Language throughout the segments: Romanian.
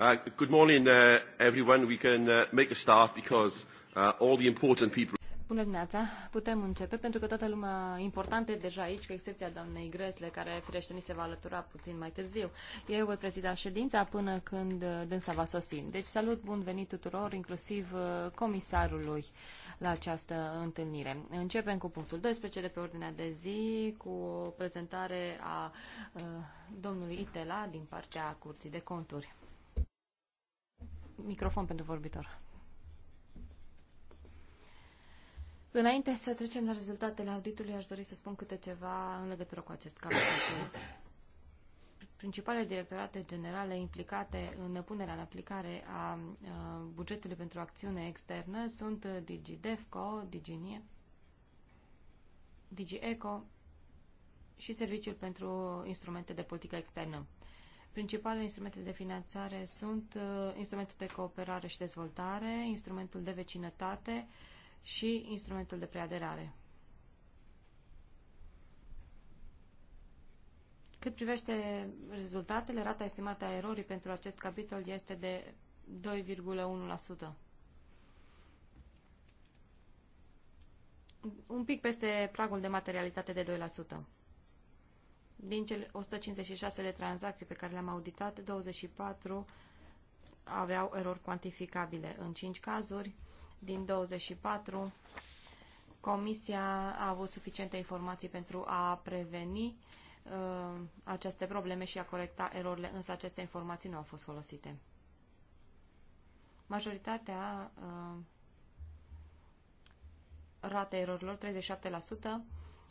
Uh, good morning, uh, everyone. We can uh, make a start because uh, all the important people. Bună dimineața! Putem începe pentru că toată lumea importantă e deja aici, cu excepția doamnei Gresle, care firește ni se va alătura puțin mai târziu. Eu voi prezida ședința până când uh, dânsa va sosi. Deci salut, bun venit tuturor, inclusiv uh, comisarului la această întâlnire. Începem cu punctul 12 de pe ordinea de zi, cu o prezentare a uh, domnului Itela din partea Curții de Conturi. Microfon pentru vorbitor. Înainte să trecem la rezultatele auditului, aș dori să spun câte ceva în legătură cu acest caz. Principalele directorate generale implicate în punerea în aplicare a bugetului pentru acțiune externă sunt DigiDefco, DigiNie, DigiEco și Serviciul pentru Instrumente de Politică Externă. Principalele instrumente de finanțare sunt uh, instrumentul de cooperare și dezvoltare, instrumentul de vecinătate și instrumentul de preaderare. Cât privește rezultatele, rata estimată a erorii pentru acest capitol este de 2,1%. Un pic peste pragul de materialitate de 2%. Din cele 156 de tranzacții pe care le-am auditat, 24 aveau erori cuantificabile. În 5 cazuri, din 24, Comisia a avut suficiente informații pentru a preveni uh, aceste probleme și a corecta erorile, însă aceste informații nu au fost folosite. Majoritatea uh, rate erorilor, 37%,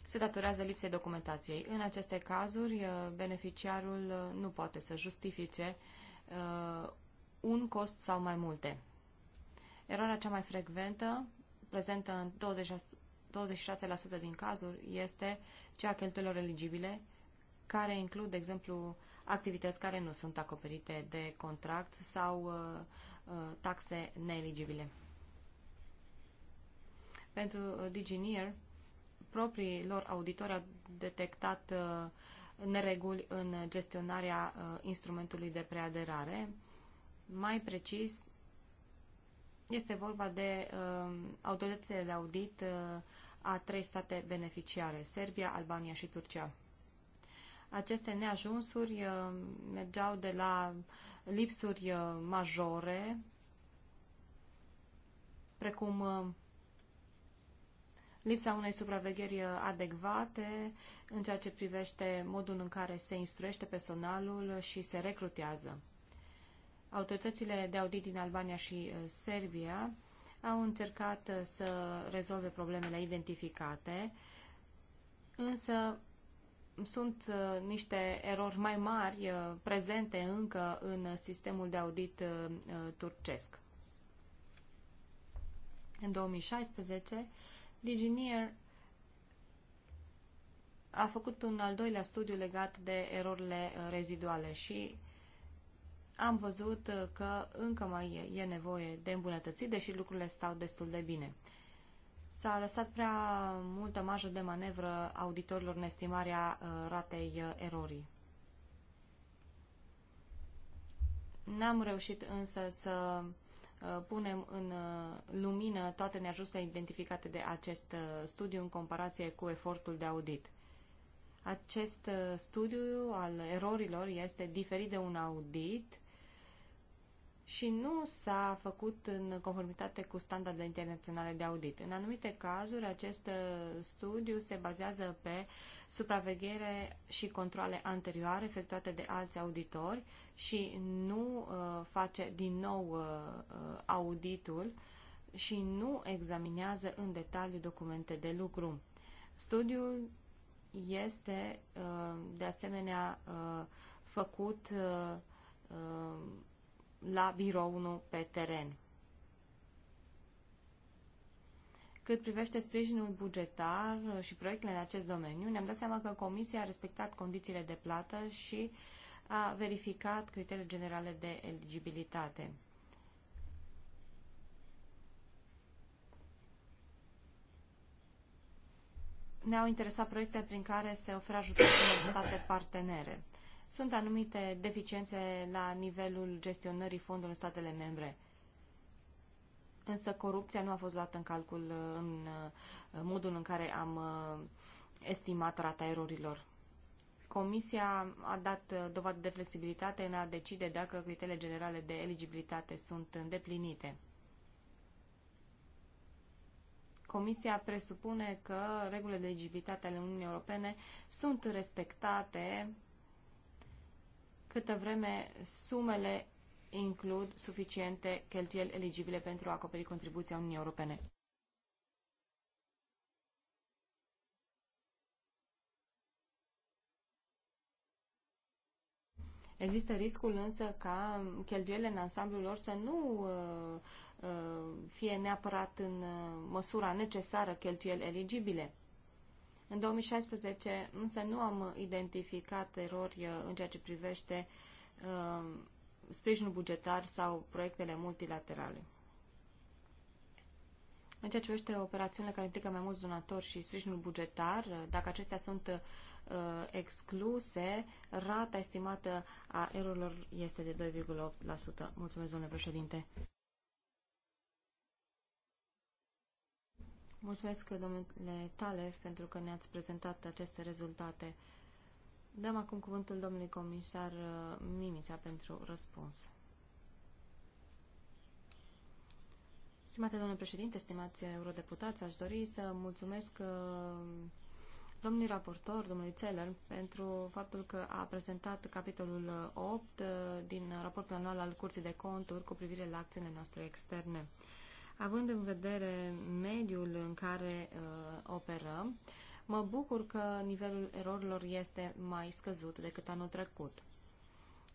se datorează lipsei documentației. În aceste cazuri, uh, beneficiarul uh, nu poate să justifice uh, un cost sau mai multe. Eroarea cea mai frecventă, prezentă în 26% din cazuri, este cea a cheltuielor eligibile, care includ, de exemplu, activități care nu sunt acoperite de contract sau uh, taxe neeligibile. Pentru Digineer, proprii lor auditori au detectat uh, nereguli în gestionarea uh, instrumentului de preaderare. Mai precis, este vorba de uh, autoritățile de audit a trei state beneficiare, Serbia, Albania și Turcia. Aceste neajunsuri mergeau de la lipsuri majore, precum lipsa unei supravegheri adecvate în ceea ce privește modul în care se instruiește personalul și se recrutează. Autoritățile de audit din Albania și uh, Serbia au încercat uh, să rezolve problemele identificate, însă sunt uh, niște erori mai mari prezente încă în sistemul de audit turcesc. În 2016, Diginier a făcut un al doilea studiu legat de erorile uh, reziduale și am văzut uh, că încă mai e nevoie de îmbunătățit, deși lucrurile stau destul de bine. S-a lăsat prea multă marjă de manevră auditorilor în estimarea uh, ratei erorii. N-am reușit însă să Uh, punem în uh, lumină toate neajustele identificate de acest uh, studiu în comparație cu efortul de audit. Acest studiu al erorilor este diferit de un audit și nu s-a făcut în conformitate cu standardele internaționale de audit. În anumite cazuri, acest uh, studiu se bazează pe supraveghere și controle anterioare efectuate de alți auditori și nu uh, face din nou uh, uh auditul și nu examinează în detaliu documente de lucru. Studiul este uh, de asemenea uh, făcut la birou, nu pe teren. Cât privește sprijinul bugetar și proiectele în acest domeniu, ne-am dat seama că Comisia a respectat condițiile de plată și a verificat criteriile generale de eligibilitate. Ne-au interesat proiecte prin care se oferă ajutor unor state partenere. Sunt anumite deficiențe la nivelul gestionării fondului în statele membre. Însă corupția nu a fost luată în calcul în modul în care am uh, estimat rata erorilor. Comisia a dat uh, dovadă de flexibilitate în a decide dacă criteriile generale de eligibilitate sunt îndeplinite. Comisia presupune că regulile de eligibilitate ale Uniunii Europene sunt respectate câtă vreme sumele includ suficiente cheltuieli eligibile pentru a acoperi contribuția Uniunii Europene. Există riscul însă ca cheltuielile în ansamblul lor să nu uh, uh, fie neapărat în uh, măsura necesară cheltuieli eligibile. În 2016 însă nu am identificat erori uh, în ceea ce privește uh, sprijinul bugetar sau proiectele multilaterale. În ceea ce privește operațiunile care implică mai mulți donatori și sprijinul bugetar, uh, dacă acestea sunt uh, excluse, rata estimată a erorilor este de 2,8%. Mulțumesc, domnule președinte. Mulțumesc, domnule Talev, pentru că ne-ați prezentat aceste rezultate. Dăm acum cuvântul domnului comisar uh, Mimița pentru răspuns. Stimate domnule președinte, stimați eurodeputați, aș dori să mulțumesc uh, domnului raportor, domnului Țeler, pentru faptul că a prezentat capitolul 8 uh, din raportul anual al Curții de Conturi cu privire la acțiunile noastre externe. Având în vedere mediul în care uh, operăm, mă bucur că nivelul erorilor este mai scăzut decât anul trecut.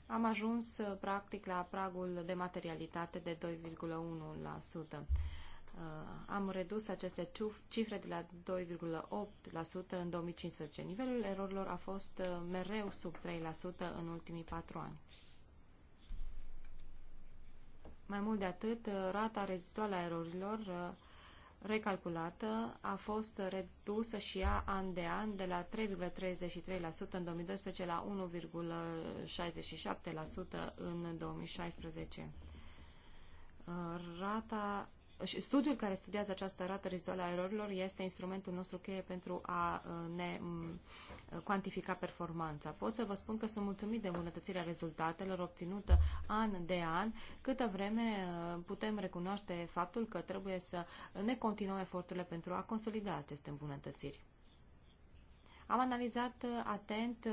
Am ajuns uh, practic la pragul de materialitate de 2,1%. Uh, am redus aceste cifre de la 2,8% în 2015. Nivelul erorilor a fost uh, mereu sub 3% în ultimii patru ani. Mai mult de atât, uh, rata rezistuală a erorilor uh, recalculată a fost redusă și ea an de an de la 3,33% în 2012 la 1,67% în 2016. Rata și studiul care studiază această rată residuală a erorilor este instrumentul nostru cheie pentru a uh, ne uh, cuantifica performanța. Pot să vă spun că sunt mulțumit de îmbunătățirea rezultatelor obținută an de an, câtă vreme uh, putem recunoaște faptul că trebuie să ne continuăm eforturile pentru a consolida aceste îmbunătățiri. Am analizat atent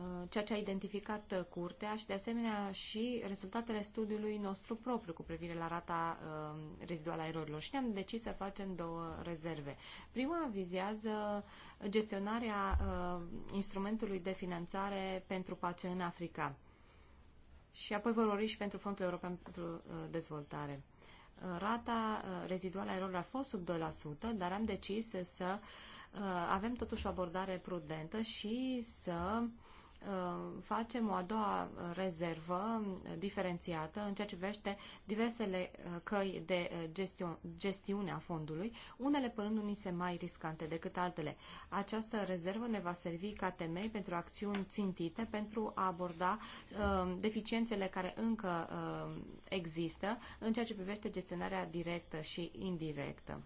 Uh, ceea ce a identificat uh, curtea și de asemenea și rezultatele studiului nostru propriu cu privire la rata uh, reziduală a erorilor și ne-am decis să facem două rezerve. Prima vizează gestionarea instrumentului de finanțare pentru pace în Africa și apoi vor ori și pentru Fondul European pentru Dezvoltare. Rata reziduală a erorilor a fost sub 2%, dar am decis să avem totuși o abordare prudentă și să uh, Uh, facem o a doua rezervă diferențiată în ceea ce privește diversele uh, căi de uh, gestiune a fondului, unele părând unii se mai riscante decât altele. Această rezervă ne va servi ca temei pentru acțiuni țintite, pentru a aborda deficiențele care încă există în ceea ce privește gestionarea directă și indirectă.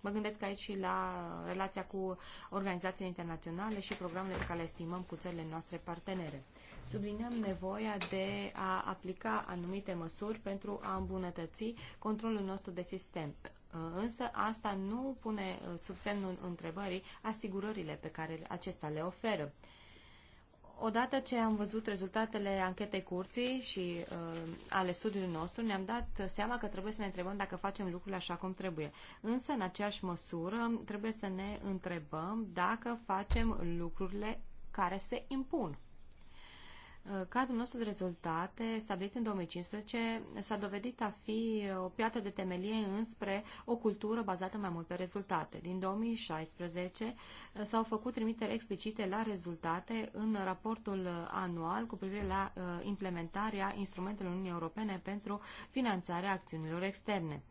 Mă gândesc aici și la relația cu organizațiile internaționale și programele pe care le estimăm cu țările noastre partenere. Subliniem nevoia de a aplica anumite măsuri pentru a îmbunătăți controlul nostru de sistem. Însă asta nu pune sub semnul întrebării asigurările pe care acesta le oferă. Odată ce am văzut rezultatele anchetei curții și uh, ale studiului nostru, ne-am dat seama că trebuie să ne întrebăm dacă facem lucrurile așa cum trebuie. Însă, în aceeași măsură, trebuie să ne întrebăm dacă facem lucrurile care se impun. Uh, cadrul nostru de rezultate, stabilit în 2015, s-a dovedit a fi o piatră de temelie înspre o cultură bazată mai mult pe rezultate. Din 2016 uh, s-au făcut trimiteri explicite la rezultate în raportul anual cu privire la uh, implementarea instrumentelor Uniunii Europene pentru finanțarea acțiunilor externe.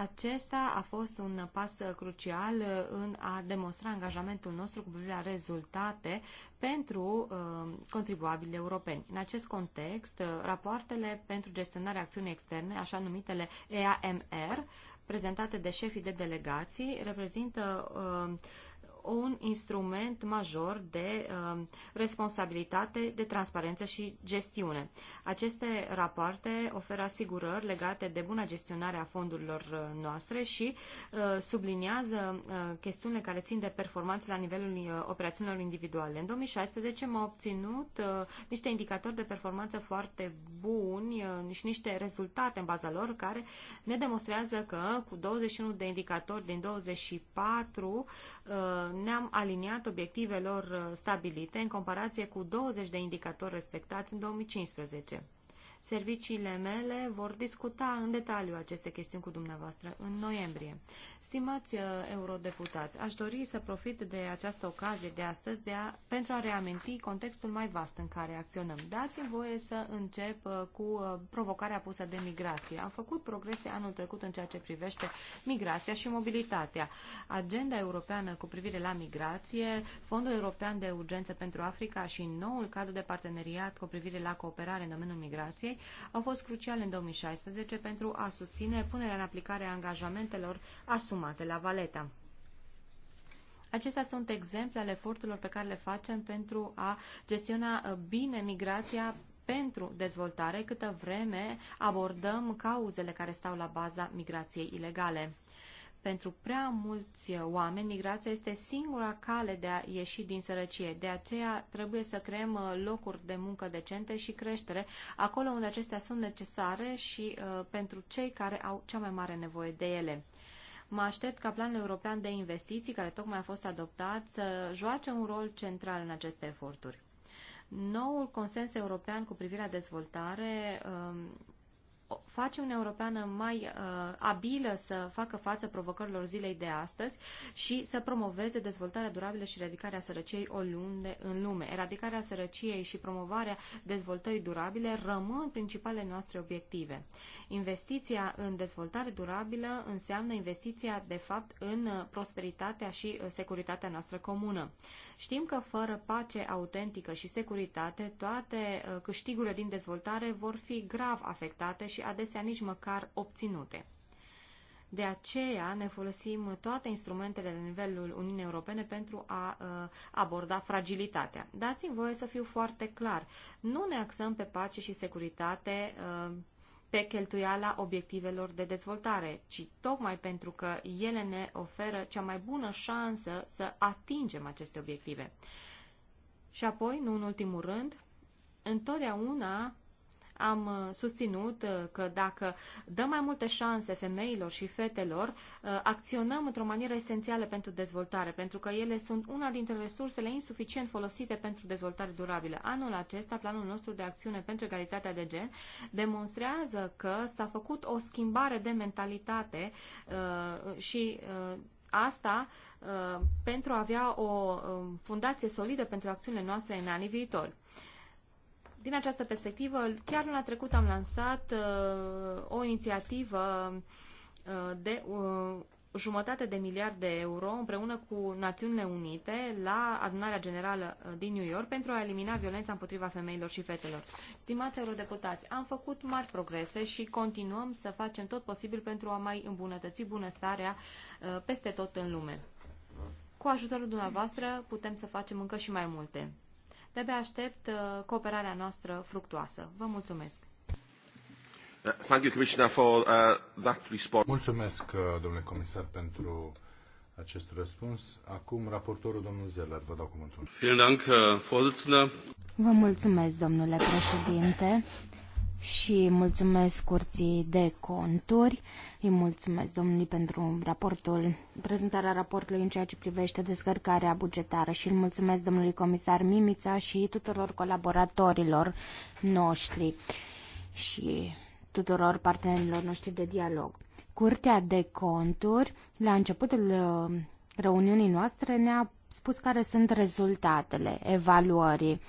Acesta a fost un pas crucial în a demonstra angajamentul nostru cu privire la rezultate pentru uh, contribuabili europeni. În acest context, uh, rapoartele pentru gestionarea acțiunii externe, așa numitele EAMR, prezentate de șefii de delegații, reprezintă uh, un instrument major de uh, responsabilitate, de transparență și gestiune. Aceste rapoarte oferă asigurări legate de buna gestionare a fondurilor uh, noastre și uh, subliniază uh, chestiunile care țin de performanțe la nivelul uh, operațiunilor individuale. În 2016 am obținut uh, niște indicatori de performanță foarte buni uh, și niște rezultate în baza lor care ne demonstrează că cu 21 de indicatori din 24 uh, ne-am aliniat obiectivelor uh, stabilite în comparație cu 20 de indicatori respectați în 2015. Serviciile mele vor discuta în detaliu aceste chestiuni cu dumneavoastră în noiembrie. Stimați uh, eurodeputați, aș dori să profit de această ocazie de astăzi de a, pentru a reaminti contextul mai vast în care acționăm. Dați-mi voie să încep uh, cu uh, provocarea pusă de migrație. Am făcut progrese anul trecut în ceea ce privește migrația și mobilitatea. Agenda europeană cu privire la migrație, Fondul European de Urgență pentru Africa și noul cadru de parteneriat cu privire la cooperare în domeniul migrației Comisiei au fost cruciale în 2016 pentru a susține punerea în aplicare a angajamentelor asumate la Valeta. Acestea sunt exemple ale eforturilor pe care le facem pentru a gestiona uh, bine migrația pentru dezvoltare câtă vreme abordăm cauzele care stau la baza migrației ilegale. Pentru prea mulți oameni, migrația este singura cale de a ieși din sărăcie. De aceea trebuie să creăm uh, locuri de muncă decente și creștere, acolo unde acestea sunt necesare și uh, pentru cei care au cea mai mare nevoie de ele. Mă aștept ca planul european de investiții, care tocmai a fost adoptat, să joace un rol central în aceste eforturi. Noul consens european cu privire la dezvoltare um, face Uniunea Europeană mai uh, abilă să facă față provocărilor zilei de astăzi și să promoveze dezvoltarea durabilă și eradicarea sărăciei oriunde în lume. Eradicarea sărăciei și promovarea dezvoltării durabile rămân principalele noastre obiective. Investiția în dezvoltare durabilă înseamnă investiția, de fapt, în uh, prosperitatea și uh, securitatea noastră comună. Știm că fără pace autentică și securitate, toate uh, câștigurile din dezvoltare vor fi grav afectate și adesea nici măcar obținute. De aceea ne folosim toate instrumentele la nivelul Uniunii Europene pentru a uh, aborda fragilitatea. Dați-mi voie să fiu foarte clar. Nu ne axăm pe pace și securitate uh, pe cheltuiala obiectivelor de dezvoltare, ci tocmai pentru că ele ne oferă cea mai bună șansă să atingem aceste obiective. Și apoi, nu în ultimul rând, întotdeauna am uh, susținut uh, că dacă dăm mai multe șanse femeilor și fetelor, uh, acționăm într-o manieră esențială pentru dezvoltare, pentru că ele sunt una dintre resursele insuficient folosite pentru dezvoltare durabilă. Anul acesta, planul nostru de acțiune pentru egalitatea de gen demonstrează că s-a făcut o schimbare de mentalitate și asta pentru a avea o um, fundație solidă pentru acțiunile noastre în anii viitori. Din această perspectivă, chiar luna trecut am lansat uh, o inițiativă uh, de uh, jumătate de miliard de euro împreună cu Națiunile Unite la adunarea generală uh, din New York pentru a elimina violența împotriva femeilor și fetelor. Stimați eurodeputați, am făcut mari progrese și continuăm să facem tot posibil pentru a mai îmbunătăți bunăstarea uh, peste tot în lume. Cu ajutorul dumneavoastră putem să facem încă și mai multe. De-abia aștept uh, cooperarea noastră fructuoasă. Vă mulțumesc! Uh, thank you, Commissioner, for uh, that response. Mulțumesc, uh, domnule comisar, pentru acest răspuns. Acum, raportorul domnul Zeller, vă dau cuvântul. Vă mulțumesc, domnule președinte și mulțumesc curții de conturi. Îi mulțumesc domnului pentru raportul, prezentarea raportului în ceea ce privește descărcarea bugetară și îl mulțumesc domnului comisar Mimița și tuturor colaboratorilor noștri și tuturor partenerilor noștri de dialog. Curtea de conturi, la începutul uh, reuniunii noastre, ne-a spus care sunt rezultatele evaluării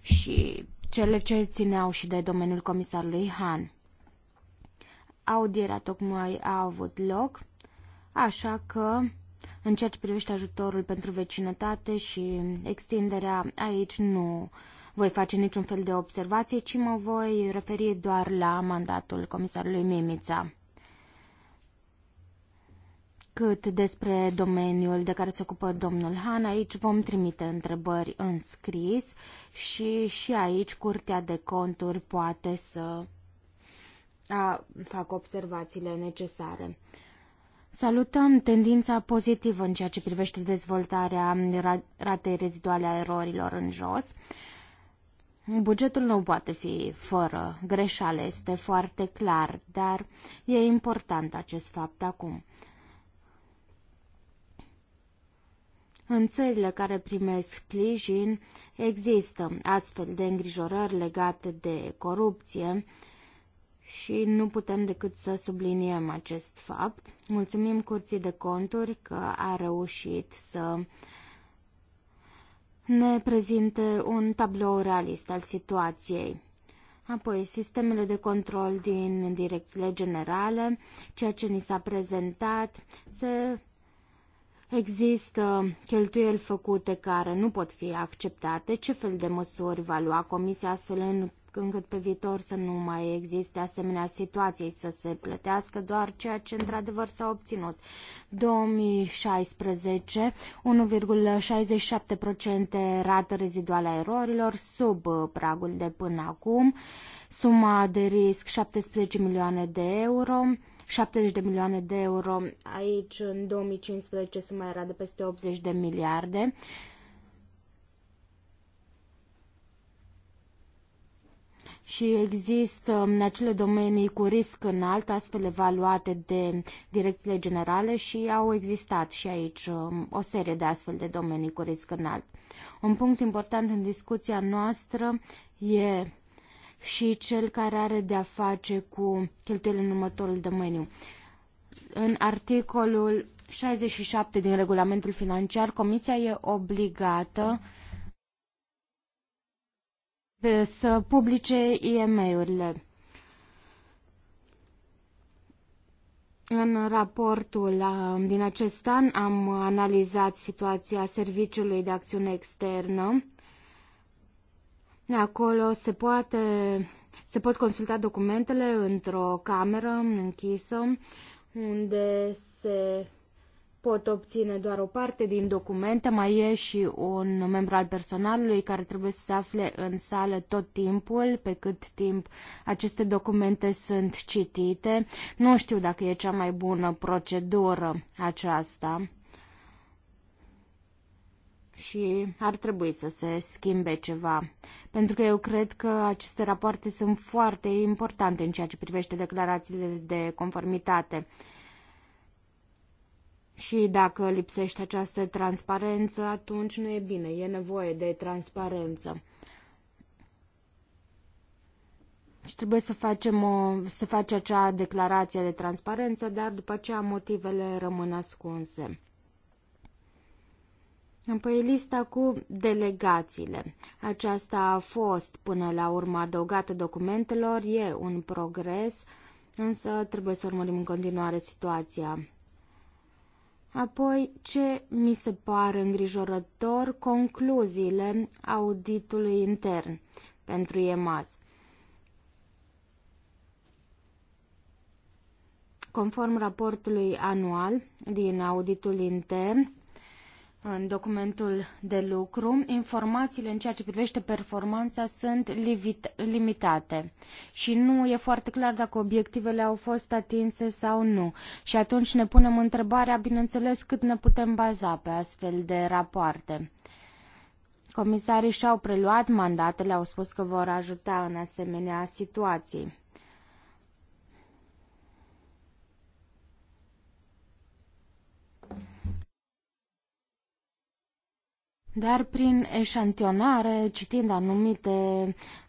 și cele ce țineau și de domeniul comisarului Han. Audierea tocmai a avut loc, așa că în ceea ce privește ajutorul pentru vecinătate și extinderea aici nu voi face niciun fel de observație, ci mă voi referi doar la mandatul comisarului Mimița. Cât despre domeniul de care se ocupă domnul Han, aici vom trimite întrebări în scris și și aici Curtea de Conturi poate să a, fac observațiile necesare. Salutăm tendința pozitivă în ceea ce privește dezvoltarea ratei reziduale a erorilor în jos. Bugetul nu poate fi fără greșeală, este foarte clar, dar e important acest fapt acum. În țările care primesc sprijin există astfel de îngrijorări legate de corupție și nu putem decât să subliniem acest fapt. Mulțumim Curții de Conturi că a reușit să ne prezinte un tablou realist al situației. Apoi, sistemele de control din direcțiile generale, ceea ce ni s-a prezentat, se Există cheltuieli făcute care nu pot fi acceptate. Ce fel de măsuri va lua Comisia astfel în, încât pe viitor să nu mai existe asemenea situații, să se plătească doar ceea ce într-adevăr s-a obținut? 2016, 1,67% rată reziduală a erorilor, sub uh, pragul de până acum, suma de risc 17 milioane de euro, 70 de milioane de euro. Aici, în 2015, suma era de peste 80 de miliarde. și există um, acele domenii cu risc înalt, astfel evaluate de direcțiile generale și au existat și aici um, o serie de astfel de domenii cu risc înalt. Un punct important în discuția noastră e și cel care are de-a face cu cheltuielile în următorul domeniu. În articolul 67 din regulamentul financiar, Comisia e obligată să publice IME-urile. În raportul din acest an am analizat situația Serviciului de Acțiune Externă Acolo se poate se pot consulta documentele într-o cameră închisă unde se pot obține doar o parte din documente, mai e și un membru al personalului care trebuie să se afle în sală tot timpul, pe cât timp aceste documente sunt citite. Nu știu dacă e cea mai bună procedură aceasta și ar trebui să se schimbe ceva. Pentru că eu cred că aceste rapoarte sunt foarte importante în ceea ce privește declarațiile de conformitate. Și dacă lipsește această transparență, atunci nu e bine, e nevoie de transparență. Și trebuie să facem o, să face acea declarație de transparență, dar după aceea motivele rămân ascunse păi lista cu delegațiile. Aceasta a fost până la urmă adăugată documentelor, e un progres, însă trebuie să urmărim în continuare situația. Apoi, ce mi se pare îngrijorător, concluziile auditului intern pentru EMAS. Conform raportului anual din auditul intern, în documentul de lucru, informațiile în ceea ce privește performanța sunt limitate și nu e foarte clar dacă obiectivele au fost atinse sau nu. Și atunci ne punem întrebarea, bineînțeles, cât ne putem baza pe astfel de rapoarte. Comisarii și-au preluat mandatele, au spus că vor ajuta în asemenea situații. Dar prin eșantionare, citind anumite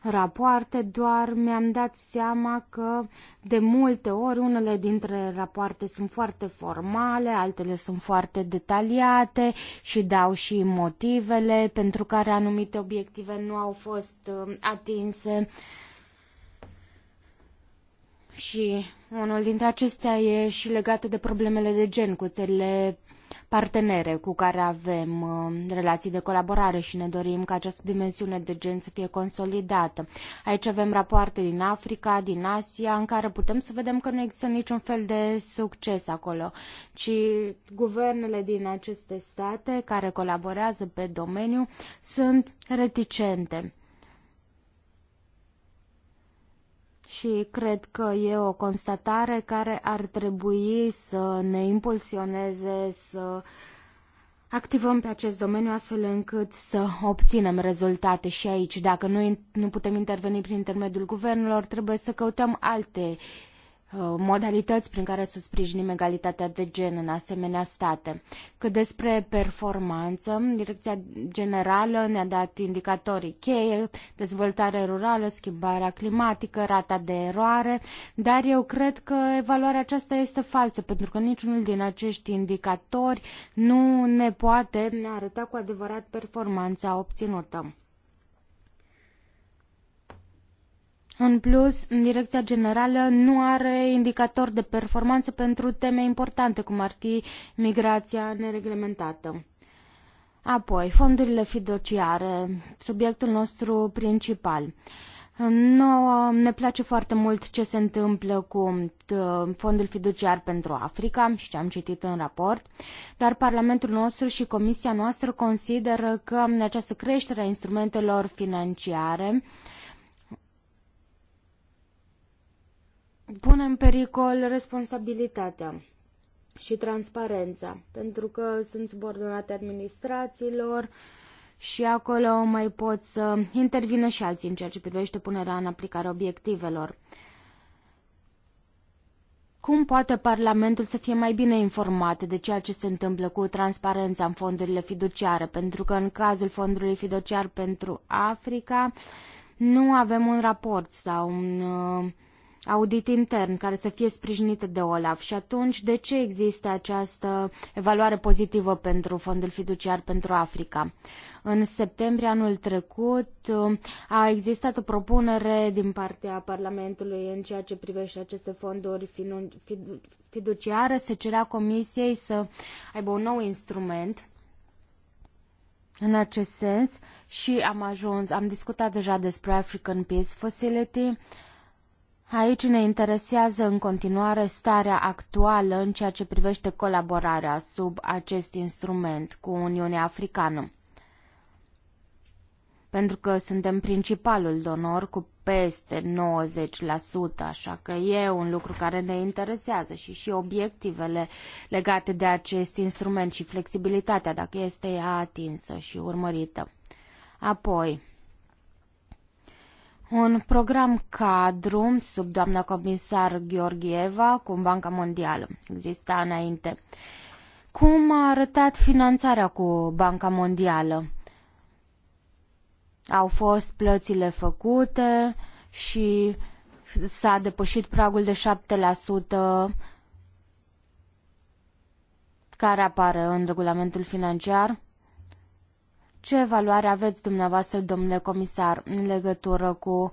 rapoarte, doar mi-am dat seama că de multe ori unele dintre rapoarte sunt foarte formale, altele sunt foarte detaliate și dau și motivele pentru care anumite obiective nu au fost uh, atinse. Și unul dintre acestea e și legat de problemele de gen cu țările partenere cu care avem uh, relații de colaborare și ne dorim ca această dimensiune de gen să fie consolidată. Aici avem rapoarte din Africa, din Asia, în care putem să vedem că nu există niciun fel de succes acolo, ci guvernele din aceste state care colaborează pe domeniu sunt reticente și cred că e o constatare care ar trebui să ne impulsioneze să activăm pe acest domeniu astfel încât să obținem rezultate și aici. Dacă noi nu putem interveni prin intermediul guvernelor, trebuie să căutăm alte Uh, modalități prin care să sprijinim egalitatea de gen în asemenea state. Cât despre performanță, Direcția Generală ne-a dat indicatorii cheie, dezvoltare rurală, schimbarea climatică, rata de eroare, dar eu cred că evaluarea aceasta este falsă, pentru că niciunul din acești indicatori nu ne poate arăta cu adevărat performanța obținută. În plus, Direcția Generală nu are indicatori de performanță pentru teme importante, cum ar fi migrația nereglementată. Apoi, fondurile fiduciare, subiectul nostru principal. Nouă ne place foarte mult ce se întâmplă cu uh, fondul fiduciar pentru Africa și ce am citit în raport, dar Parlamentul nostru și Comisia noastră consideră că această creștere a instrumentelor financiare uh, pune în pericol responsabilitatea și transparența, pentru că sunt subordonate administrațiilor și acolo mai pot să intervină și alții în ceea ce privește punerea în aplicare obiectivelor. Cum poate Parlamentul să fie mai bine informat de ceea ce se întâmplă cu transparența în fondurile fiduciare? Pentru că în cazul fondului fiduciar pentru Africa nu avem un raport sau un uh, audit intern care să fie sprijinită de OLAF și atunci de ce există această evaluare pozitivă pentru Fondul Fiduciar pentru Africa? În septembrie anul trecut uh, a existat o propunere din partea Parlamentului în ceea ce privește aceste fonduri fiduciare. Se cerea Comisiei să aibă un nou instrument în acest sens și am ajuns, am discutat deja despre African Peace Facility, Aici ne interesează în continuare starea actuală în ceea ce privește colaborarea sub acest instrument cu Uniunea Africană. Pentru că suntem principalul donor cu peste 90%, așa că e un lucru care ne interesează și și obiectivele legate de acest instrument și flexibilitatea, dacă este ea atinsă și urmărită. Apoi, un program cadru sub doamna comisar Gheorgheva cu Banca Mondială. Exista înainte. Cum a arătat finanțarea cu Banca Mondială? Au fost plățile făcute și s-a depășit pragul de 7% care apare în regulamentul financiar? Ce evaluare aveți dumneavoastră, domnule comisar, în legătură cu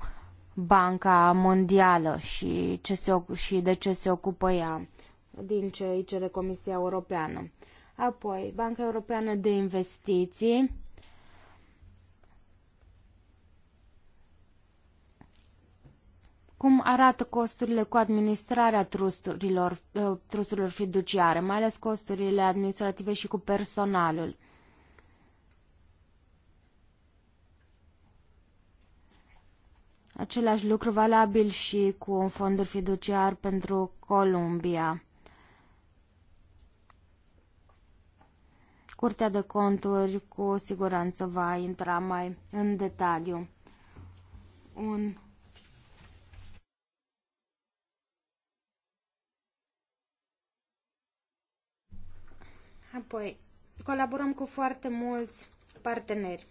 Banca Mondială și, ce se, și de ce se ocupă ea din ce îi cere Comisia Europeană? Apoi, Banca Europeană de Investiții. Cum arată costurile cu administrarea trusturilor, ă, trusturilor fiduciare, mai ales costurile administrative și cu personalul? Același lucru valabil și cu un fonduri fiduciar pentru Columbia. Curtea de conturi cu siguranță va intra mai în detaliu. Un Apoi, colaborăm cu foarte mulți parteneri.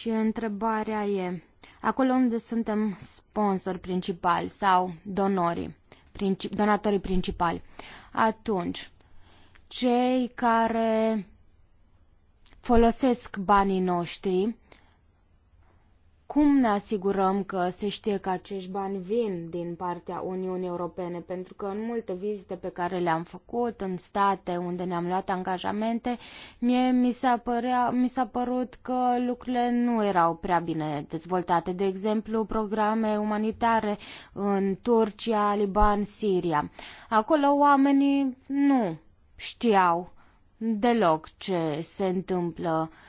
Și întrebarea e, acolo unde suntem sponsori principali sau donorii, princip, donatorii principali, atunci cei care folosesc banii noștri cum ne asigurăm că se știe că acești bani vin din partea Uniunii Europene? Pentru că în multe vizite pe care le-am făcut în state unde ne-am luat angajamente, mie mi s-a, părea, mi s-a părut că lucrurile nu erau prea bine dezvoltate. De exemplu, programe umanitare în Turcia, Liban, Siria. Acolo oamenii nu știau deloc ce se întâmplă uh,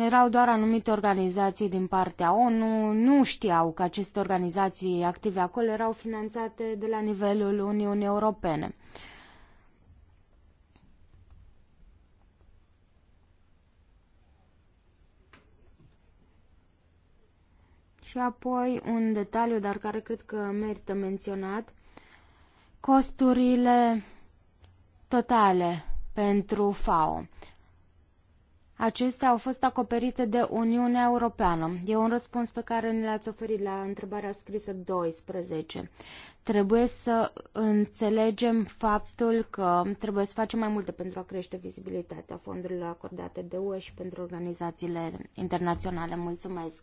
erau doar anumite organizații din partea ONU, nu știau că aceste organizații active acolo erau finanțate de la nivelul Uniunii Europene. Și apoi un detaliu, dar care cred că merită menționat, costurile totale pentru FAO. Acestea au fost acoperite de Uniunea Europeană. E un răspuns pe care ne l-ați oferit la întrebarea scrisă 12. Trebuie să înțelegem faptul că trebuie să facem mai multe pentru a crește vizibilitatea fondurilor acordate de UE și pentru organizațiile internaționale. Mulțumesc!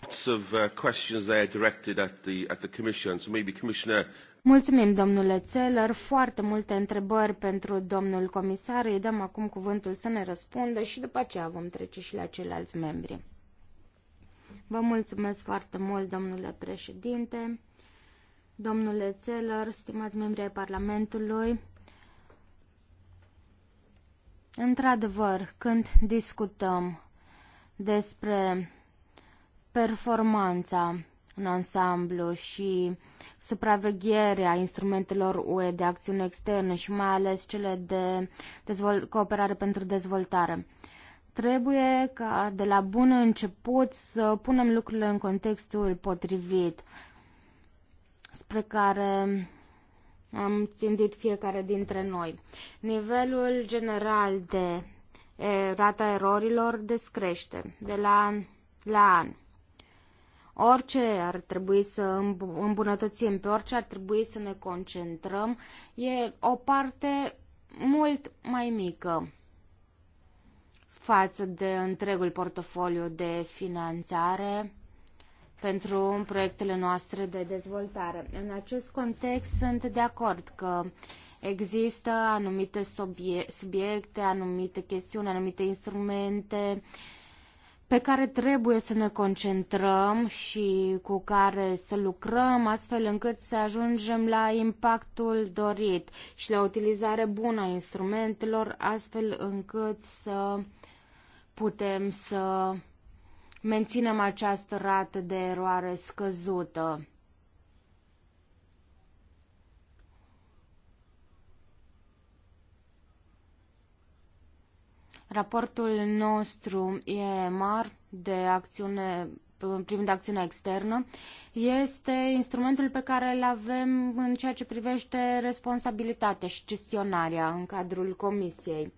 lots of uh, questions there directed at the at the Commission. So maybe Commissioner Mulțumim, domnule Țeller. Foarte multe întrebări pentru domnul comisar. Îi dăm acum cuvântul să ne răspundă și după aceea vom trece și la ceilalți membri. Vă mulțumesc foarte mult, domnule președinte, domnule Țeller, stimați membri ai Parlamentului. Într-adevăr, când discutăm despre performanța în ansamblu și supravegherea instrumentelor UE de acțiune externă și mai ales cele de cooperare pentru dezvoltare. Trebuie ca de la bun început să punem lucrurile în contextul potrivit spre care am țintit fiecare dintre noi. Nivelul general de e, rata erorilor descrește de la an la an. Orice ar trebui să îmbunătățim, pe orice ar trebui să ne concentrăm, e o parte mult mai mică față de întregul portofoliu de finanțare pentru proiectele noastre de dezvoltare. În acest context sunt de acord că există anumite subiecte, anumite chestiuni, anumite instrumente pe care trebuie să ne concentrăm și cu care să lucrăm astfel încât să ajungem la impactul dorit și la utilizare bună a instrumentelor, astfel încât să putem să menținem această rată de eroare scăzută. Raportul nostru e mar de acțiune privind acțiunea externă, este instrumentul pe care îl avem în ceea ce privește responsabilitatea și gestionarea în cadrul Comisiei.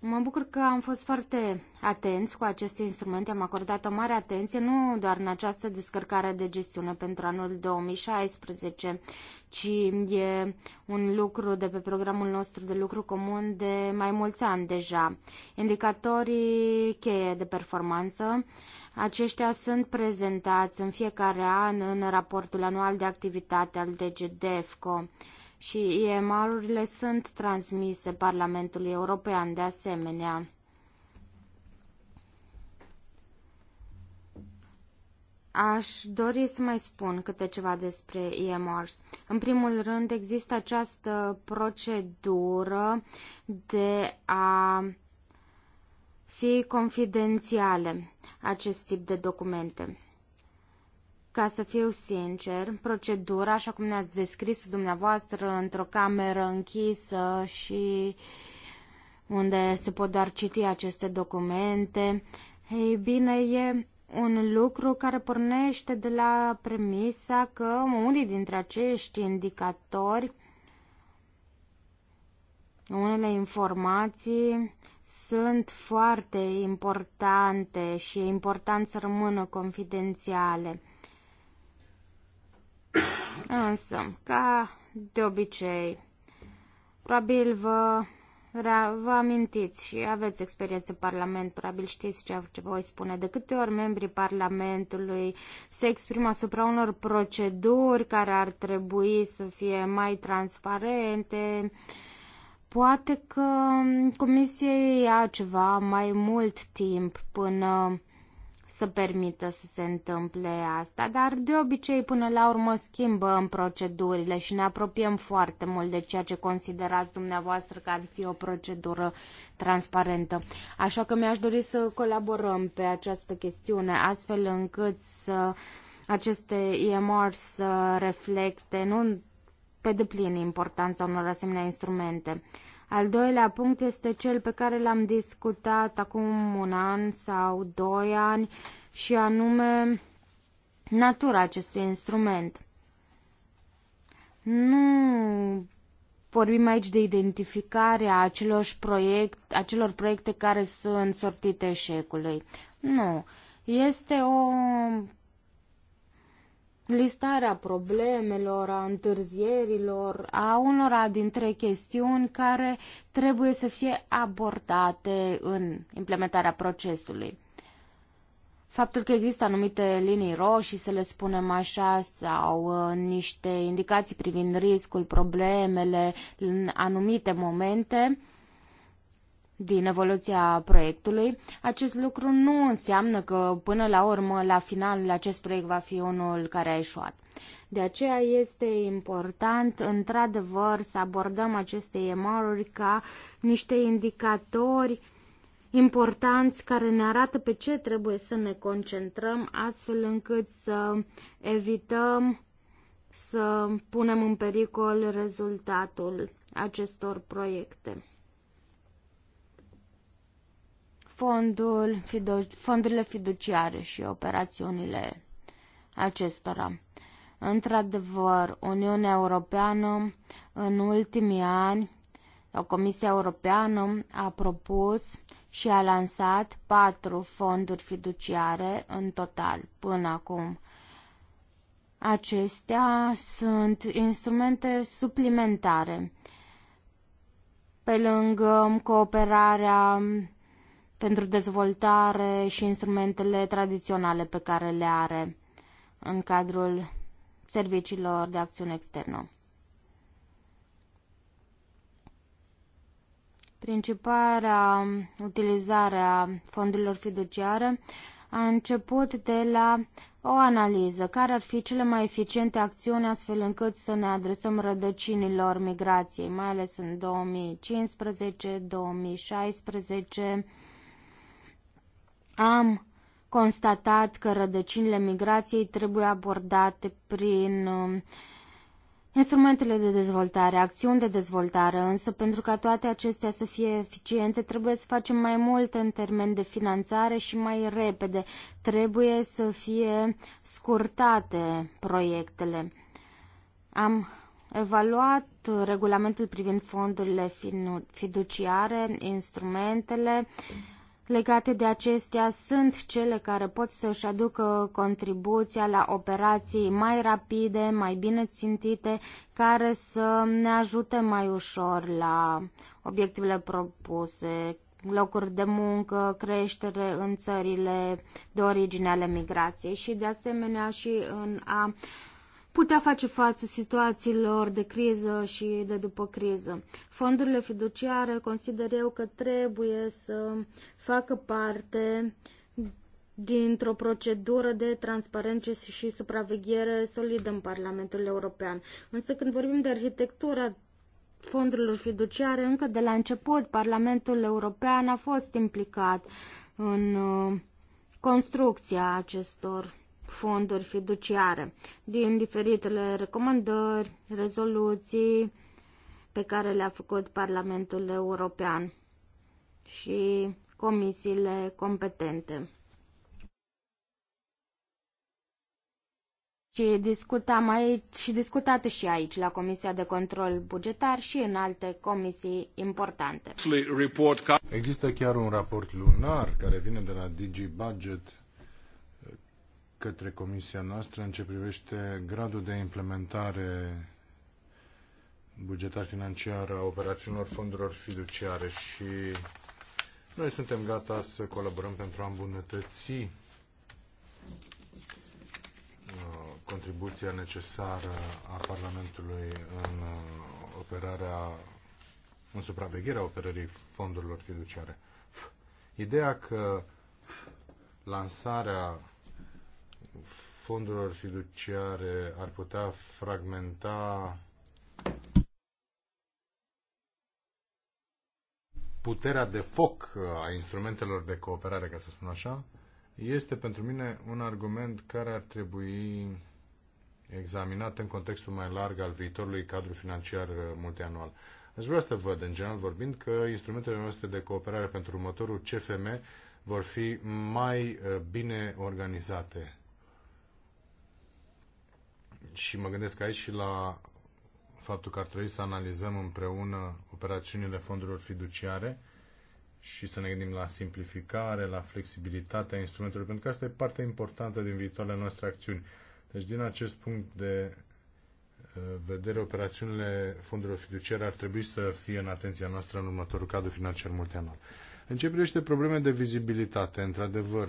Mă bucur că am fost foarte atenți cu aceste instrumente, am acordat o mare atenție, nu doar în această descărcare de gestiune pentru anul 2016, ci e un lucru de pe programul nostru de lucru comun de mai mulți ani deja. Indicatorii cheie de performanță, aceștia sunt prezentați în fiecare an în raportul anual de activitate al DGDFCO și IMR-urile sunt transmise Parlamentului European de asemenea. Aș dori să mai spun câte ceva despre EMRs. În primul rând, există această procedură de a fi confidențiale acest tip de documente. Ca să fiu sincer, procedura, așa cum ne-ați descris dumneavoastră, într-o cameră închisă și unde se pot doar citi aceste documente, ei bine, e un lucru care pornește de la premisa că unii dintre acești indicatori, unele informații sunt foarte importante și e important să rămână confidențiale. Însă, ca de obicei, probabil vă Vă amintiți și aveți experiență în Parlament, probabil știți ce voi spune. De câte ori membrii Parlamentului se exprimă asupra unor proceduri care ar trebui să fie mai transparente, poate că Comisia ia ceva mai mult timp până să permită să se întâmple asta, dar de obicei până la urmă schimbăm procedurile și ne apropiem foarte mult de ceea ce considerați dumneavoastră că ar fi o procedură transparentă. Așa că mi-aș dori să colaborăm pe această chestiune, astfel încât să aceste EMR să reflecte nu pe deplin importanța unor asemenea instrumente. Al doilea punct este cel pe care l-am discutat acum un an sau doi ani și anume natura acestui instrument. Nu vorbim aici de identificarea acelor, proiect, acelor proiecte care sunt sortite eșecului. Nu. Este o listarea problemelor, a întârzierilor, a unora dintre chestiuni care trebuie să fie abordate în implementarea procesului. Faptul că există anumite linii roșii, să le spunem așa, sau uh, niște indicații privind riscul, problemele în anumite momente, uh, din evoluția proiectului. Acest lucru nu înseamnă că până la urmă, la final, acest proiect va fi unul care a eșuat. De aceea este important, într-adevăr, să abordăm aceste emaruri ca niște indicatori importanți care ne arată pe ce trebuie să ne concentrăm, astfel încât să evităm să punem în pericol rezultatul acestor proiecte fondul, fondurile fiduciare și operațiunile acestora. Într-adevăr, Uniunea Europeană în ultimii ani, o Comisia Europeană a propus și a lansat patru fonduri fiduciare în total până acum. Acestea sunt instrumente suplimentare. Pe lângă cooperarea pentru dezvoltare și instrumentele tradiționale pe care le are în cadrul serviciilor de acțiune externă. Principala utilizare a fondurilor fiduciare a început de la o analiză care ar fi cele mai eficiente acțiuni astfel încât să ne adresăm rădăcinilor migrației, mai ales în 2015, 2016, am constatat că rădăcinile migrației trebuie abordate prin um, instrumentele de dezvoltare, acțiuni de dezvoltare, însă pentru ca toate acestea să fie eficiente trebuie să facem mai multe în termen de finanțare și mai repede. Trebuie să fie scurtate proiectele. Am evaluat regulamentul privind fondurile fiduciare, instrumentele, legate de acestea sunt cele care pot să-și aducă contribuția la operații mai rapide, mai bine țintite, care să ne ajute mai ușor la obiectivele propuse, locuri de muncă, creștere în țările de origine ale migrației și de asemenea și în a putea face față situațiilor de criză și de după criză. Fondurile fiduciare consider eu că trebuie să facă parte dintr-o procedură de transparență și supraveghere solidă în Parlamentul European. Însă când vorbim de arhitectura fondurilor fiduciare, încă de la început Parlamentul European a fost implicat în uh, construcția acestor fonduri fiduciare. Din diferitele recomandări, rezoluții pe care le-a făcut Parlamentul European și comisiile competente. Și discutam aici și discutate și aici la Comisia de Control Bugetar și în alte comisii importante. Există chiar un raport lunar care vine de la DG Budget către comisia noastră în ce privește gradul de implementare bugetar financiar a operațiunilor fondurilor fiduciare și noi suntem gata să colaborăm pentru a îmbunătăți uh, contribuția necesară a Parlamentului în uh, operarea în supravegherea operării fondurilor fiduciare. Ideea că lansarea fondurilor fiduciare ar putea fragmenta puterea de foc a instrumentelor de cooperare, ca să spun așa, este pentru mine un argument care ar trebui examinat în contextul mai larg al viitorului cadru financiar multianual. Aș vrea să văd, în general vorbind, că instrumentele noastre de cooperare pentru următorul CFM vor fi mai eh, bine organizate și mă gândesc aici și la faptul că ar trebui să analizăm împreună operațiunile fondurilor fiduciare și să ne gândim la simplificare, la flexibilitatea instrumentelor, pentru că asta e parte importantă din viitoarele noastre acțiuni. Deci, din acest punct de uh, vedere, operațiunile fondurilor fiduciare ar trebui să fie în atenția noastră în următorul cadru financiar multianual. În ce privește probleme de vizibilitate, într-adevăr,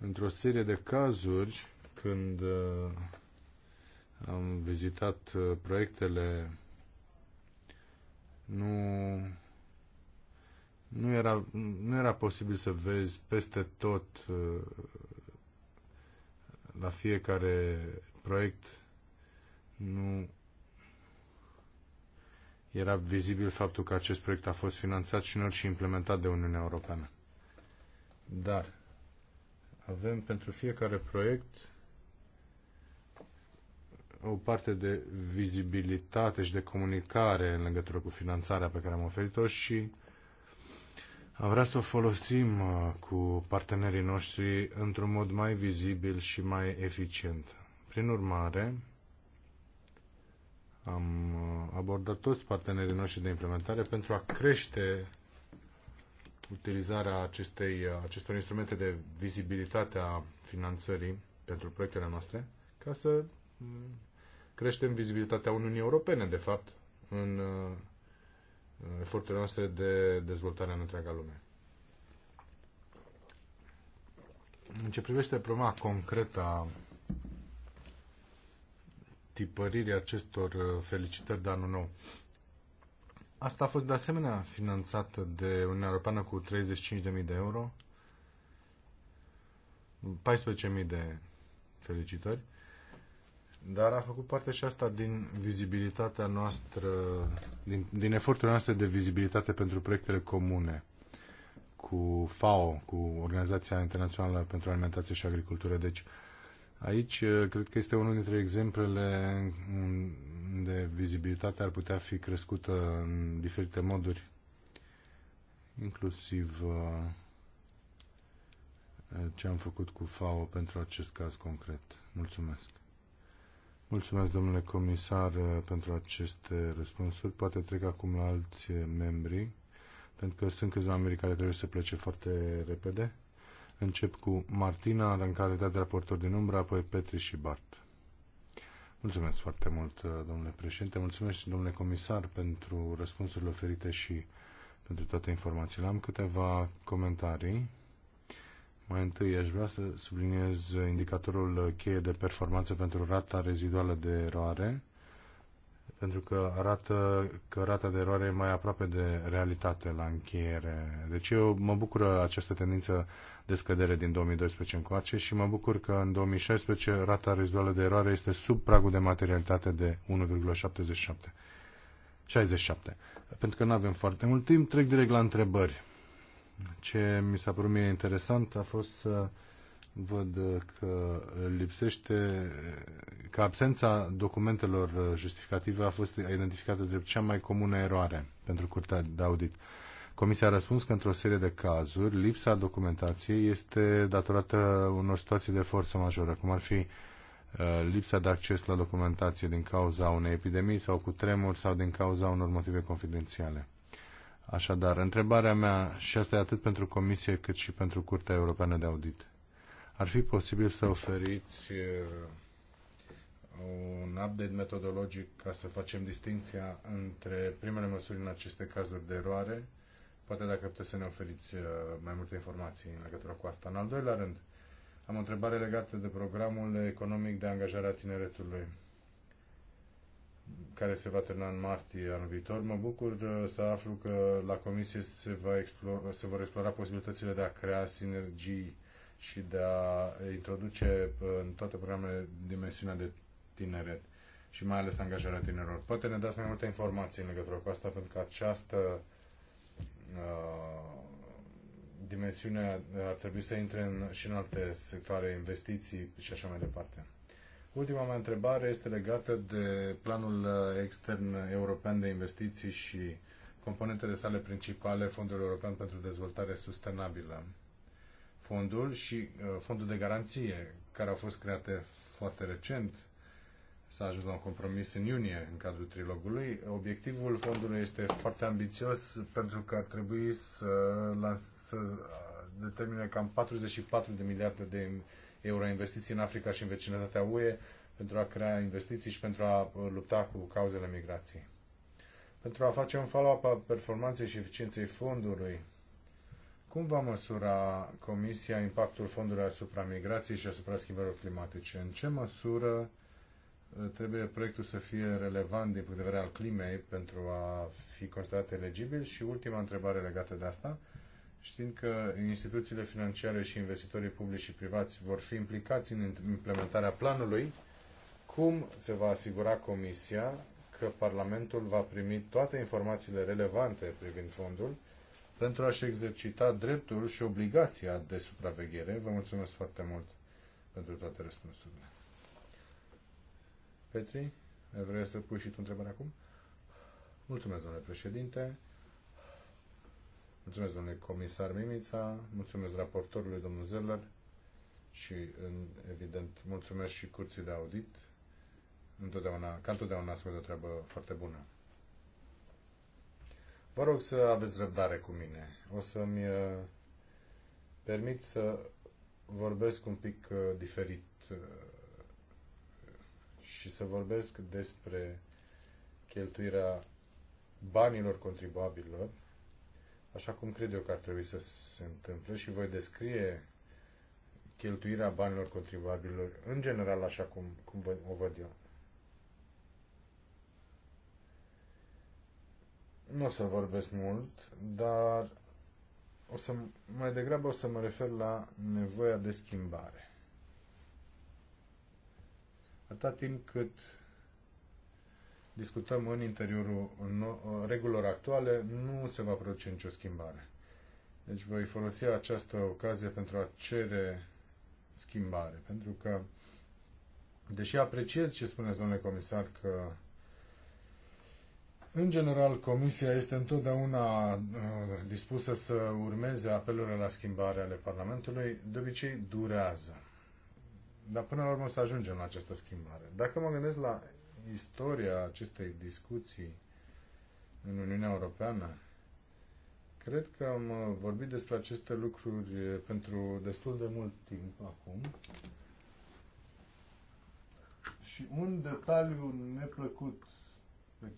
într-o serie de cazuri, când uh, am vizitat uh, proiectele, nu, nu, era, nu era posibil să vezi peste tot uh, la fiecare proiect nu era vizibil faptul că acest proiect a fost finanțat și uneori și implementat de Uniunea Europeană. Dar avem pentru fiecare proiect o parte de vizibilitate și de comunicare în legătură cu finanțarea pe care am oferit-o și am vrea să o folosim uh, cu partenerii noștri într-un mod mai vizibil și mai eficient. Prin urmare, am uh, abordat toți partenerii noștri de implementare pentru a crește utilizarea acestei, uh, acestor instrumente de vizibilitate a finanțării pentru proiectele noastre, ca să mm, creștem vizibilitatea Uniunii Europene, de fapt, uh, în eforturile noastre de dezvoltare în întreaga lume. În ce privește problema concretă a tipăririi acestor uh, felicitări de anul nou, asta a fost de asemenea finanțată de Uniunea Europeană cu 35.000 de euro, 14.000 de felicitări dar a făcut parte și asta din vizibilitatea noastră, din, din eforturile noastre de vizibilitate pentru proiectele comune cu FAO, cu Organizația Internațională pentru Alimentație și Agricultură. Deci, aici eh, cred că este unul dintre exemplele unde vizibilitatea ar putea fi crescută în diferite moduri, inclusiv eh, ce am făcut cu FAO pentru acest caz concret. Mulțumesc! Mulțumesc, domnule comisar, pentru aceste răspunsuri. Poate trec acum la alți membri, pentru că sunt câțiva membri care trebuie să plece foarte repede. Încep cu Martina, în calitate de raportor din umbră, apoi Petri și Bart. Mulțumesc foarte mult, domnule președinte. Mulțumesc și domnule comisar pentru răspunsurile oferite și pentru toate informațiile. Am câteva comentarii. Mai întâi aș vrea să subliniez indicatorul cheie de performanță pentru rata reziduală de eroare, pentru că arată că rata de eroare e mai aproape de realitate la încheiere. Deci eu mă bucură această tendință de scădere din 2012 încoace și mă bucur că în 2016 rata reziduală de eroare este sub pragul de materialitate de 1,77. 67. Pentru că nu avem foarte mult timp, trec direct la întrebări. Ce mi s-a părut mie interesant a fost să văd că lipsește, că absența documentelor justificative a fost identificată drept cea mai comună eroare pentru Curtea de Audit. Comisia a răspuns că într-o serie de cazuri lipsa documentației este datorată unor situații de forță majoră, cum ar fi uh, lipsa de acces la documentație din cauza unei epidemii sau cu tremur sau din cauza unor motive confidențiale. Așadar, întrebarea mea, și asta e atât pentru Comisie cât și pentru Curtea Europeană de Audit, ar fi posibil să oferiți uh, un update metodologic ca să facem distinția între primele măsuri în aceste cazuri de eroare, poate dacă puteți să ne oferiți uh, mai multe informații în legătură cu asta. În al doilea rând, am o întrebare legată de programul economic de angajare a tineretului care se va termina în martie anul viitor. Mă bucur uh, să aflu că la comisie se, va explora, se vor explora posibilitățile de a crea sinergii și de a introduce uh, în toate programele dimensiunea de tineret și mai ales angajarea tinerilor. Poate ne dați mai multe informații în legătură cu asta, pentru că această uh, dimensiune ar trebui să intre în, și în alte sectoare, investiții și așa mai departe. Ultima mea întrebare este legată de planul uh, extern european de investiții și componentele sale principale, Fondul European pentru Dezvoltare Sustenabilă. Fondul și uh, fondul de garanție, care au fost create foarte recent, s-a ajuns la un compromis în iunie în cadrul trilogului. Obiectivul fondului este foarte ambițios pentru că ar trebui să, lans, să uh, determine cam 44 de miliarde de euro investiții în Africa și în vecinătatea UE pentru a crea investiții și pentru a uh, lupta cu cauzele migrației. Pentru a face un follow-up a performanței și eficienței fondului, cum va măsura Comisia impactul fondului asupra migrației și asupra schimbărilor climatice? În ce măsură uh, trebuie proiectul să fie relevant din punct de vedere al climei pentru a fi considerat elegibil? Și ultima întrebare legată de asta, știind că instituțiile financiare și investitorii publici și privați vor fi implicați în implementarea planului, cum se va asigura Comisia că Parlamentul va primi toate informațiile relevante privind fondul pentru a-și exercita dreptul și obligația de supraveghere? Vă mulțumesc foarte mult pentru toate răspunsurile. Petri, vrei să pui și tu întrebarea acum? Mulțumesc, domnule președinte. Mulțumesc, domnule comisar Mimița, mulțumesc raportorului, domnul Zeller și, evident, mulțumesc și curții de audit. Întotdeauna, ca întotdeauna, ascult o treabă foarte bună. Vă rog să aveți răbdare cu mine. O să-mi uh, permit să vorbesc un pic uh, diferit uh, și să vorbesc despre cheltuirea banilor contribuabililor așa cum cred eu că ar trebui să se întâmple și voi descrie cheltuirea banilor contribuabililor în general așa cum, cum o văd eu. Nu o să vorbesc mult, dar o să, mai degrabă o să mă refer la nevoia de schimbare. Atâta timp cât discutăm în interiorul uh, regulilor actuale, nu se va produce nicio schimbare. Deci voi folosi această ocazie pentru a cere schimbare, pentru că, deși apreciez ce spuneți, domnule comisar, că în general, Comisia este întotdeauna uh, dispusă să urmeze apelurile la schimbare ale Parlamentului. De obicei, durează. Dar până la urmă să ajungem la această schimbare. Dacă mă gândesc la istoria acestei discuții în Uniunea Europeană. Cred că am uh, vorbit despre aceste lucruri uh, pentru destul de mult timp acum. Și un detaliu neplăcut uh,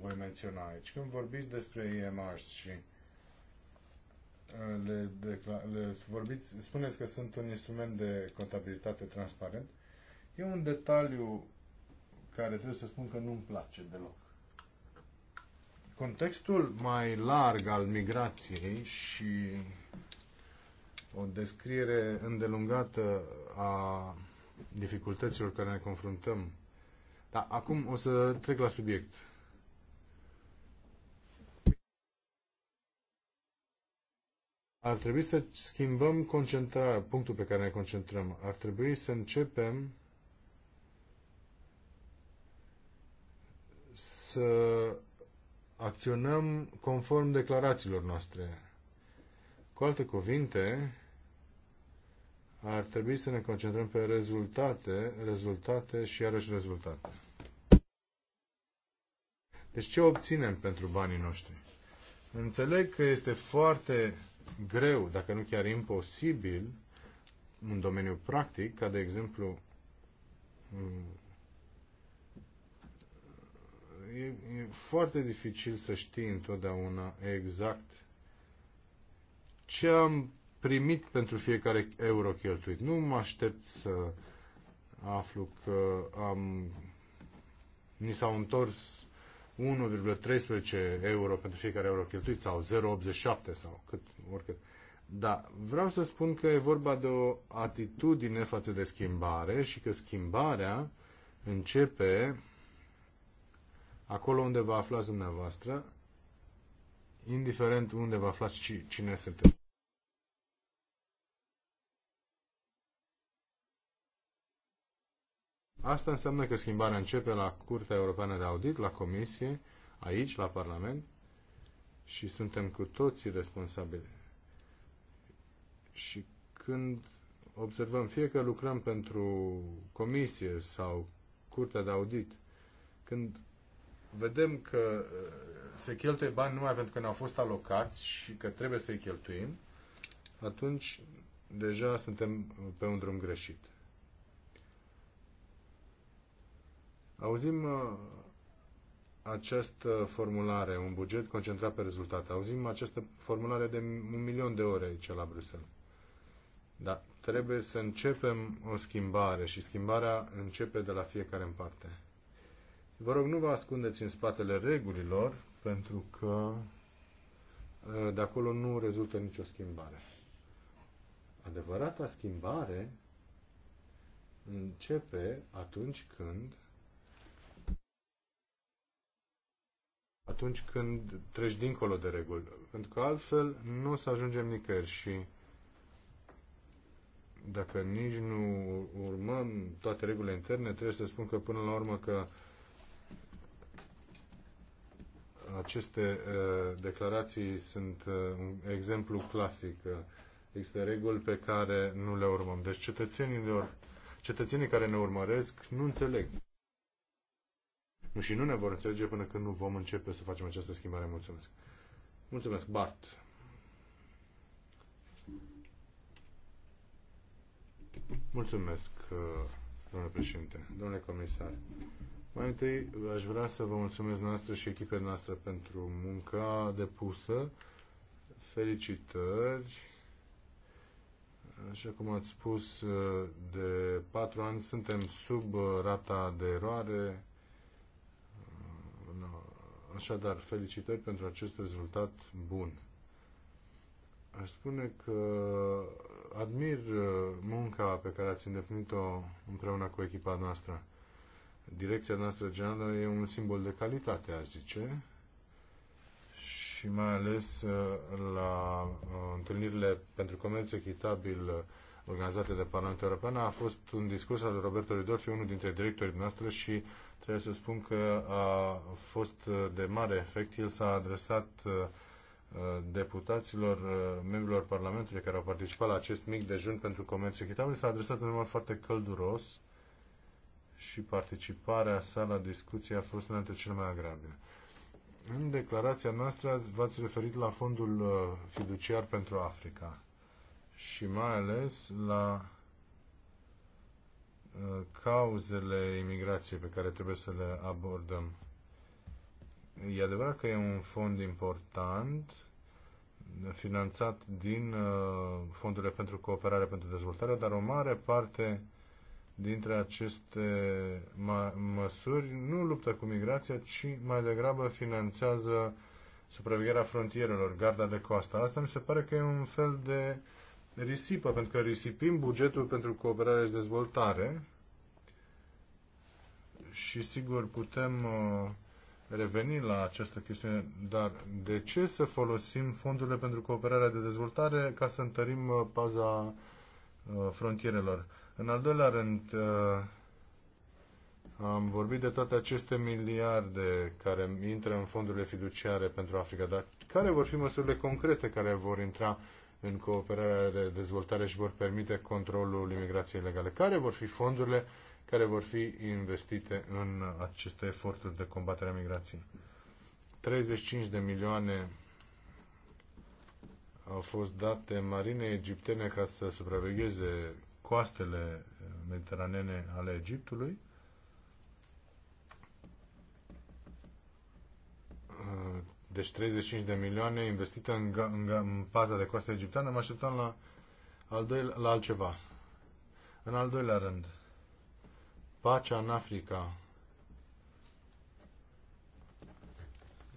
voi menționa aici. Când vorbiți despre EMRs și le, decla- le vorbiți, spuneți că sunt un instrument de contabilitate transparent, e un detaliu care trebuie să spun că nu-mi place deloc. Contextul mai larg al migrației și o descriere îndelungată a dificultăților care ne confruntăm. Dar acum o să trec la subiect. Ar trebui să schimbăm concentrarea, punctul pe care ne concentrăm. Ar trebui să începem să acționăm conform declarațiilor noastre. Cu alte cuvinte, ar trebui să ne concentrăm pe rezultate, rezultate și iarăși rezultate. Deci ce obținem pentru banii noștri? Înțeleg că este foarte greu, dacă nu chiar imposibil, în domeniul practic, ca de exemplu e, e foarte dificil să știi întotdeauna exact ce am primit pentru fiecare euro cheltuit. Nu mă aștept să aflu că am, ni s-au întors 1,13 euro pentru fiecare euro cheltuit sau 0,87 sau cât, oricât. Da, vreau să spun că e vorba de o atitudine față de schimbare și că schimbarea începe acolo unde vă aflați dumneavoastră, indiferent unde vă aflați cine sunteți. Asta înseamnă că schimbarea începe la Curtea Europeană de Audit, la Comisie, aici, la Parlament, și suntem cu toții responsabili. Și când observăm, fie că lucrăm pentru Comisie sau Curtea de Audit, când vedem că uh, se cheltuie bani numai pentru că ne-au fost alocați și că trebuie să-i cheltuim, atunci deja suntem pe un drum greșit. Auzim uh, această formulare, un buget concentrat pe rezultate. Auzim această formulare de un milion de ore aici la Bruxelles. Dar trebuie să începem o schimbare și schimbarea începe de la fiecare în parte. Vă rog, nu vă ascundeți în spatele regulilor, pentru că de acolo nu rezultă nicio schimbare. Adevărata schimbare începe atunci când atunci când treci dincolo de reguli. Pentru că altfel nu o să ajungem nicăieri și dacă nici nu urmăm toate regulile interne, trebuie să spun că până la urmă că aceste uh, declarații sunt uh, un exemplu clasic. Există reguli pe care nu le urmăm. Deci cetățenilor, cetățenii care ne urmăresc nu înțeleg. Nu și nu ne vor înțelege până când nu vom începe să facem această schimbare. Mulțumesc. Mulțumesc, Bart. Mulțumesc, uh, domnule președinte, domnule comisar. Mai întâi aș vrea să vă mulțumesc noastră și echipei noastră pentru munca depusă. Felicitări! Așa cum ați spus, de patru ani suntem sub rata de eroare. Așadar, felicitări pentru acest rezultat bun. Aș spune că admir munca pe care ați îndeplinit-o împreună cu echipa noastră direcția noastră generală e un simbol de calitate, aș zice, și mai ales uh, la uh, întâlnirile pentru comerț echitabil uh, organizate de Parlamentul European a fost un discurs al Roberto Ridolfi, unul dintre directorii noastre și trebuie să spun că a fost de mare efect. El s-a adresat deputaților, membrilor Parlamentului care au participat la acest mic dejun pentru comerț echitabil, s-a adresat în mod foarte călduros și participarea sa la discuție a fost una dintre cele mai agrabile. În declarația noastră v-ați referit la fondul uh, fiduciar pentru Africa și mai ales la uh, cauzele imigrației pe care trebuie să le abordăm. E adevărat că e un fond important finanțat din uh, fondurile pentru cooperare pentru dezvoltare, dar o mare parte dintre aceste mă măsuri nu luptă cu migrația, ci mai degrabă finanțează supravegherea frontierelor, garda de coastă. Asta mi se pare că e un fel de risipă, pentru că risipim bugetul pentru cooperare și dezvoltare și sigur putem uh, reveni la această chestiune, dar de ce să folosim fondurile pentru cooperarea de dezvoltare ca să întărim uh, paza uh, frontierelor? În al doilea rând, uh, am vorbit de toate aceste miliarde care intră în fondurile fiduciare pentru Africa, dar care vor fi măsurile concrete care vor intra în cooperarea de dezvoltare și vor permite controlul imigrației legale? Care vor fi fondurile care vor fi investite în aceste eforturi de combatere a migrației? 35 de milioane au fost date marine egiptene ca să supravegheze coastele eh, mediteranene ale Egiptului. Eh, deci 35 de milioane investite în, în, în paza de coastă egipteană. Mă așteptam la, al doilea, la altceva. În al doilea rând, pacea în Africa.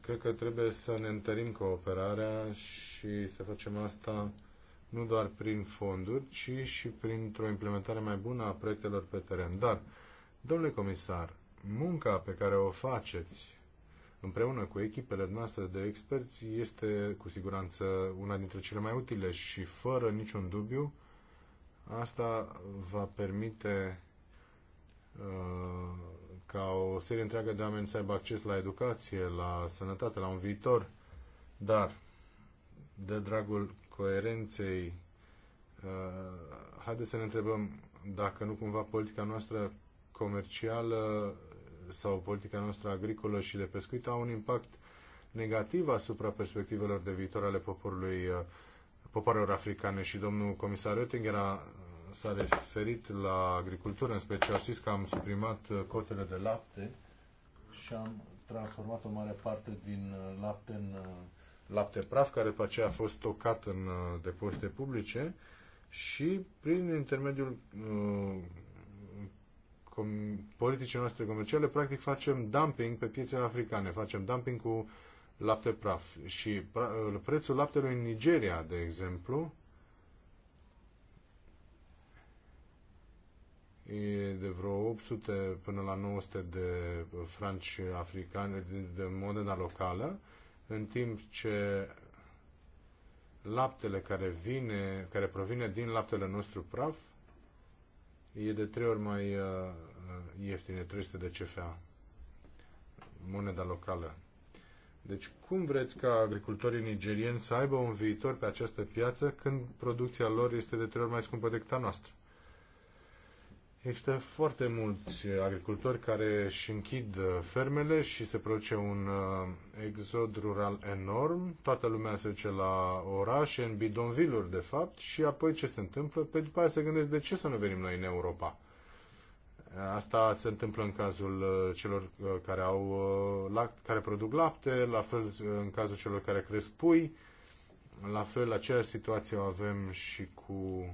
Cred că trebuie să ne întărim cooperarea și să facem asta nu doar prin fonduri, ci și printr-o implementare mai bună a proiectelor pe teren. Dar, domnule comisar, munca pe care o faceți împreună cu echipele noastre de experți este cu siguranță una dintre cele mai utile și fără niciun dubiu asta va permite uh, ca o serie întreagă de oameni să aibă acces la educație, la sănătate, la un viitor, dar de dragul coerenței, uh, haideți să ne întrebăm dacă nu cumva politica noastră comercială sau politica noastră agricolă și de pescuit au un impact negativ asupra perspectivelor de viitor ale poporului, uh, popoarelor africane și domnul comisar Oettinger s-a referit la agricultură, în special știți că am suprimat uh, cotele de lapte și am transformat o mare parte din lapte în lapte praf, care după aceea a fost stocat în uh, depozite publice și prin intermediul uh, politicii noastre comerciale, practic facem dumping pe piețele africane, facem dumping cu lapte praf. Și pra- uh, prețul laptelui în Nigeria, de exemplu, e de vreo 800 până la 900 de franci africane de moneda locală, în timp ce laptele care, vine, care provine din laptele nostru praf e de trei ori mai uh, uh, ieftine, 300 de CFA, moneda locală. Deci cum vreți ca agricultorii nigerieni să aibă un viitor pe această piață când producția lor este de trei ori mai scumpă decât a noastră? Există foarte mulți agricultori care își închid uh, fermele și se produce un uh, exod rural enorm. Toată lumea se duce la orașe, în bidonviluri, de fapt, și apoi ce se întâmplă? Pe după aceea se gândesc de ce să nu venim noi în Europa. Asta se întâmplă în cazul uh, celor care, au, care produc lapte, la fel în cazul celor care cresc pui, la fel aceeași situație o avem și cu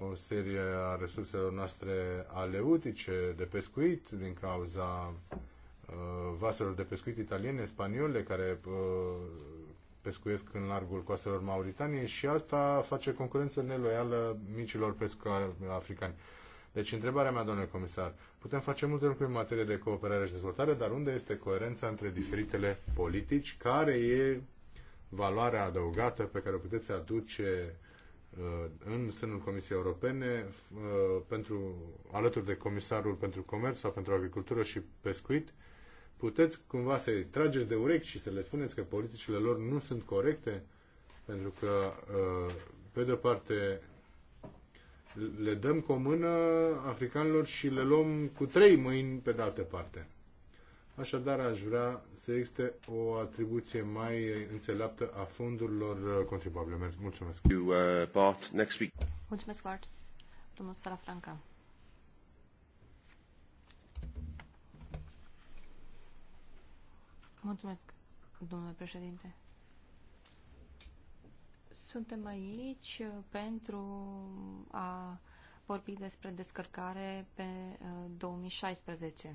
o serie a resurselor noastre aleutice de pescuit din cauza uh, vaselor de pescuit italiene, spaniole, care uh, pescuiesc în largul coastelor Mauritaniei și asta face concurență neloială micilor pescari africani. Deci, întrebarea mea, domnule comisar, putem face multe lucruri în materie de cooperare și dezvoltare, dar unde este coerența între diferitele politici? Care e valoarea adăugată pe care o puteți aduce Uh, în sânul Comisiei Europene uh, pentru, alături de Comisarul pentru Comerț sau pentru Agricultură și Pescuit, puteți cumva să-i trageți de urechi și să le spuneți că politicile lor nu sunt corecte? Pentru că, uh, pe de-o parte, le dăm cu o mână africanilor și le luăm cu trei mâini pe de altă parte. Așadar, aș vrea să existe o atribuție mai înțeleaptă a fondurilor uh, contribuabile. Mulțumesc. You, uh, Bart, next week. Mulțumesc, Bart. Domnul Salafranca. Mulțumesc, domnule președinte. Suntem aici uh, pentru a vorbi despre descărcare pe 2016. Uh,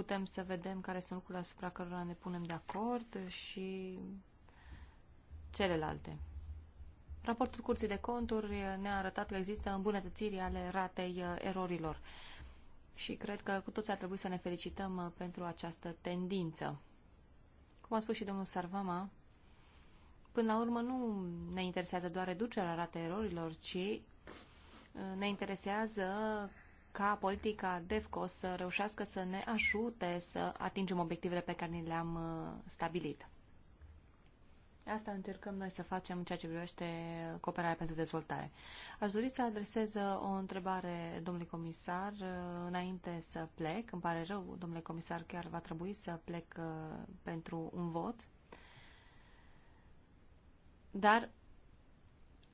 putem să vedem care sunt lucrurile asupra cărora ne punem de acord și celelalte. Raportul Curții de Conturi ne-a arătat că există îmbunătățiri ale ratei uh, erorilor și cred că cu toți ar trebui să ne felicităm uh, pentru această tendință. Cum a spus și domnul Sarvama, până la urmă nu ne interesează doar reducerea ratei erorilor, ci uh, ne interesează ca politica DEFCO să reușească să ne ajute să atingem obiectivele pe care ni le-am uh, stabilit. Asta încercăm noi să facem în ceea ce privește cooperarea pentru dezvoltare. Aș dori să adresez uh, o întrebare, domnului comisar, uh, înainte să plec. Îmi pare rău, domnule comisar, chiar va trebui să plec pentru un vot. Dar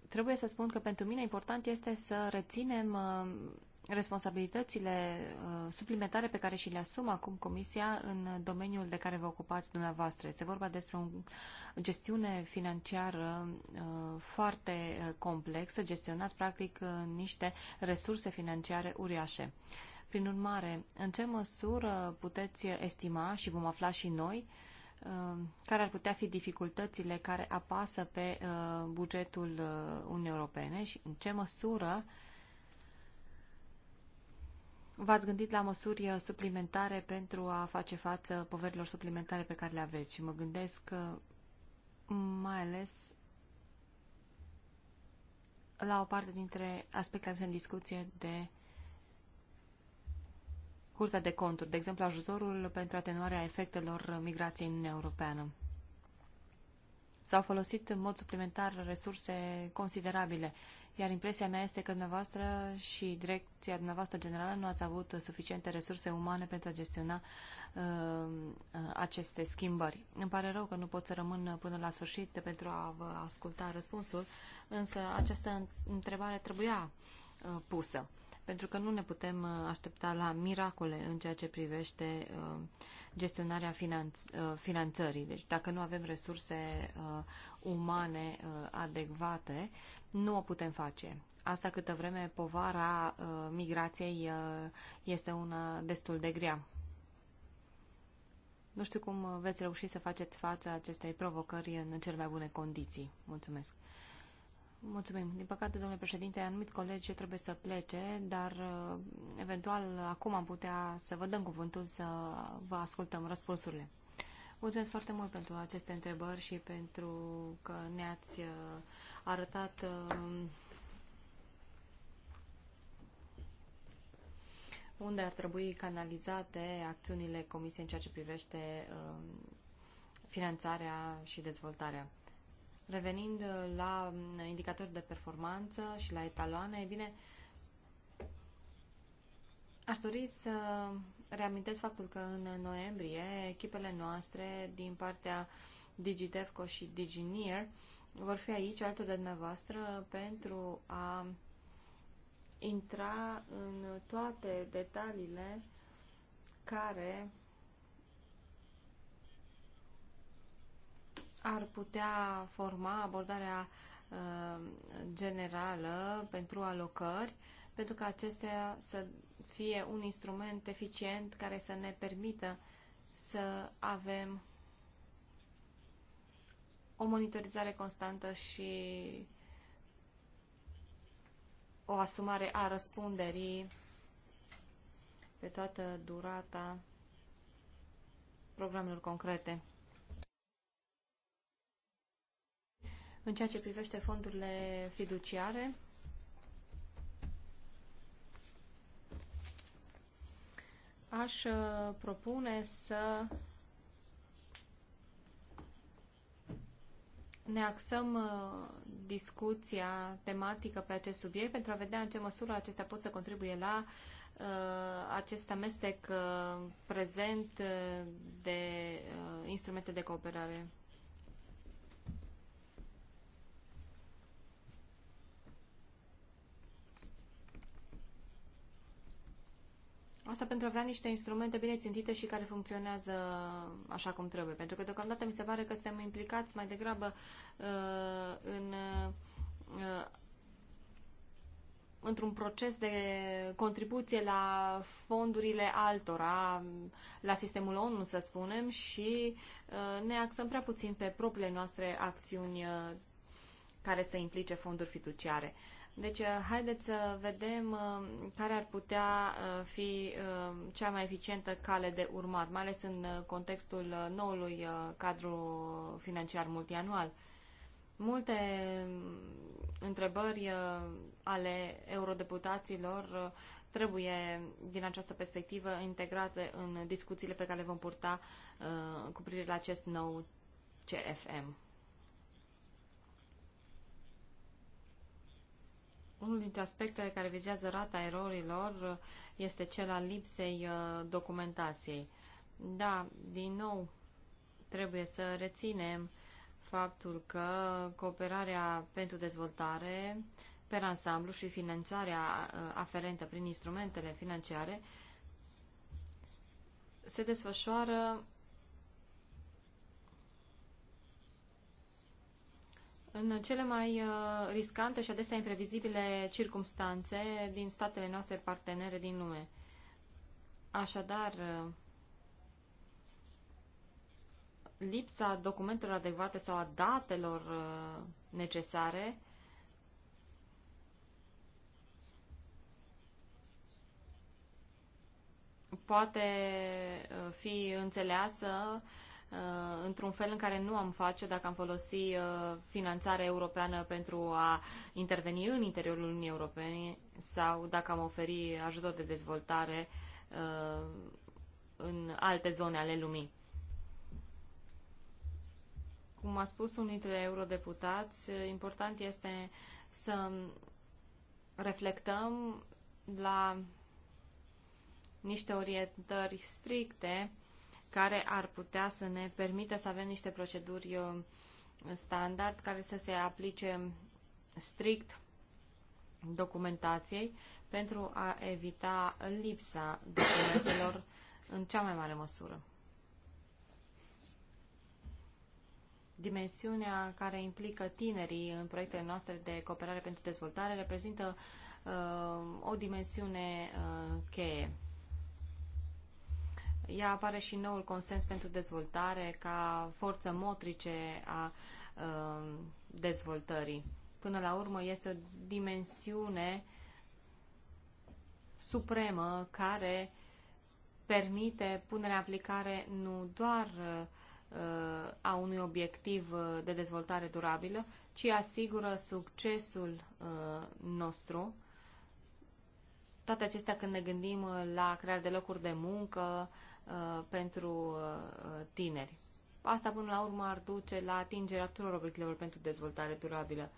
trebuie să spun că pentru mine important este să reținem responsabilitățile uh, suplimentare pe care și le asumă acum Comisia în domeniul de care vă ocupați dumneavoastră. Este vorba despre o gestiune financiară uh, foarte uh, complexă. Gestionați, practic, niște resurse financiare uriașe. Prin urmare, în ce măsură puteți estima și vom afla și noi care ar putea fi dificultățile care apasă pe bugetul Uniunii Europene și în ce măsură uh, V-ați gândit la măsuri uh, suplimentare pentru a face față poverilor suplimentare pe care le aveți și mă gândesc că mai ales la o parte dintre aspecte aduse în discuție de cursa de Conturi, de exemplu ajutorul pentru atenuarea efectelor migrației în Europeană. S-au folosit în mod suplimentar resurse considerabile iar impresia mea este că dumneavoastră și direcția dumneavoastră generală nu ați avut suficiente resurse umane pentru a gestiona uh, uh, aceste schimbări. Îmi pare rău că nu pot să rămân până la sfârșit pentru a vă asculta răspunsul, însă această întrebare trebuia uh, pusă, pentru că nu ne putem uh, aștepta la miracole în ceea ce privește uh, gestionarea finanț- uh, finanțării. Deci dacă nu avem resurse uh, umane uh, adecvate, nu o putem face. Asta câtă vreme povara uh, migrației uh, este una destul de grea. Nu știu cum veți reuși să faceți față acestei provocări în cele mai bune condiții. Mulțumesc! Mulțumim. Din păcate, domnule președinte, anumiți colegi trebuie să plece, dar uh, eventual acum am putea să vă dăm cuvântul să vă ascultăm răspunsurile. Mulțumesc foarte mult pentru aceste întrebări și pentru că ne-ați uh, arătat uh, unde ar trebui canalizate acțiunile Comisiei în ceea ce privește finanțarea și dezvoltarea. Revenind uh, la mm, indicatori de performanță și la etaloane, e bine, Aș dori să reamintesc faptul că în noiembrie echipele noastre din partea DigiDevco și DigiNear vor fi aici alături de dumneavoastră pentru a intra în toate detaliile care ar putea forma abordarea uh, generală pentru alocări, pentru că acestea să fie un instrument eficient care să ne permită să avem o monitorizare constantă și o asumare a răspunderii pe toată durata programelor concrete. În ceea ce privește fondurile fiduciare, aș uh, propune să ne axăm uh, discuția tematică pe acest subiect pentru a vedea în ce măsură acestea pot să contribuie la uh, acest amestec uh, prezent uh, de uh, instrumente de cooperare Asta pentru a avea niște instrumente bine țintite și care funcționează așa cum trebuie. Pentru că deocamdată mi se pare că suntem implicați mai degrabă uh, în, uh, într-un proces de contribuție la fondurile altora, la sistemul ONU, să spunem, și uh, ne axăm prea puțin pe propriile noastre acțiuni uh, care să implice fonduri fiduciare. Uh, deci, uh, haideți să vedem uh, care ar putea uh, fi cea mai eficientă cale de urmat, mai ales în contextul noului cadru financiar multianual. Multe mm, întrebări ale eurodeputaților trebuie, din această perspectivă, integrate în discuțiile pe care le vom purta cu privire la acest nou CFM. Unul dintre aspectele care vizează rata erorilor este cel al lipsei uh, documentației. Da, din nou, trebuie să reținem faptul că cooperarea pentru dezvoltare pe ansamblu și finanțarea uh, aferentă prin instrumentele financiare se desfășoară în cele mai uh, riscante și adesea imprevizibile circumstanțe din statele noastre partenere din lume. Așadar, uh, lipsa documentelor adecvate sau a datelor uh, necesare poate fi înțeleasă uh, Uh, într-un fel în care nu am face dacă am folosi uh, finanțare europeană pentru a interveni în interiorul Uniunii Europene sau dacă am oferi ajutor de dezvoltare uh, în alte zone ale lumii. Cum a spus unul dintre eurodeputați, important este să reflectăm la niște orientări stricte care ar putea să ne permită să avem niște proceduri uh, standard care să se aplice strict documentației pentru a evita lipsa documentelor în cea mai mare măsură. Dimensiunea care implică tinerii în proiectele noastre de cooperare pentru dezvoltare reprezintă uh, o dimensiune uh, cheie. Ea apare și noul consens pentru dezvoltare ca forță motrice a um, dezvoltării. Până la urmă este o dimensiune supremă care permite punerea aplicare nu doar uh, a unui obiectiv de dezvoltare durabilă, ci asigură succesul uh, nostru. Toate acestea când ne gândim la crearea de locuri de muncă, Uh, pentru uh, tineri. Asta, până la urmă, ar duce la atingerea tuturor obiectivelor pentru dezvoltare durabilă.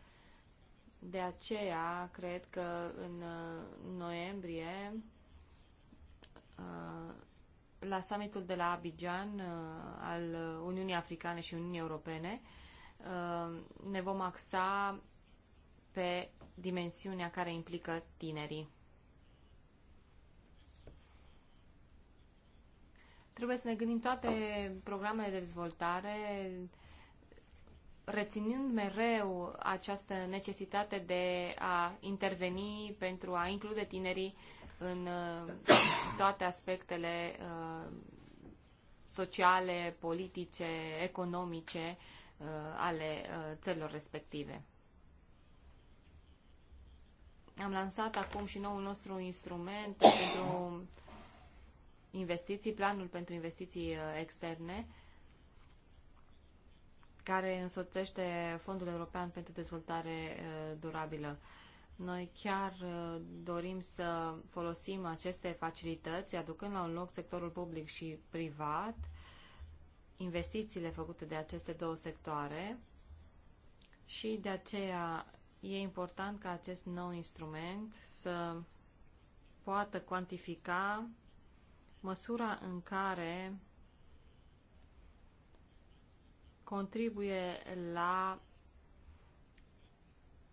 De aceea, cred că în uh, noiembrie, la summitul de la Abidjan al Uniunii Africane și Uniunii Europene, ne vom axa pe dimensiunea care implică tinerii. Trebuie să ne gândim toate programele de dezvoltare, reținând mereu această necesitate de a interveni pentru a include tinerii în uh, toate aspectele uh, sociale, politice, economice uh, ale țărilor respective. Am lansat acum și noul nostru instrument pentru investiții, planul pentru investiții uh, externe, care însoțește Fondul European pentru Dezvoltare uh, Durabilă. Noi chiar uh, dorim să folosim aceste facilități, aducând la un loc sectorul public și privat, investițiile făcute de aceste două sectoare și de aceea e important ca acest nou instrument să poată cuantifica măsura în care contribuie la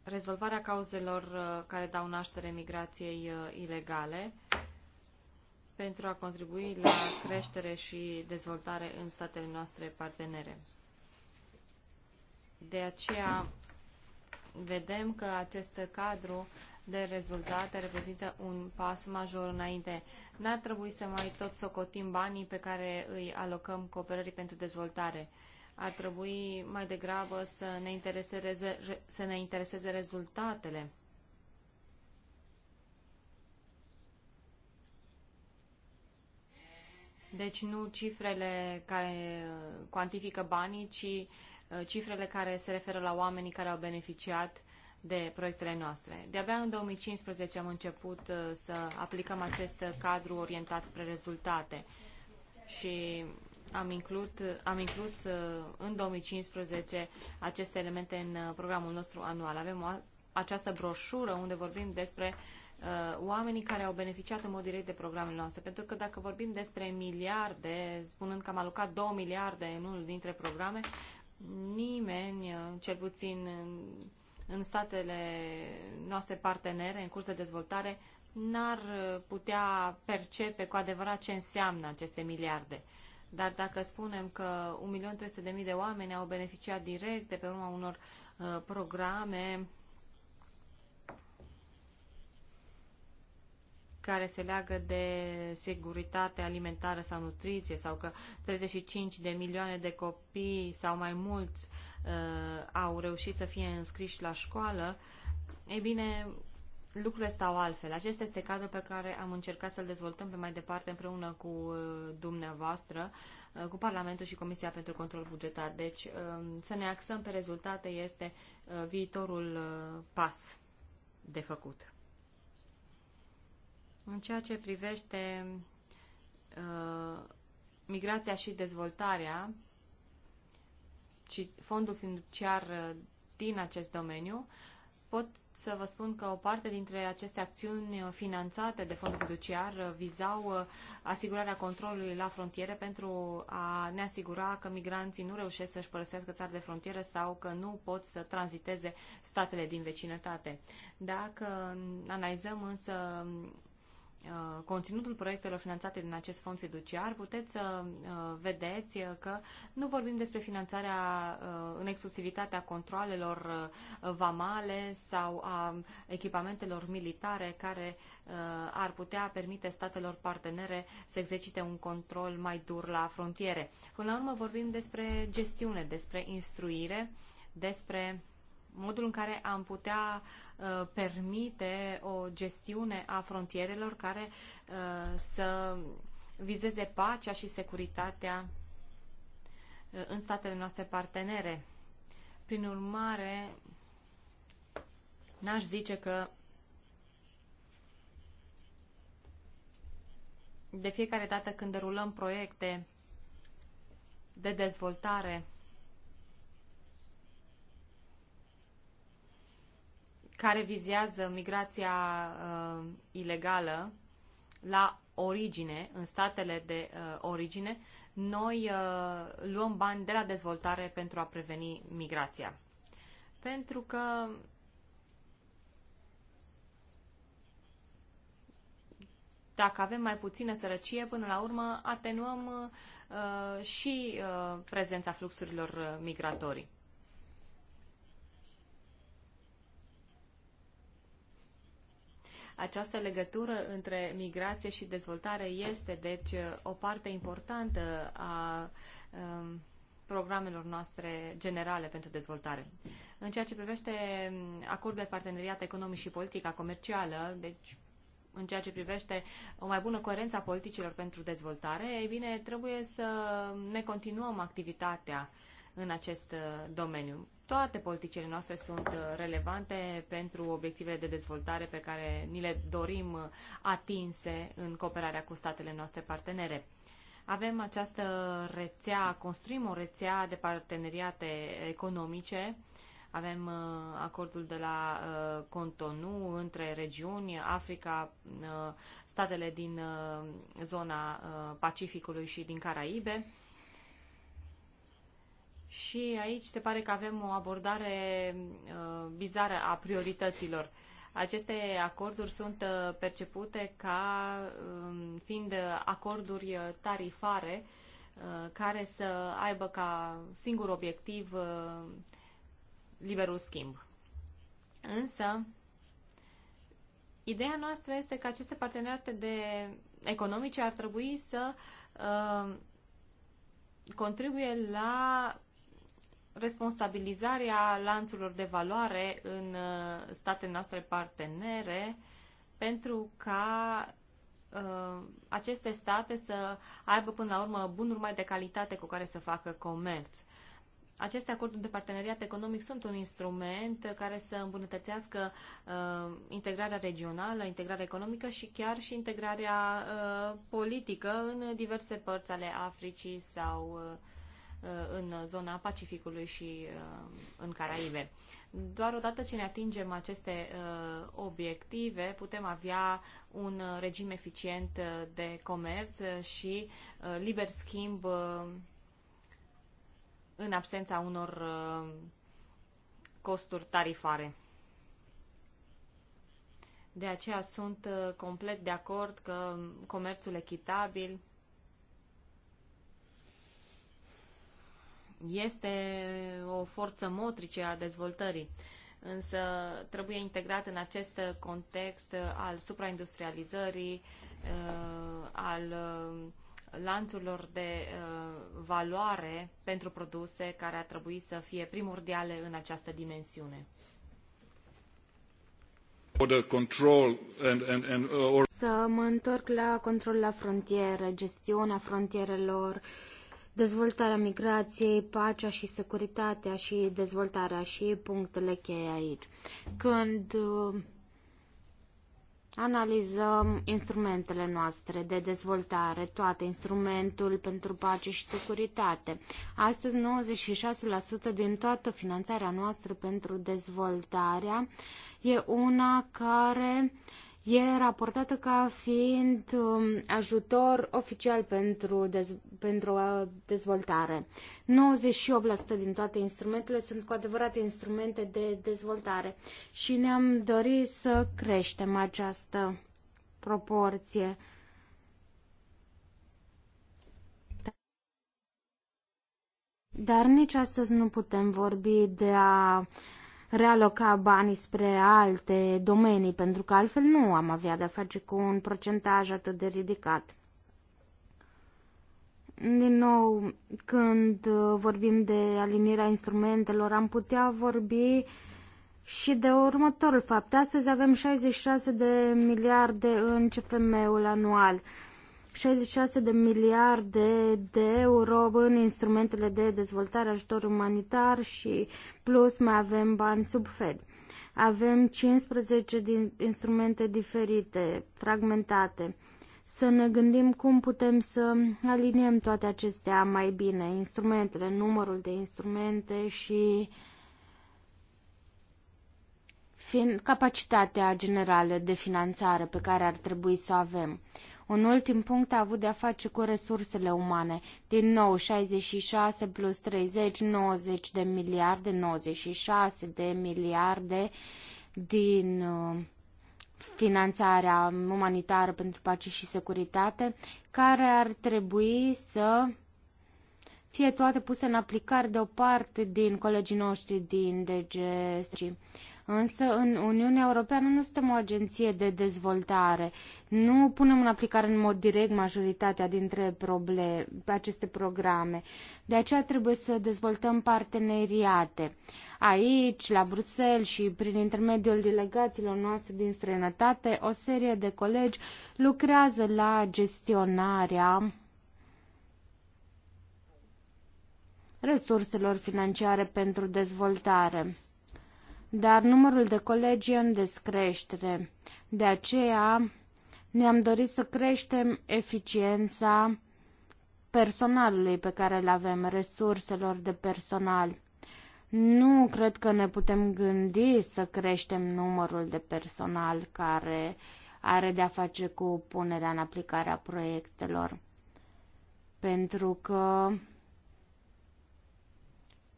rezolvarea cauzelor uh, care dau naștere migrației uh, ilegale pentru a contribui la creștere și dezvoltare în statele noastre partenere. De aceea vedem că acest cadru de rezultate reprezintă un pas major înainte. N-ar trebui să mai tot socotim banii pe care îi alocăm cooperării pentru dezvoltare. Ar trebui mai degrabă să ne intereseze, să ne intereseze rezultatele. Deci nu cifrele care cuantifică banii, ci uh, cifrele care se referă la oamenii care au beneficiat de proiectele noastre. De-abia în 2015 am început uh, să aplicăm acest cadru orientat spre rezultate și am, inclus am inclus uh, în 2015 aceste elemente în uh, programul nostru anual. Avem o, această broșură unde vorbim despre uh, oamenii care au beneficiat în mod direct de programele noastre. Pentru că dacă vorbim despre miliarde, spunând că am alocat 2 miliarde în unul dintre programe, nimeni, cel puțin în statele noastre partenere în curs de dezvoltare n-ar putea percepe cu adevărat ce înseamnă aceste miliarde. Dar dacă spunem că 1.300.000 de oameni au beneficiat direct de pe urma unor uh, programe care se leagă de securitate alimentară sau nutriție sau că 35 de milioane de copii sau mai mulți uh, Uh, au reușit să fie înscriși la școală, ei bine, lucrurile stau altfel. Acesta este cadrul pe care am încercat să-l dezvoltăm pe mai departe împreună cu uh, dumneavoastră, uh, cu Parlamentul și Comisia pentru Control Bugetar. Deci um, să ne axăm pe rezultate este viitorul pas de făcut. În ceea ce privește migrația și dezvoltarea, fondul financiar uh, din acest domeniu, pot să vă spun că o parte dintre aceste acțiuni uh, finanțate de fondul fiduciar uh, vizau asigurarea controlului la frontiere pentru a ne asigura că migranții nu reușesc să-și părăsească țara de frontieră sau că nu pot să tranziteze statele din vecinătate. Dacă analizăm însă Uh, conținutul proiectelor finanțate din acest fond fiduciar, puteți să uh, vedeți că nu vorbim despre finanțarea uh, în exclusivitatea controlelor vamale sau a echipamentelor militare care ar putea permite statelor partenere să exercite un control mai dur la frontiere. Până la urmă vorbim despre gestiune, despre instruire, despre modul în care am putea uh, permite o gestiune a frontierelor care uh, să vizeze pacea și securitatea uh, în statele noastre partenere. Prin urmare, n-aș zice că de fiecare dată când derulăm proiecte de dezvoltare care vizează migrația uh, ilegală la origine, în statele de uh, origine, noi uh, luăm bani de la dezvoltare pentru a preveni migrația. Pentru că dacă avem mai puțină sărăcie, până la urmă atenuăm uh, și uh, prezența fluxurilor uh, migratorii. Această legătură între migrație și dezvoltare este, deci, o parte importantă a um, programelor noastre generale pentru dezvoltare. În ceea ce privește um, acordul de parteneriat economic și politica comercială, deci în ceea ce privește o mai bună coerență a politicilor pentru dezvoltare, ei bine, trebuie să ne continuăm activitatea uh, în acest uh, domeniu. Toate politicile noastre sunt uh, relevante pentru obiectivele de dezvoltare pe care ni le dorim uh, atinse în cooperarea cu statele noastre partenere. Avem această rețea, construim o rețea de parteneriate economice avem acordul de la Contonu între regiuni, Africa, statele din zona Pacificului și din Caraibe. Și aici se pare că avem o abordare uh, bizară a priorităților. Aceste acorduri sunt uh, percepute ca um, fiind acorduri tarifare uh, care să aibă ca singur obiectiv liberul schimb. Însă, ideea noastră este că aceste parteneriate de economice ar trebui să contribuie la responsabilizarea lanțurilor de valoare în uh, statele noastre partenere pentru ca uh, aceste state să aibă până la urmă bunuri mai de calitate cu care să facă comerț. Aceste acorduri de parteneriat economic sunt un instrument care să îmbunătățească uh, integrarea regională, integrarea economică și chiar și integrarea uh, politică în diverse părți ale Africii sau uh, Uh, în zona Pacificului și uh, în Caraibe. Doar odată ce ne atingem aceste uh, obiective, putem avea un regim eficient de comerț și liber schimb în absența unor costuri tarifare. De aceea sunt complet de acord că comerțul echitabil Este o forță motrice a dezvoltării, însă trebuie integrat în acest context al supraindustrializării, uh, al uh, lanțurilor de uh, valoare pentru produse care ar trebui să fie primordiale în această dimensiune. Să mă întorc la control la frontieră, gestiunea frontierelor, uh, dezvoltarea migrației, pacea și securitatea și dezvoltarea și punctele cheie aici. Când uh, analizăm instrumentele noastre de dezvoltare, toate instrumentul pentru pace și securitate. Astăzi 96% din toată finanțarea noastră pentru dezvoltarea e una care uh, e raportată ca fiind um, ajutor oficial pentru, dez, pentru uh, dezvoltare. 98% din toate instrumentele sunt cu adevărat instrumente de dezvoltare și ne-am dorit să creștem această proporție. Dar nici astăzi nu putem vorbi de a realoca banii spre alte domenii, pentru că altfel nu am avea de-a face cu un procentaj atât de ridicat. Din nou, când vorbim de alinierea instrumentelor, am putea vorbi și de următorul fapt, astăzi avem 66 de miliarde în CFM-ul anual. 66 de miliarde de euro în instrumentele de dezvoltare, ajutor umanitar și plus mai avem bani sub Fed. Avem 15 din instrumente diferite, fragmentate. Să ne gândim cum putem să aliniem toate acestea mai bine, instrumentele, numărul de instrumente și capacitatea generală de finanțare pe care ar trebui să o avem. Un ultim punct a avut de-a face cu resursele umane. Din nou, 66 plus 30, 90 de miliarde, 96 de miliarde din uh, finanțarea umanitară pentru pace și securitate, care ar trebui să fie toate puse în aplicare de o parte din colegii noștri din DGS. Însă în Uniunea Europeană nu suntem o agenție de dezvoltare. Nu punem în aplicare în mod direct majoritatea dintre probleme, aceste programe. De aceea trebuie să dezvoltăm parteneriate. Aici, la Bruxelles și prin intermediul delegațiilor noastre din străinătate, o serie de colegi lucrează la gestionarea resurselor financiare pentru dezvoltare dar numărul de colegi e în descreștere. De aceea ne-am dorit să creștem eficiența personalului pe care îl avem, resurselor de personal. Nu cred că ne putem gândi să creștem numărul de personal care are de-a face cu punerea în aplicare a proiectelor. Pentru că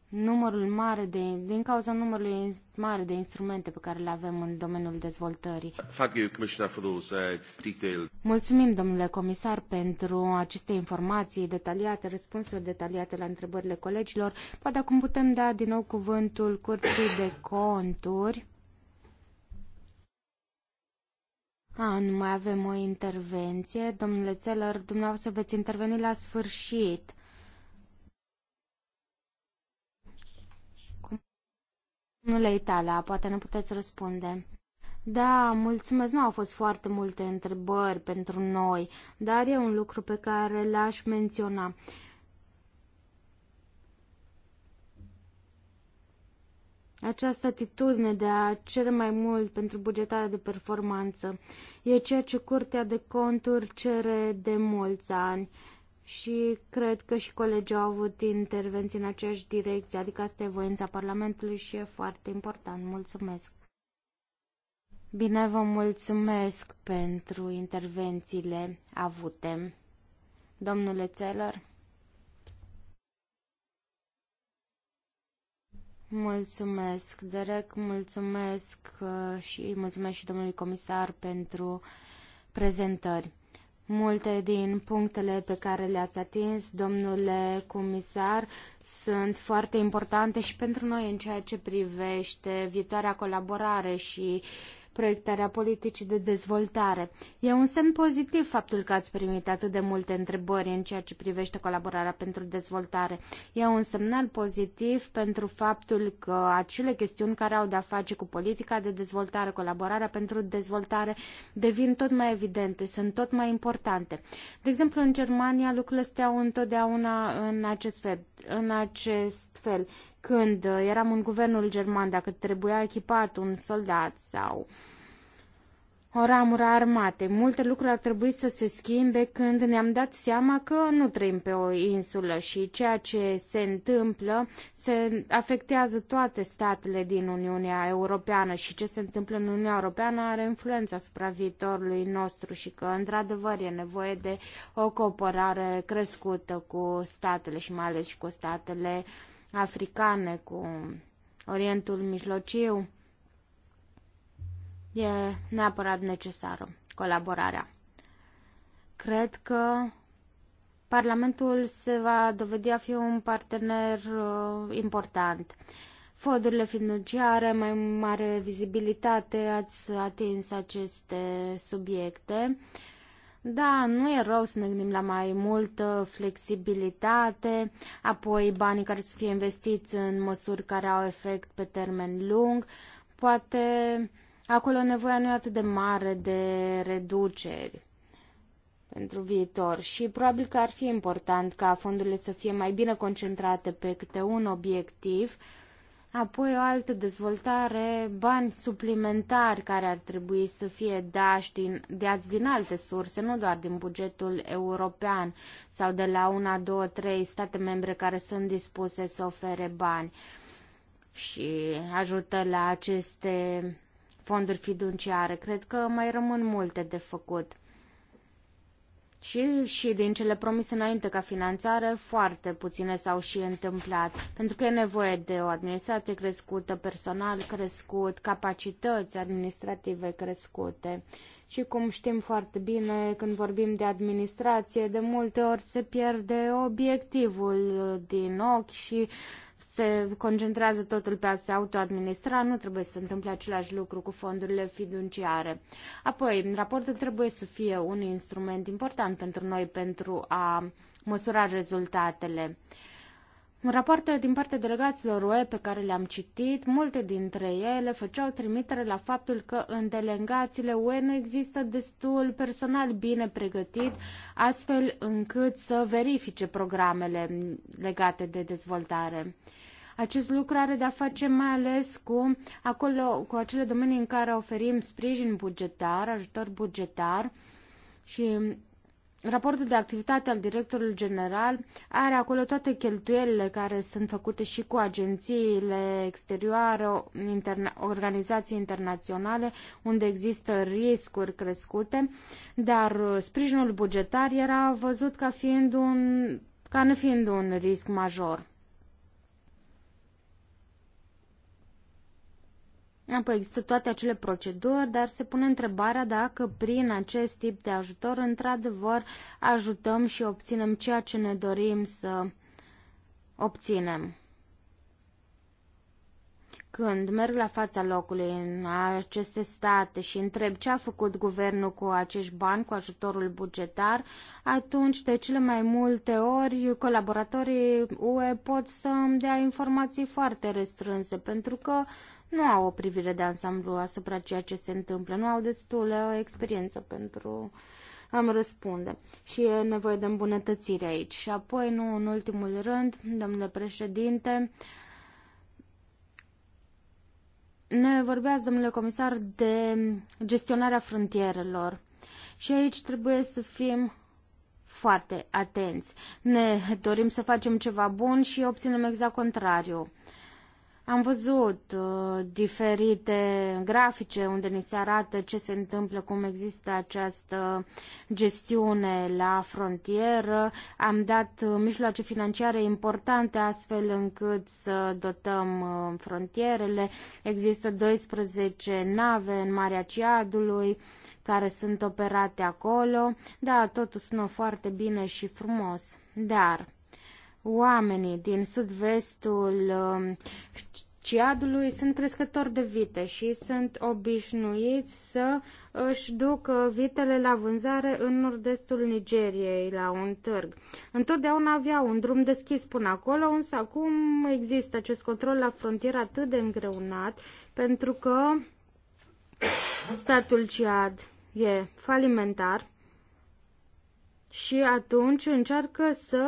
numărul mare de, din cauza numărului mare de instrumente pe care le avem în domeniul dezvoltării. Uh, Mulțumim, domnule comisar, pentru aceste informații detaliate, răspunsuri detaliate la întrebările colegilor. Poate acum putem da din nou cuvântul curții de conturi. A, nu mai avem o intervenție. Domnule Țelăr, dumneavoastră veți interveni la sfârșit. Domnule Itala, poate nu puteți răspunde. Da, mulțumesc. Nu au fost foarte multe întrebări pentru noi, dar e un lucru pe care l-aș menționa. Această atitudine de a cere mai mult pentru bugetarea de performanță e ceea ce Curtea de Conturi cere de mulți ani și cred că și colegii au avut intervenții în aceeași direcție, adică asta e voința Parlamentului și e foarte important. Mulțumesc! Bine, vă mulțumesc pentru intervențiile avute. Domnule Țelăr, Mulțumesc, Derek, mulțumesc uh, și mulțumesc și domnului comisar pentru prezentări. Multe din punctele pe care le-ați atins, domnule comisar, sunt foarte importante și pentru noi în ceea ce privește viitoarea colaborare și proiectarea politicii de dezvoltare. E un semn pozitiv faptul că ați primit atât de multe întrebări în ceea ce privește colaborarea pentru dezvoltare. E un semnal pozitiv pentru faptul că acele chestiuni care au de-a face cu politica de dezvoltare, colaborarea pentru dezvoltare, devin tot mai evidente, sunt tot mai importante. De exemplu, în Germania lucrurile steau întotdeauna în acest fel. În acest fel când uh, eram în guvernul german, dacă trebuia echipat un soldat sau o ramură armate, multe lucruri ar trebui să se schimbe când ne-am dat seama că nu trăim pe o insulă și ceea ce se întâmplă se afectează toate statele din Uniunea Europeană și ce se întâmplă în Uniunea Europeană are influența asupra viitorului nostru și că, într-adevăr, e nevoie de o cooperare crescută cu statele și mai ales și cu statele uh, africane cu Orientul Mijlociu, e neapărat necesară colaborarea. Cred că Parlamentul se va dovedi a fi un partener uh, important. Fondurile financiare, mai mare vizibilitate, ați atins aceste subiecte. Uh, da, nu e rău să ne gândim la mai multă flexibilitate, apoi banii care să fie investiți în măsuri care au efect pe termen lung. Poate acolo nevoia nu e atât de mare de reduceri pentru viitor și probabil că ar fi important ca fondurile să fie mai bine concentrate pe câte un obiectiv uh, Apoi o altă dezvoltare, bani suplimentari care ar trebui să fie dați din, dați din alte surse, nu doar din bugetul european sau de la una, două, trei state membre care sunt dispuse să ofere bani și ajută la aceste fonduri fiduciare. Cred că mai rămân multe de făcut și, și din cele promise înainte ca finanțare, foarte puține s-au și întâmplat, pentru că e nevoie de o administrație crescută, personal crescut, capacități administrative crescute. Și cum știm foarte bine, când vorbim de administrație, de multe ori se pierde obiectivul din ochi și uh, se concentrează totul pe a se autoadministra, nu trebuie să se întâmple același lucru cu fondurile fiduciare. Apoi, raportul trebuie să fie un instrument important pentru noi pentru a măsura rezultatele. Uh, în rapoarte din partea delegaților UE pe care le-am citit, multe dintre ele făceau trimitere la faptul că în delegațiile UE nu există destul personal bine pregătit, astfel încât să verifice programele legate de dezvoltare. Acest lucru are de-a face mai ales cu, acolo, cu acele domenii în care oferim sprijin bugetar, ajutor bugetar și Raportul de activitate al directorului general are acolo toate cheltuielile care sunt făcute și cu agențiile exterioare, interna organizații internaționale, unde există riscuri crescute, dar uh, sprijinul bugetar era văzut ca fiind un ca nu fiind un risc major. Apoi există toate acele proceduri, dar se pune întrebarea dacă prin acest tip de ajutor într-adevăr ajutăm și obținem ceea ce ne dorim să obținem. Când merg la fața locului în aceste state și întreb ce a făcut guvernul cu acești bani, cu ajutorul bugetar, atunci de cele mai multe ori colaboratorii UE pot să mi dea informații foarte restrânse, pentru că uh, nu au o privire de ansamblu asupra ceea ce se întâmplă, nu au destulă experiență pentru am răspunde. Și e nevoie de îmbunătățire aici. Și apoi, nu în ultimul rând, domnule președinte, ne vorbeați, domnule comisar, de gestionarea frontierelor. Și aici trebuie să fim foarte atenți. Ne dorim să facem ceva bun și obținem exact contrariu. Am văzut uh, diferite grafice unde ni se arată ce se întâmplă, cum există această gestiune la frontieră. Am dat uh, mijloace financiare importante astfel încât să dotăm uh, frontierele. Există 12 nave în Marea Ciadului care sunt operate acolo. Da, totul sună foarte bine și frumos, dar Oamenii din sud-vestul um, Ciadului sunt crescători de vite și sunt obișnuiți să își duc vitele la vânzare în nord-estul Nigeriei, la un târg. Întotdeauna aveau un drum deschis până acolo, însă acum există acest control la frontieră atât de îngreunat, pentru că statul Ciad e falimentar și atunci încearcă să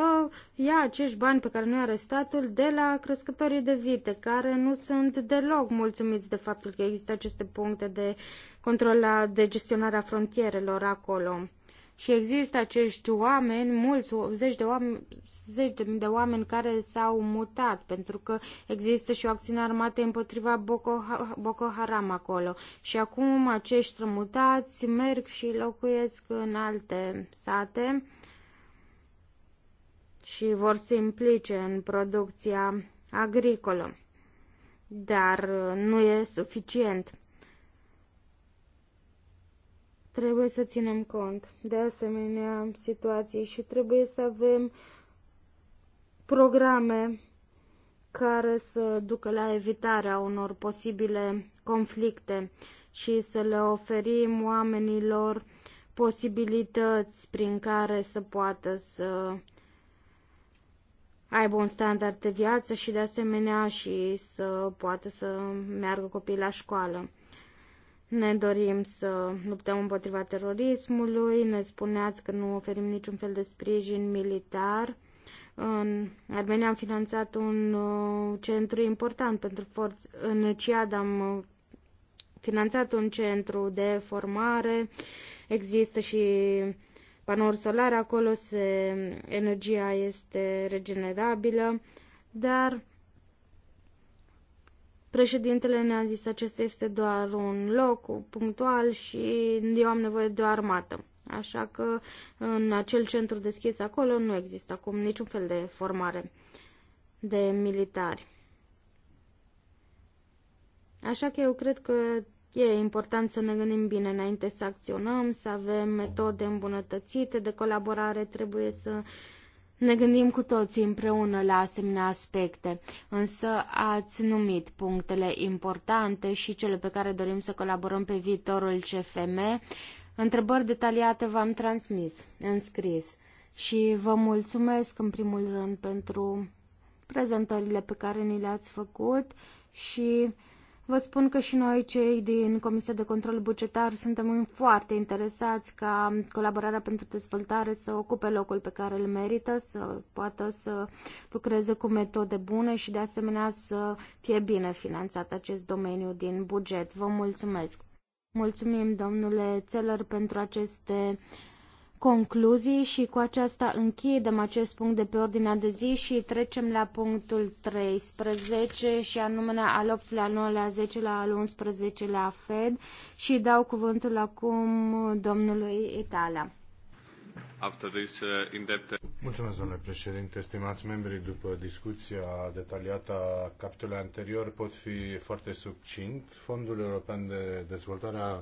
ia acești bani pe care nu i-a arestatul de la crescătorii de vite, care nu sunt deloc mulțumiți de faptul că există aceste puncte de control la, de gestionarea frontierelor acolo. Și există acești oameni, mulți, zeci de oameni, zeci de mii de oameni care s-au mutat, pentru că există și o acțiune armată împotriva Boko, Boko Haram acolo. Și acum acești strămutați merg și locuiesc în alte sate și vor se implice în producția agricolă. Dar nu e suficient. Trebuie să ținem cont de asemenea situații și trebuie să avem programe care să ducă la evitarea unor posibile conflicte și să le oferim oamenilor posibilități prin care să poată să aibă un standard de viață și de asemenea și să poată să meargă copiii la școală ne dorim să luptăm împotriva terorismului, ne spuneați că nu oferim niciun fel de sprijin militar. În Armenia am finanțat un uh, centru important pentru forțe. În CIAD am uh, finanțat un centru de formare. Există și panouri solare acolo, se, energia este regenerabilă, dar Președintele ne-a zis acesta este doar un loc punctual și eu am nevoie de o armată. Așa că în acel centru deschis acolo nu există acum niciun fel de formare de militari. Așa că eu cred că e important să ne gândim bine înainte să acționăm, să avem metode îmbunătățite de colaborare, trebuie să uh, ne gândim cu toții împreună la asemenea aspecte, însă ați numit punctele importante și cele pe care dorim să colaborăm pe viitorul CFM. Întrebări detaliate v-am transmis, înscris și vă mulțumesc în primul rând pentru prezentările pe care ni le-ați făcut și Vă spun că și noi, cei din Comisia de Control Bugetar, suntem foarte interesați ca colaborarea pentru dezvoltare să ocupe locul pe care îl merită, să poată să lucreze cu metode bune și, de asemenea, să fie bine finanțat acest domeniu din buget. Vă mulțumesc! Mulțumim, domnule Țelăr, pentru aceste uh, concluzii și cu aceasta închidem acest punct de pe ordinea de zi și trecem la punctul 13 și anume al 8 la 9 la 10 la al 11 la Fed și dau cuvântul acum domnului Itala. After this, uh, in depth... Mulțumesc, domnule președinte. Stimați membri, după discuția detaliată a capitolului anterior, pot fi foarte succint. Fondul European de Dezvoltare a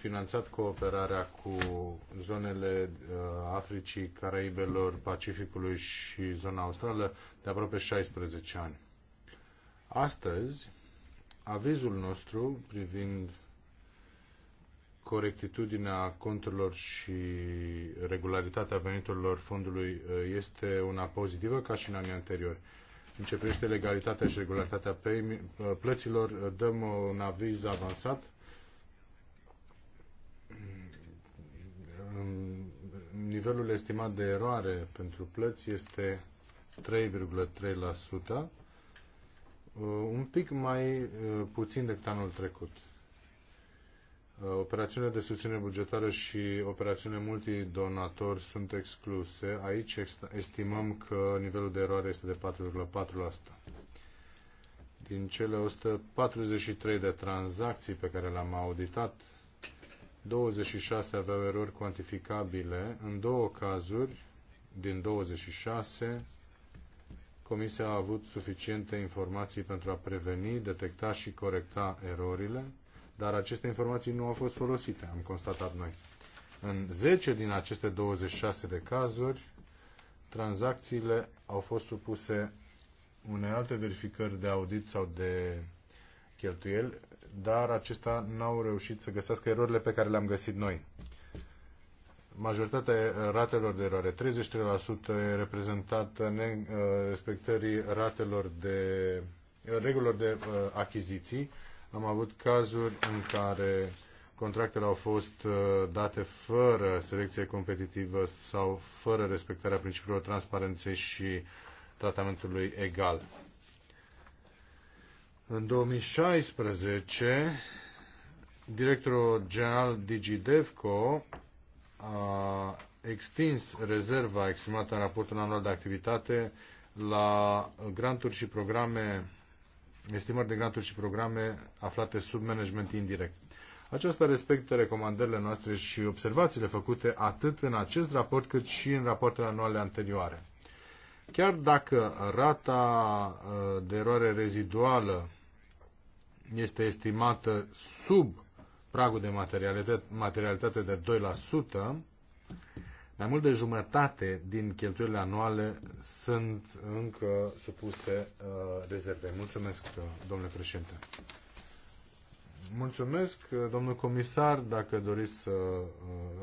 finanțat cooperarea cu zonele uh, Africii, Caraibelor, Pacificului și zona australă de aproape 16 ani. Astăzi, avizul nostru privind corectitudinea conturilor și regularitatea veniturilor fondului uh, este una pozitivă ca și în anii anteriori. În ce privește legalitatea și regularitatea uh, plăților, dăm un aviz avansat nivelul estimat de eroare pentru plăți este 3,3%, uh, un pic mai uh, puțin decât anul trecut. Uh, operațiunile de susținere bugetară și operațiunile multidonator sunt excluse. Aici estimăm că nivelul de eroare este de 4,4%. Din cele 143 de tranzacții pe care le-am auditat 26 aveau erori cuantificabile. În două cazuri, din 26, Comisia a avut suficiente informații pentru a preveni, detecta și corecta erorile, dar aceste informații nu au fost folosite, am constatat noi. În 10 din aceste 26 de cazuri, tranzacțiile au fost supuse unei alte verificări de audit sau de cheltuieli dar acestea n-au reușit să găsească erorile pe care le-am găsit noi. Majoritatea ratelor de eroare, 33% e reprezentată uh, respectării ratelor de uh, regulilor de uh, achiziții. Am avut cazuri în care contractele au fost date fără selecție competitivă sau fără respectarea principiilor transparenței și tratamentului egal. În 2016, directorul general DigiDevco a extins rezerva exprimată în raportul anual de activitate la granturi și programe, estimări de granturi și programe aflate sub management indirect. Aceasta respectă recomandările noastre și observațiile făcute atât în acest raport cât și în rapoartele anuale anterioare. Chiar dacă rata uh, de eroare reziduală este estimată sub pragul de materialitate, de 2%, mai mult de jumătate din cheltuielile anuale sunt încă supuse uh, rezerve. Mulțumesc, uh, domnule președinte. Mulțumesc, uh, domnul comisar, dacă doriți să uh,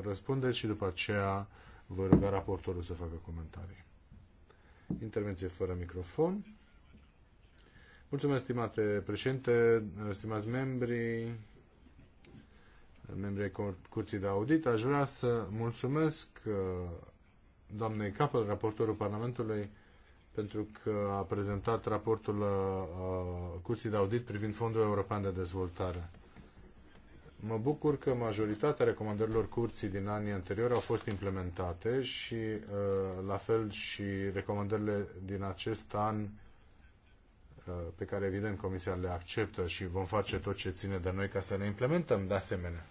răspundeți și după aceea vă ruga raportorul să facă comentarii. Intervenție fără microfon. Mulțumesc, stimate președinte, stimați membri, membrii Curții de Audit. Aș vrea să mulțumesc uh, doamnei Capel, raportorul Parlamentului, pentru că a prezentat raportul uh, Curții de Audit privind Fondul European de Dezvoltare. Mă bucur că majoritatea recomandărilor curții din anii anteriori au fost implementate și uh, la fel și recomandările din acest an pe care evident Comisia le acceptă și vom face tot ce ține de noi ca să ne implementăm de asemenea.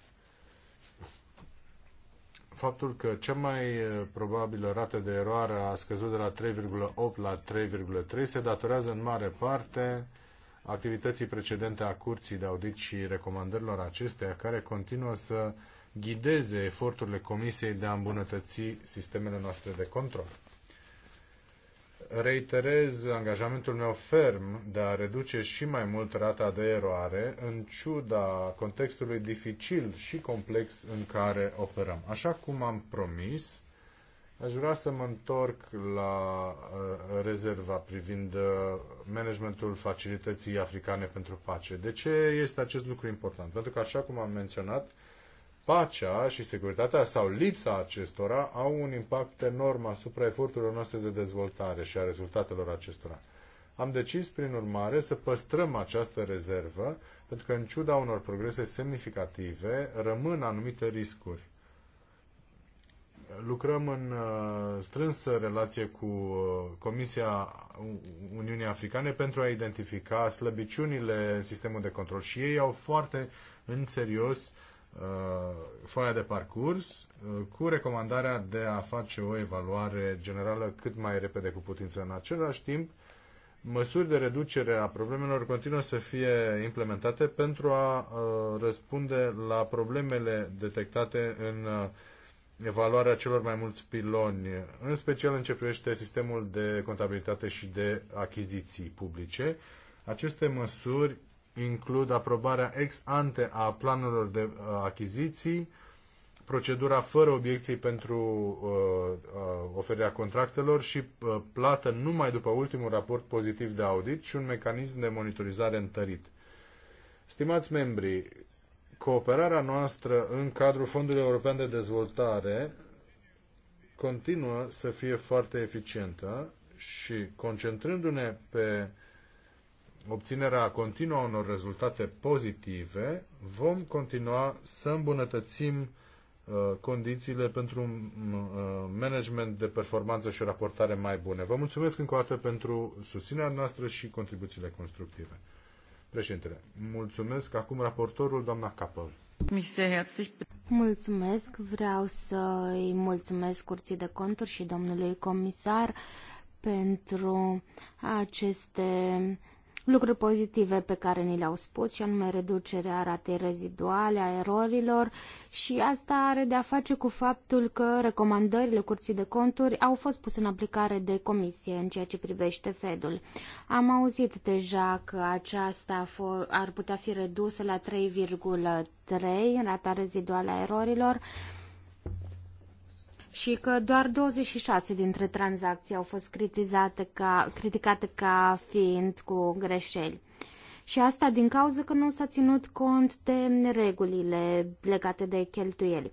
Faptul că cea mai probabilă rată de eroare a scăzut de la 3,8 la 3,3 se datorează în mare parte activității precedente a Curții de Audit și recomandărilor acesteia care continuă să ghideze eforturile Comisiei de a îmbunătăți sistemele noastre de control reiterez angajamentul meu ferm de a reduce și mai mult rata de eroare, în ciuda contextului dificil și complex în care operăm. Așa cum am promis, aș vrea să mă întorc la uh, rezerva privind uh, managementul facilității africane pentru pace. De ce este acest lucru important? Pentru că, așa cum am menționat, pacea și securitatea sau lipsa acestora au un impact enorm asupra eforturilor noastre de dezvoltare și a rezultatelor acestora. Am decis, prin urmare, să păstrăm această rezervă, pentru că, în ciuda unor progrese semnificative, rămân anumite riscuri. Lucrăm în uh, strânsă relație cu uh, Comisia Uniunii Africane pentru a identifica slăbiciunile în sistemul de control și ei au foarte în serios Uh, foaia de parcurs uh, cu recomandarea de a face o evaluare generală cât mai repede cu putință. În același timp, măsuri de reducere a problemelor continuă să fie implementate pentru a uh, răspunde la problemele detectate în evaluarea celor mai mulți piloni, în special în ce privește sistemul de contabilitate și de achiziții publice. Aceste măsuri includ aprobarea ex ante a planurilor de uh, achiziții, procedura fără obiecții pentru uh, uh, oferirea contractelor și uh, plată numai după ultimul raport pozitiv de audit și un mecanism de monitorizare întărit. Stimați membri, cooperarea noastră în cadrul Fondului European de Dezvoltare continuă să fie foarte eficientă și concentrându-ne pe obținerea continuă a unor rezultate pozitive, vom continua să îmbunătățim uh, condițiile pentru mm, un uh, management de performanță și raportare mai bune. Vă mulțumesc încă o dată pentru susținerea noastră și contribuțiile constructive. Președintele, mulțumesc. Acum raportorul, doamna Capă. Mulțumesc. Vreau să îi mulțumesc Curții de Conturi și domnului comisar pentru aceste lucruri pozitive pe care ni le-au spus, și anume reducerea ratei reziduale, a erorilor, și asta are de a face cu faptul că recomandările Curții de Conturi au fost puse în aplicare de comisie în ceea ce privește Fedul. Am auzit deja că aceasta ar putea fi redusă la 3,3 rata reziduală a erorilor, și că doar 26 dintre tranzacții au fost criticate ca, criticate ca fiind cu greșeli. Și asta din cauza că nu s-a ținut cont de regulile legate de cheltuieli.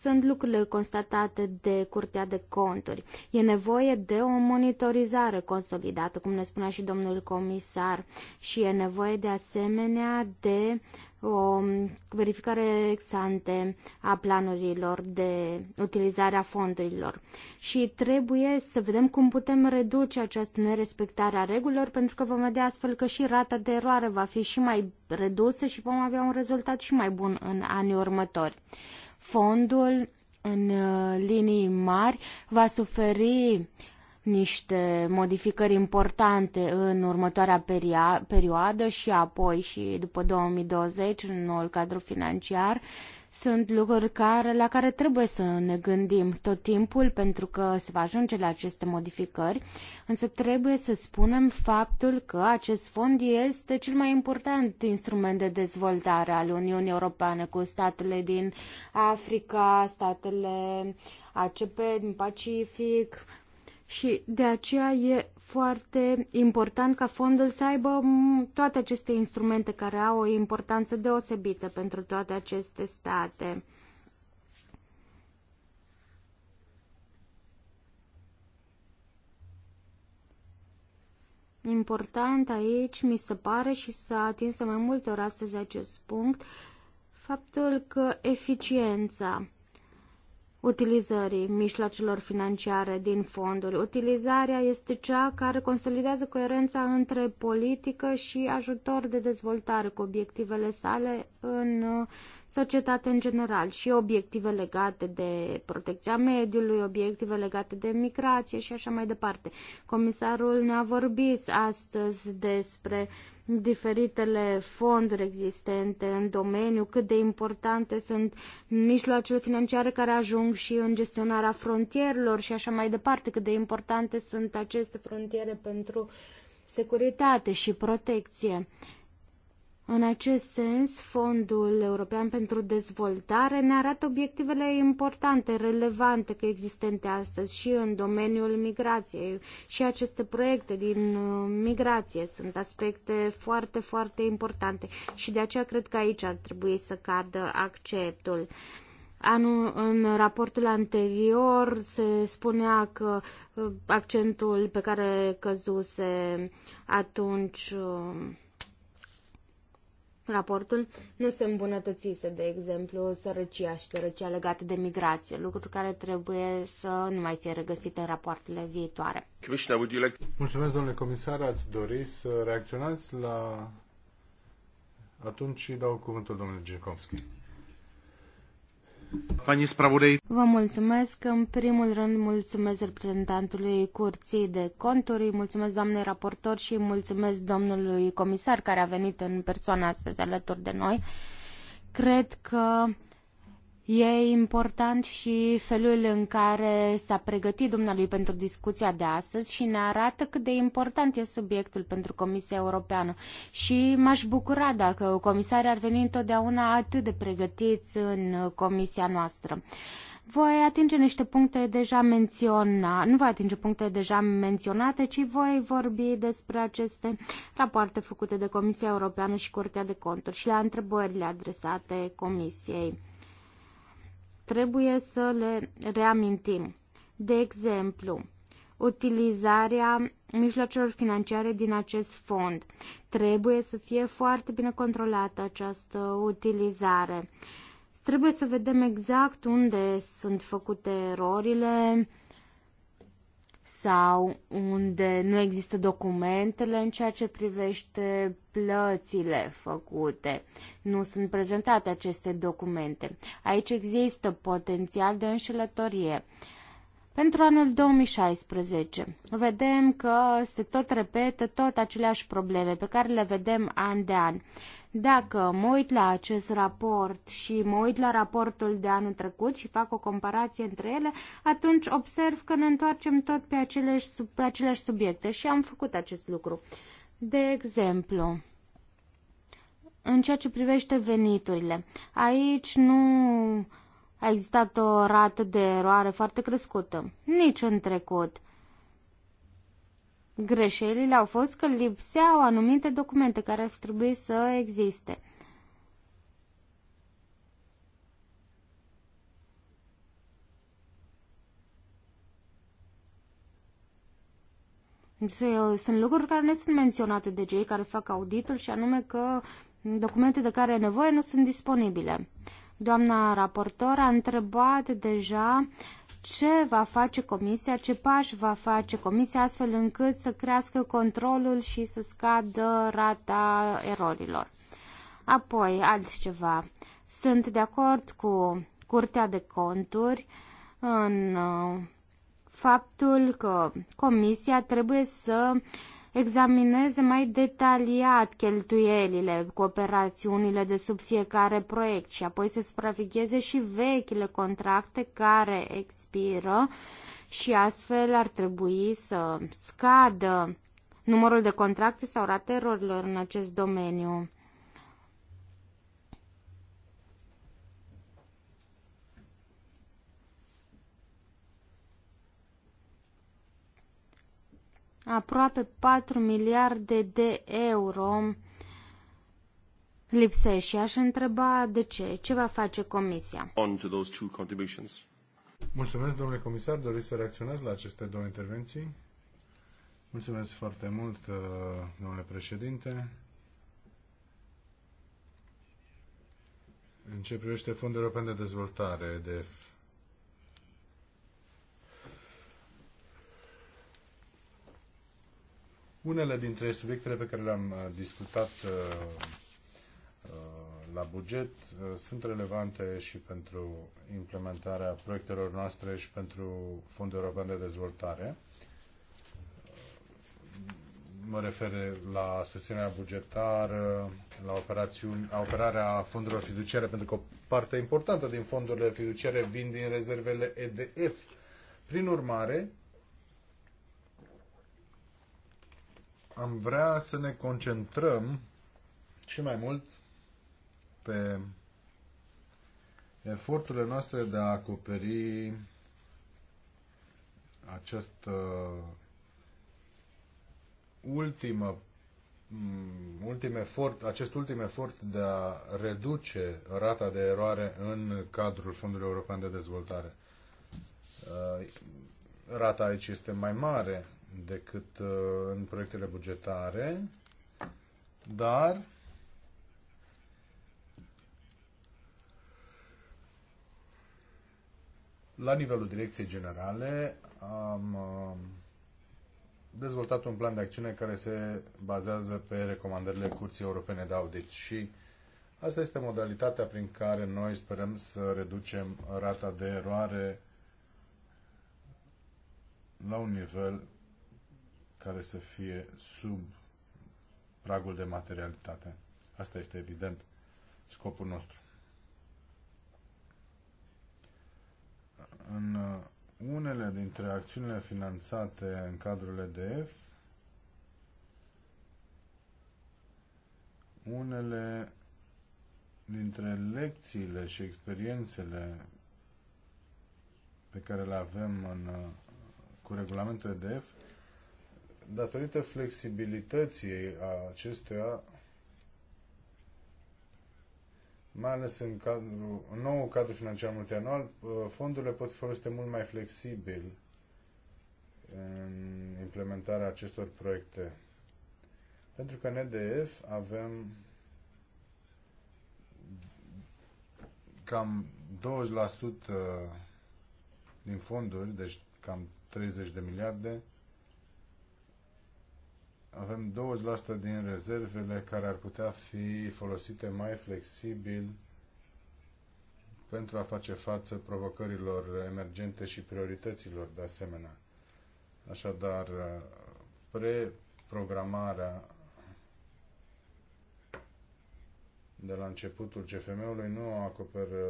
Sunt lucrurile constatate de Curtea de Conturi. E nevoie de o monitorizare consolidată, cum ne spunea și domnul comisar, și e nevoie de asemenea de uh, o verificare exante a planurilor de utilizare a fondurilor. Și trebuie să vedem cum putem reduce această nerespectare a regulilor, pentru că vom vedea astfel că și rata de eroare va fi și mai redusă și vom avea un rezultat și mai bun în anii următori. Fondul în uh, linii mari va suferi niște modificări importante în următoarea perioadă și apoi și după 2020 în noul cadru financiar. Sunt lucruri care, la care trebuie să ne gândim tot timpul pentru că se va ajunge la aceste modificări, însă trebuie să spunem faptul că acest fond este cel mai important instrument de dezvoltare al Uniunii Europene cu statele din Africa, statele ACP din Pacific, și de aceea e foarte important ca fondul să aibă toate aceste instrumente care au o importanță deosebită pentru toate aceste state. Important aici, mi se pare, și s-a atins mai multe ori astăzi acest punct, faptul că eficiența utilizării mijloacelor financiare din fonduri. Utilizarea este cea care consolidează coerența între politică și ajutor de dezvoltare cu obiectivele sale în societate în general și obiective legate de protecția mediului, obiective legate de migrație și așa mai departe. Comisarul ne-a vorbit astăzi despre diferitele fonduri existente în domeniu, cât de importante sunt mijloacele financiare care ajung și în gestionarea frontierelor și așa mai departe, cât de importante sunt aceste frontiere pentru securitate și protecție. Uh, în acest sens, Fondul European pentru Dezvoltare ne arată obiectivele importante, relevante, că existente astăzi și în domeniul migrației. Și aceste proiecte din uh, migrație sunt aspecte foarte, foarte importante și de aceea cred că aici ar trebui să cadă acceptul. Anul, în raportul anterior se spunea că uh, accentul pe care căzuse atunci uh, raportul nu se îmbunătățise, de exemplu, sărăcia și sărăcia legată de migrație, lucruri care trebuie să nu mai fie regăsite în rapoartele viitoare. Mulțumesc, domnule comisar, ați dori să reacționați la... Atunci dau cuvântul domnului Giacomski. Pani Vă mulțumesc. În primul rând mulțumesc reprezentantului Curții de Conturi, mulțumesc doamnei raportor și mulțumesc domnului comisar care a venit în persoană astăzi alături de noi. Cred că E important și felul în care s-a pregătit dumnealui pentru discuția de astăzi și ne arată cât de important e subiectul pentru Comisia Europeană. Și m-aș bucura dacă comisarii ar veni întotdeauna atât de pregătiți în comisia noastră. Voi atinge niște puncte deja menționate, nu voi atinge puncte deja menționate, ci voi vorbi despre aceste rapoarte făcute de Comisia Europeană și Curtea de Conturi și la întrebările adresate Comisiei. Trebuie să le reamintim. De exemplu, utilizarea mijloacelor financiare din acest fond. Trebuie să fie foarte bine controlată această utilizare. Trebuie să vedem exact unde sunt făcute erorile, sau unde nu există documentele în ceea ce privește plățile făcute. Nu sunt prezentate aceste documente. Aici există potențial de înșelătorie. Pentru anul 2016 vedem că se tot repetă tot aceleași probleme pe care le vedem an de an. Dacă mă uit la acest raport și mă uit la raportul de anul trecut și fac o comparație între ele, atunci observ că ne întoarcem tot pe aceleași, pe aceleași subiecte și am făcut acest lucru. De exemplu, în ceea ce privește veniturile, aici nu a existat o rată de eroare foarte crescută, nici în trecut. Greșelile au fost că lipseau anumite documente care ar trebui să existe. Deci, sunt lucruri care nu sunt menționate de cei care fac auditul și anume că documente de care e nevoie nu sunt disponibile. Doamna raportor a întrebat deja uh, ce va face Comisia, ce pași va face Comisia astfel încât să crească controlul și să scadă rata erorilor. Apoi, altceva. Sunt de acord cu Curtea de Conturi în uh, faptul că Comisia trebuie să uh, examineze mai detaliat cheltuielile cu operațiunile de sub fiecare proiect și apoi să supravegheze și vechile contracte care expiră și astfel ar trebui să scadă numărul de contracte sau raterorilor în acest domeniu. aproape 4 miliarde de euro lipsește și aș întreba de ce, ce va face Comisia. On to those two contributions. Mulțumesc, domnule comisar, doriți să reacționați la aceste două intervenții? Mulțumesc foarte mult, uh, domnule președinte. În ce privește Fondul European de Dezvoltare, EDF, Unele dintre subiectele pe care le-am uh, discutat uh, uh, la buget sunt relevante și pentru implementarea proiectelor noastre și pentru Fondul European de Dezvoltare. Mă refer la susținerea bugetară, la operațiuni, operarea fondurilor fiduciare, pentru că o parte importantă din fondurile fiduciare vin din rezervele EDF. Prin urmare, am vrea să ne concentrăm și mai mult pe eforturile noastre de a acoperi această ultimă mm, ultim efort, acest ultim efort de a reduce rata de eroare în cadrul Fondului European de Dezvoltare. Uh, rata aici este mai mare, decât uh, în proiectele bugetare, dar la nivelul Direcției Generale am uh, dezvoltat un plan de acțiune care se bazează pe recomandările Curții Europene de Audit și asta este modalitatea prin care noi sperăm să reducem rata de eroare la un nivel care să fie sub pragul de materialitate. Asta este evident scopul nostru. În uh, unele dintre acțiunile finanțate în cadrul EDF, unele dintre lecțiile și experiențele pe care le avem în, uh, cu regulamentul EDF datorită flexibilității acestuia, mai ales în cadrul, în nou cadru financiar multianual, uh, fondurile pot fi folosite mult mai flexibil în implementarea acestor proiecte. Pentru că în EDF avem cam 20% din fonduri, deci cam 30 de miliarde, avem 20% din rezervele care ar putea fi folosite mai flexibil pentru a face față provocărilor emergente și priorităților de asemenea. Așadar, preprogramarea de la începutul CFM-ului nu acoperă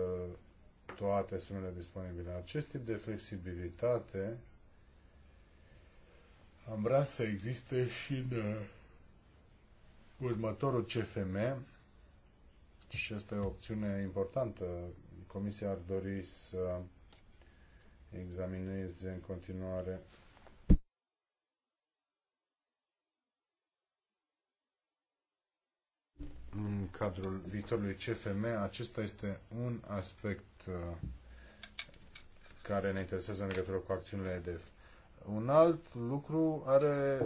toate sumele disponibile. Acest tip de flexibilitate am vrea să existe și în uh, următorul CFM și asta e o opțiune importantă. Comisia ar dori să examineze în continuare în cadrul viitorului CFM. Acesta este un aspect uh, care ne interesează în legătură cu acțiunile EDF. Un alt lucru are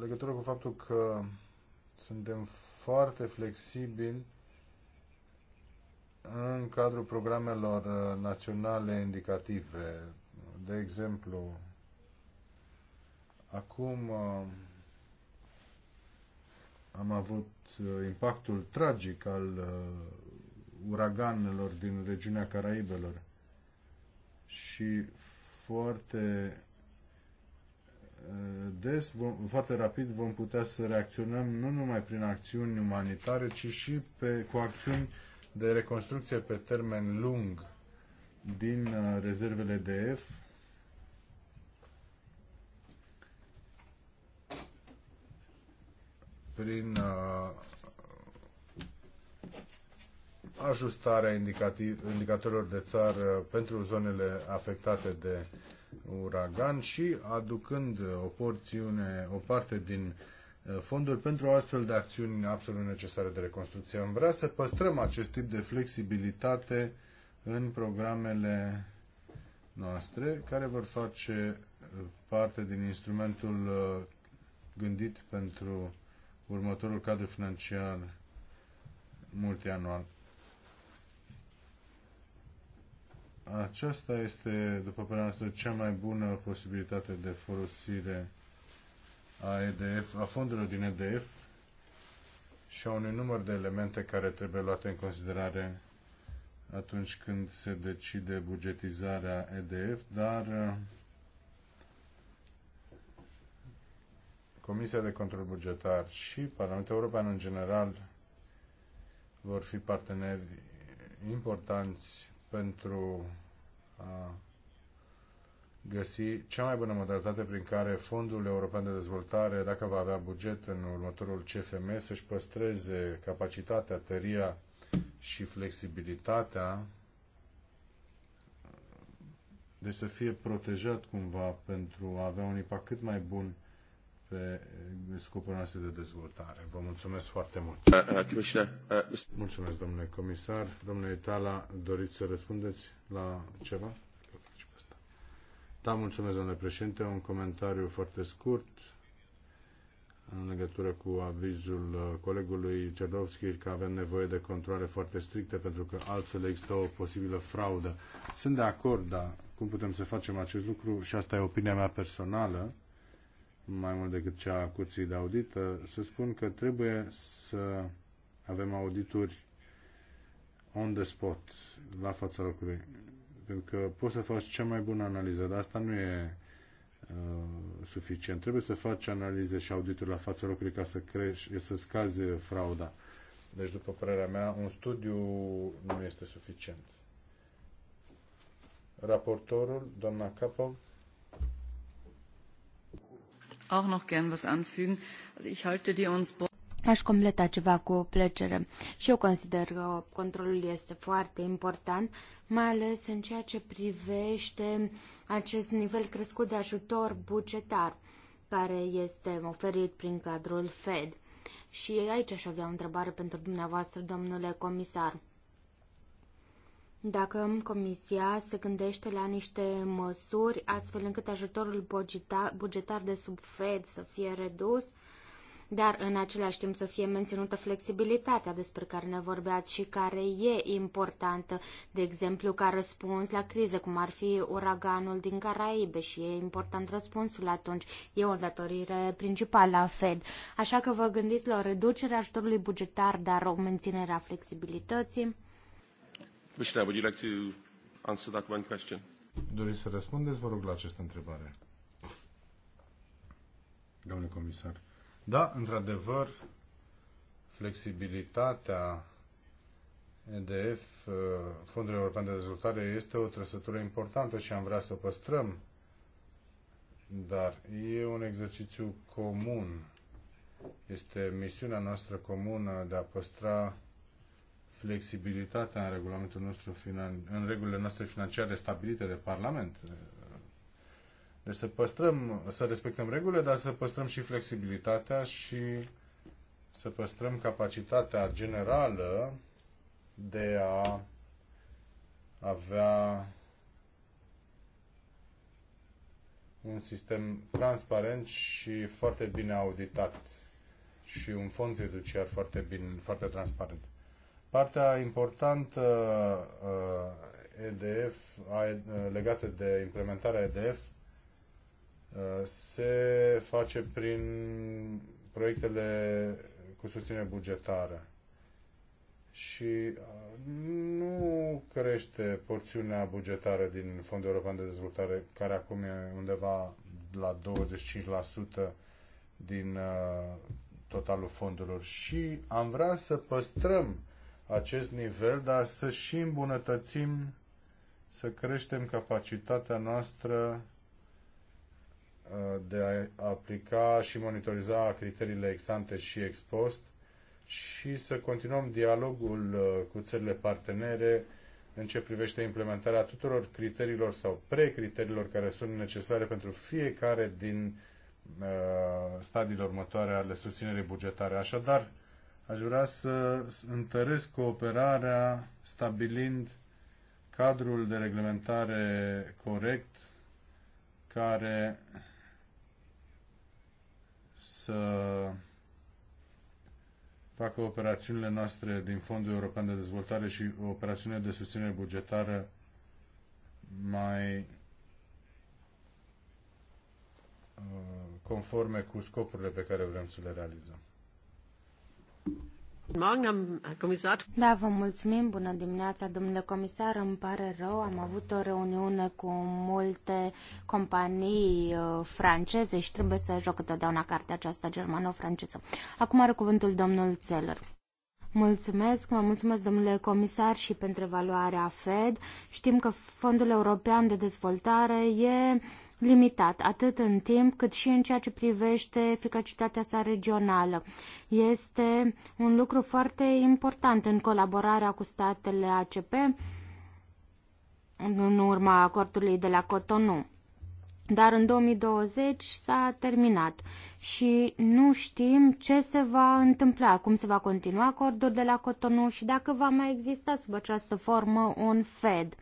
legătură cu faptul că suntem foarte flexibili în cadrul programelor naționale indicative. De exemplu, acum uh, am avut uh, impactul tragic al uh, uraganelor din regiunea Caraibelor și foarte des, vom, foarte rapid vom putea să reacționăm nu numai prin acțiuni umanitare, ci și pe, cu acțiuni de reconstrucție pe termen lung din uh, rezervele de F. prin uh, ajustarea indicatorilor de țară pentru zonele afectate de uragan și aducând o porțiune, o parte din uh, fonduri pentru astfel de acțiuni absolut necesare de reconstrucție. Am vrea să păstrăm acest tip de flexibilitate în programele noastre care vor face uh, parte din instrumentul uh, gândit pentru următorul cadru financiar multianual. Aceasta este, după părerea noastră, cea mai bună posibilitate de folosire a EDF, a fondurilor din EDF și a unui număr de elemente care trebuie luate în considerare atunci când se decide bugetizarea EDF, dar uh, Comisia de Control Bugetar și Parlamentul European în general vor fi parteneri importanți pentru a găsi cea mai bună modalitate prin care Fondul European de Dezvoltare, dacă va avea buget în următorul CFM, să-și păstreze capacitatea, tăria și flexibilitatea, deci să fie protejat cumva pentru a avea un impact cât mai bun pe scopul noastră de dezvoltare. Vă mulțumesc foarte mult. Uh, uh, uh, mulțumesc, domnule comisar. Domnule Itala, doriți să răspundeți la ceva? Da, mulțumesc, domnule președinte. Un comentariu foarte scurt în legătură cu avizul colegului Cerdovski că avem nevoie de controle foarte stricte pentru că altfel există o posibilă fraudă. Sunt de acord, dar cum putem să facem acest lucru și asta e opinia mea personală mai mult decât cea a curții de audit, să spun că trebuie să avem audituri on the spot, la fața locului. Pentru că poți să faci cea mai bună analiză, dar asta nu e uh, suficient. Trebuie să faci analize și audituri la fața locului ca să crești, să scazi frauda. Deci, după părerea mea, un studiu nu este suficient. Raportorul, doamna Capov, Aș completa ceva cu plăcere și eu consider că controlul este foarte important, mai ales în ceea ce privește acest nivel crescut de ajutor bugetar care este oferit prin cadrul Fed. Și aici aș avea o întrebare pentru dumneavoastră, domnule comisar dacă Comisia se gândește la niște măsuri astfel încât ajutorul bugetar de sub Fed să fie redus, dar în același timp să fie menținută flexibilitatea despre care ne vorbeați și care e importantă, de exemplu, ca răspuns la crize, cum ar fi uraganul din Caraibe și e important răspunsul atunci. E o datorire principală a Fed. Așa că vă gândiți la o reducere a ajutorului bugetar, dar o menținere a flexibilității? Commissioner, would you like to answer that one question? Doriți să răspundeți, vă rog, la această întrebare. Domnule comisar. Da, într-adevăr, flexibilitatea EDF, uh, Fondul European de Dezvoltare, este o trăsătură importantă și am vrea să o păstrăm, dar e un exercițiu comun. Este misiunea noastră comună de a păstra flexibilitatea în regulamentul nostru finan- în regulile noastre financiare stabilite de Parlament. Deci să păstrăm, să respectăm regulile, dar să păstrăm și flexibilitatea și să păstrăm capacitatea generală de a avea un sistem transparent și foarte bine auditat și un fond fiduciar foarte, bine, foarte transparent. Partea importantă uh, EDF, uh, legată de implementarea EDF, uh, se face prin proiectele cu susținere bugetară și nu crește porțiunea bugetară din Fondul European de Dezvoltare, care acum e undeva la 25% din totalul fondurilor și am vrea să păstrăm acest nivel, dar să și îmbunătățim, să creștem capacitatea noastră uh, de a aplica și monitoriza criteriile exante și ex-post și să continuăm dialogul uh, cu țările partenere în ce privește implementarea tuturor criteriilor sau precriteriilor care sunt necesare pentru fiecare din uh, stadiile următoare ale susținerii bugetare. Așadar, aș vrea să întăresc cooperarea stabilind cadrul de reglementare corect care să facă operațiunile noastre din Fondul European de Dezvoltare și operațiunile de susținere bugetară mai uh, conforme cu scopurile pe care vrem să le realizăm. Da, vă mulțumim. Bună dimineața, domnule comisar. Îmi pare rău, am avut o reuniune cu multe companii uh, franceze și trebuie să joc totdeauna cartea aceasta germano-franceză. Acum are cuvântul domnul Zeller. Mulțumesc, mă mulțumesc domnule comisar și pentru evaluarea FED. Știm că Fondul European de Dezvoltare e limitat, atât în timp cât și în ceea ce privește eficacitatea sa regională. Este un lucru foarte important în colaborarea cu statele ACP în urma acordului de la Cotonou. Dar în 2020 s-a terminat și nu știm ce se va întâmpla, cum se va continua acordul de la Cotonou și dacă va mai exista sub această formă un Fed.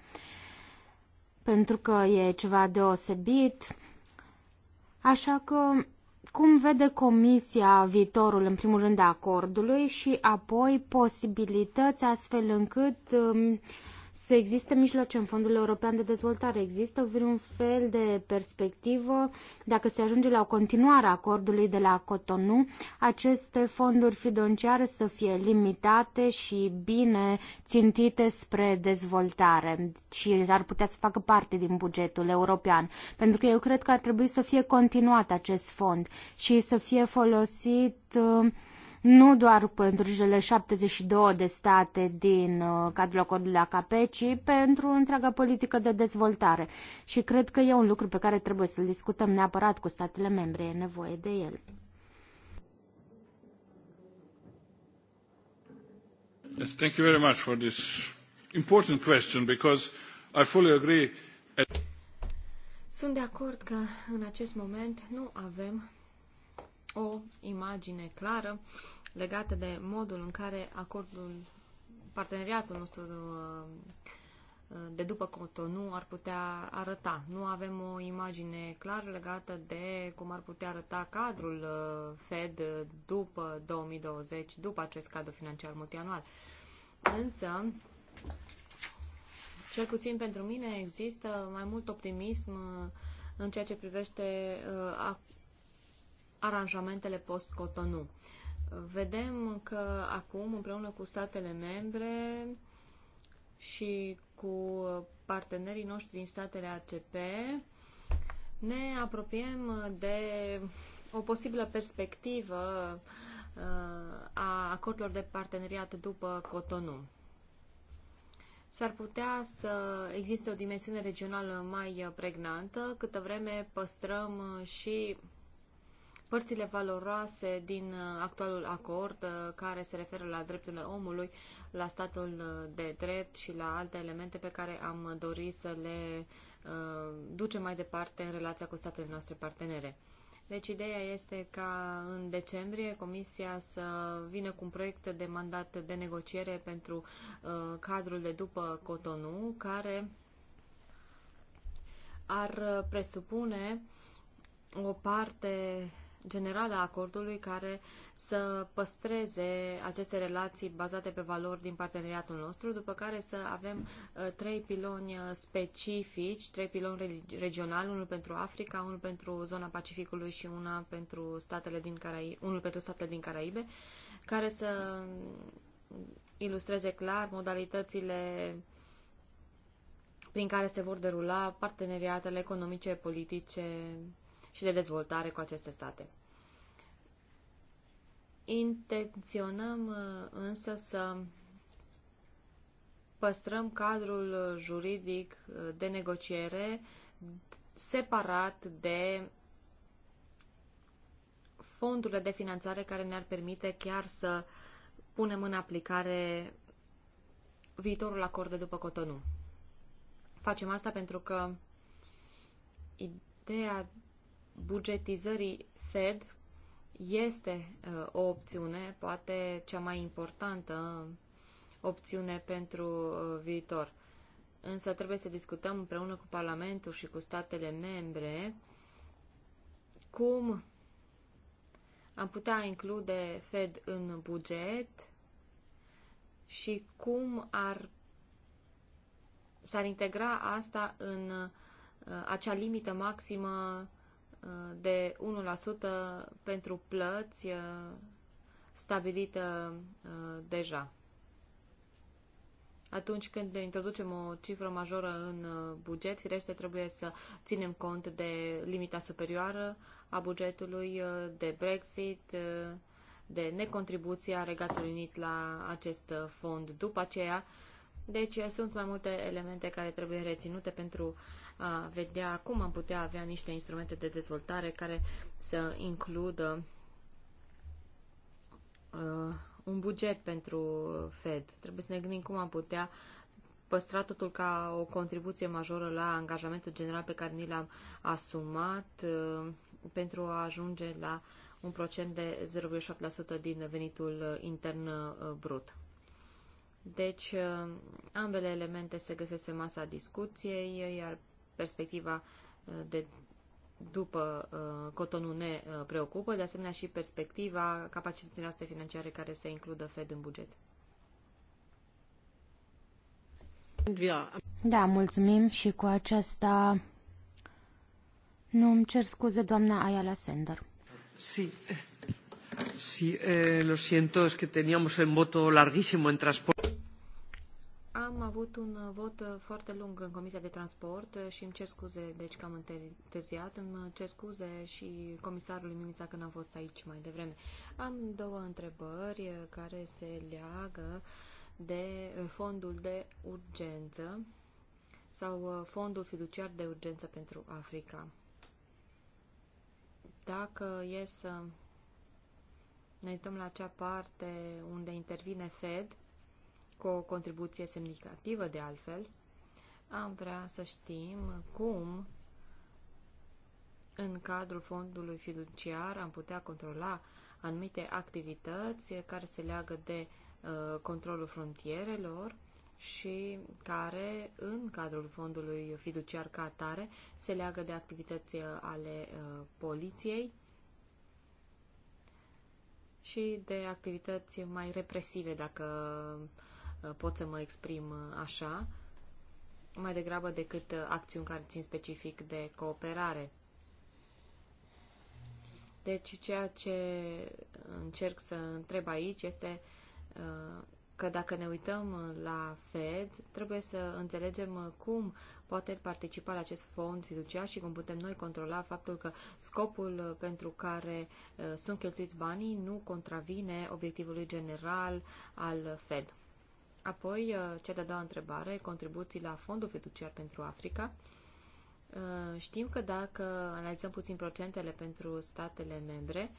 Pentru că e ceva deosebit. Așa că cum vede Comisia viitorul, în primul rând, a acordului și apoi posibilități astfel încât um, să existe mijloace în Fondul European de Dezvoltare. Există vreun fel de perspectivă dacă se ajunge la o continuare a acordului de la Cotonou, aceste fonduri fiduciare să fie limitate și bine țintite spre dezvoltare și ar putea să facă parte din bugetul european. Pentru că eu cred că ar trebui să fie continuat acest fond și să fie folosit uh, nu doar pentru cele 72 de state din uh, cadrul acordului AKP, ci pentru întreaga politică de dezvoltare. Și cred că e un lucru pe care trebuie să-l discutăm neapărat cu statele membre, e nevoie de el. Yes, thank you very much for this important question because I fully agree. Sunt de acord că în acest moment nu avem o imagine clară legată de modul în care acordul, parteneriatul nostru uh, de după Cotonou ar putea arăta. Nu avem o imagine clară legată de cum ar putea arăta cadrul uh, Fed după 2020, după acest cadru financiar multianual. Însă, cel puțin pentru mine există mai mult optimism uh, în ceea ce privește aranjamentele post-Cotonou. Vedem că acum, împreună cu statele membre și cu partenerii noștri din statele ACP, ne apropiem de o posibilă perspectivă uh, a acordurilor de parteneriat după Cotonou s-ar putea să existe o dimensiune regională mai pregnantă, câtă vreme păstrăm și părțile valoroase din uh, actualul acord uh, care se referă la drepturile omului, la statul uh, de drept și la alte elemente pe care am dorit să le ducem mai departe în relația cu statele noastre partenere. Deci ideea este ca în decembrie Comisia să vină cu un proiect de mandat de negociere pentru cadrul de după Cotonou, care ar presupune o parte generală a acordului care să păstreze aceste relații bazate pe valori din parteneriatul nostru, după care să avem uh, trei piloni uh, specifici, trei piloni regionali, unul pentru Africa, unul pentru zona Pacificului și una pentru statele din Caraibe, unul pentru statele din Caraibe, care să mm, ilustreze clar modalitățile prin care se vor derula parteneriatele economice, politice și de dezvoltare cu aceste state. Intenționăm uh, însă să păstrăm cadrul juridic uh, de negociere separat de fondurile de finanțare care ne-ar permite chiar să punem în aplicare viitorul acord de după Cotonou. Facem asta pentru că ideea bugetizării Fed este uh, o opțiune, poate cea mai importantă opțiune pentru uh, viitor. Însă trebuie să discutăm împreună cu Parlamentul și cu statele membre cum am putea include Fed în buget și cum ar s-ar integra asta în uh, acea limită maximă de 1% pentru plăți uh, stabilită uh, deja. Atunci când introducem o cifră majoră în uh, buget, firește trebuie să ținem cont de limita superioară a bugetului, de Brexit, de necontribuția Regatului Unit la acest fond după aceea. Deci sunt mai multe elemente care trebuie reținute pentru a vedea cum am putea avea niște instrumente de dezvoltare care să includă uh, un buget pentru Fed. Trebuie să ne gândim cum am putea păstra totul ca o contribuție majoră la angajamentul general pe care ni l-am asumat uh, pentru a ajunge la un procent de 0,7% din venitul uh, intern uh, brut. Deci, uh, ambele elemente se găsesc pe masa discuției, iar perspectiva uh, de după uh, Cotonou ne uh, preocupă, de asemenea și perspectiva capacității noastre financiare care să includă Fed în buget. Da, mulțumim și cu aceasta nu îmi cer scuze, doamna Ayala Sender. Sí. Sí, eh, lo siento, es que teníamos el voto larguísimo en transporte avut un uh, vot uh, foarte lung în Comisia de Transport uh, și îmi cer scuze, deci că am întârziat, îmi cer scuze și comisarului Mimița când am fost aici mai devreme. Am două întrebări care se leagă de fondul de urgență sau fondul fiduciar de urgență pentru Africa. Dacă e să ne uităm la acea parte unde intervine Fed, cu o contribuție semnificativă de altfel, am vrea să știm cum în cadrul fondului fiduciar am putea controla anumite activități care se leagă de uh, controlul frontierelor și care, în cadrul fondului fiduciar ca atare, se leagă de activități uh, ale uh, poliției și de activități mai represive, dacă uh, pot să mă exprim uh, așa, mai degrabă decât uh, acțiuni care țin specific de cooperare. Deci ceea ce încerc să întreb aici este uh, că dacă ne uităm la Fed, trebuie să înțelegem cum poate participa la acest fond fiduciar și cum putem noi controla faptul că scopul pentru care sunt cheltuiți banii nu contravine obiectivului general al Fed. Apoi, uh, cea de-a doua întrebare, contribuții la Fondul Fiduciar pentru Africa. Uh, știm că dacă analizăm puțin procentele pentru statele membre,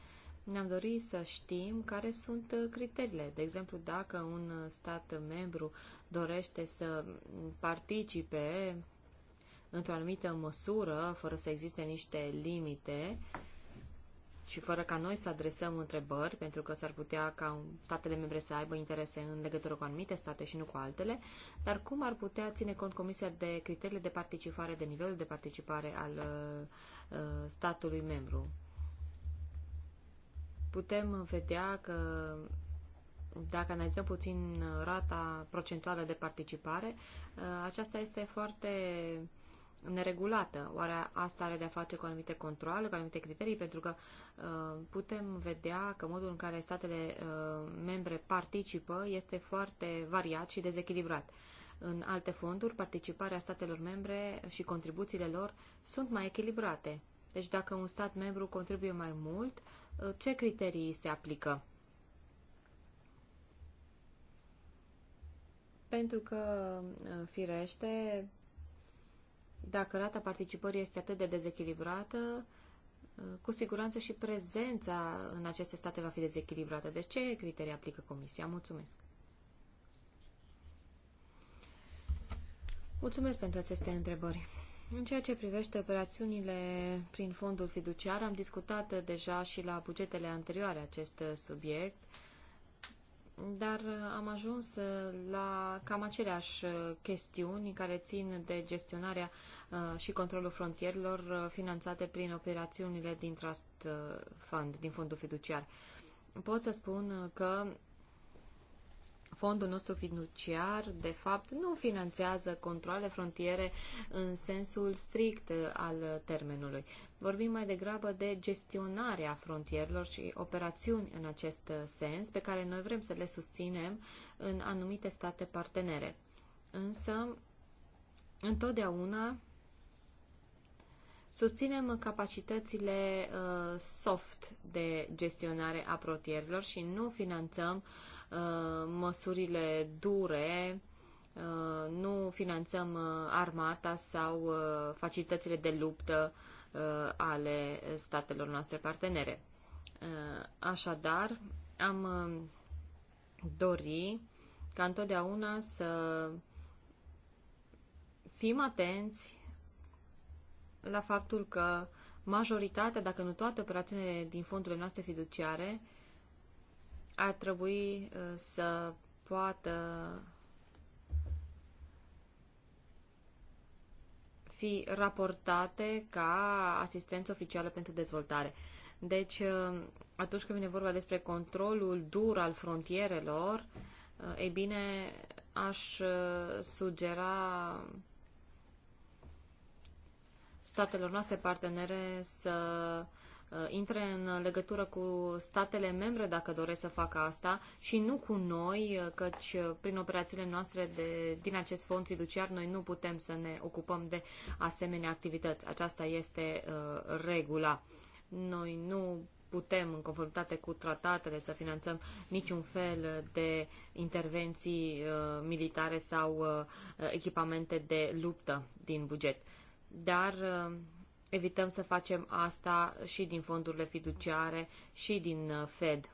ne-am dorit să știm care sunt criteriile. De exemplu, dacă un stat membru dorește să participe într-o anumită măsură, fără să existe niște limite, uh, și fără ca noi să adresăm întrebări, pentru că s-ar putea ca statele membre să aibă interese în legătură cu anumite state și nu cu altele, dar cum ar putea ține cont Comisia de criteriile de participare, de nivelul de participare al uh, uh statului membru? Putem vedea că dacă analizăm puțin rata procentuală de participare, uh, aceasta este foarte neregulată. Oare asta are de-a face cu anumite controle, cu anumite criterii? Pentru că uh, putem vedea că modul în care statele uh, membre participă este foarte variat și dezechilibrat. În alte fonduri, participarea statelor membre și contribuțiile lor sunt mai echilibrate. Deci dacă un stat membru contribuie mai mult, uh, ce criterii se aplică? Pentru că, firește, dacă rata participării este atât de dezechilibrată, cu siguranță și prezența în aceste state va fi dezechilibrată. Deci ce criterii aplică Comisia? Mulțumesc! Mulțumesc pentru aceste întrebări. În ceea ce privește operațiunile prin fondul fiduciar, am discutat deja și la bugetele anterioare acest subiect dar am ajuns la cam aceleași chestiuni care țin de gestionarea uh, și controlul frontierelor uh, finanțate prin operațiunile din Trust uh, Fund, din fondul fiduciar. Pot să spun că fondul nostru fiduciar, de fapt, nu finanțează controle frontiere în sensul strict al termenului. Vorbim mai degrabă de gestionarea frontierelor și operațiuni în acest sens, pe care noi vrem să le susținem în anumite state partenere. Însă, întotdeauna Susținem capacitățile uh, soft de gestionare a frontierelor și nu finanțăm Uh, măsurile dure, uh, nu finanțăm uh, armata sau facilitățile de luptă ale statelor noastre partenere. Așadar, am dori ca întotdeauna să fim atenți la faptul că majoritatea, dacă nu toate operațiunile din fondurile noastre fiduciare ar trebui uh, să poată fi raportate ca asistență oficială pentru dezvoltare. Deci, uh, atunci când vine vorba despre controlul dur al frontierelor, uh, ei bine, aș sugera statelor noastre partenere să Uh, intre în legătură cu statele membre dacă doresc să facă asta și nu cu noi, uh, căci uh, prin operațiunile noastre de, din acest fond fiduciar noi nu putem să ne ocupăm de asemenea activități. Aceasta este uh, regula. Noi nu putem, în conformitate cu tratatele, să finanțăm niciun fel de intervenții uh, militare sau uh, echipamente de luptă din buget. Dar uh, evităm să facem asta și din fondurile fiduciare și din uh, Fed.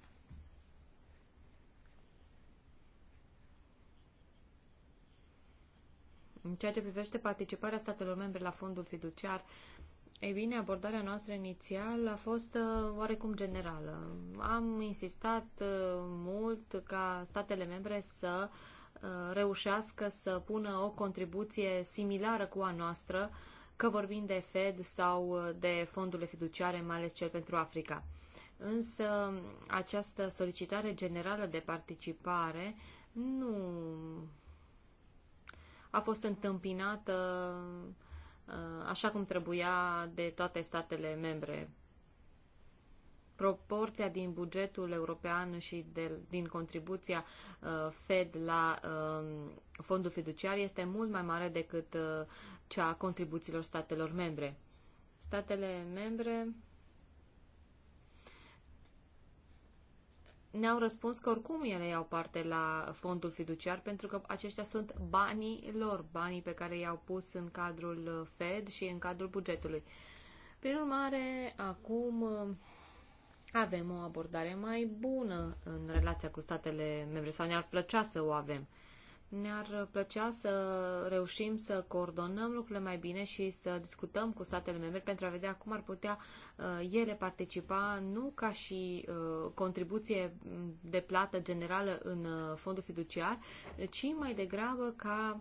În ceea ce privește participarea statelor membre la fondul fiduciar, ei bine, abordarea noastră inițială a fost uh, oarecum generală. Am insistat uh, mult ca statele membre să uh, reușească să pună o contribuție similară cu a noastră uh, că vorbim de Fed sau uh, de fondurile fiduciare, mai ales cel pentru Africa. Însă această solicitare generală de participare nu a fost întâmpinată uh, așa cum trebuia de toate statele membre. Proporția din bugetul european și de, din contribuția uh, Fed la uh, fondul fiduciar este mult mai mare decât uh, cea a contribuțiilor statelor membre. Statele membre ne-au răspuns că oricum ele iau parte la fondul fiduciar pentru că aceștia sunt banii lor, banii pe care i-au pus în cadrul Fed și în cadrul bugetului. Prin urmare, acum avem o abordare mai bună în relația cu statele membre sau ne-ar plăcea să o avem. Ne-ar plăcea să reușim să coordonăm lucrurile mai bine și să discutăm cu statele membre pentru a vedea cum ar putea uh, ele participa, nu ca și uh, contribuție de plată generală în uh, fondul fiduciar, ci mai degrabă ca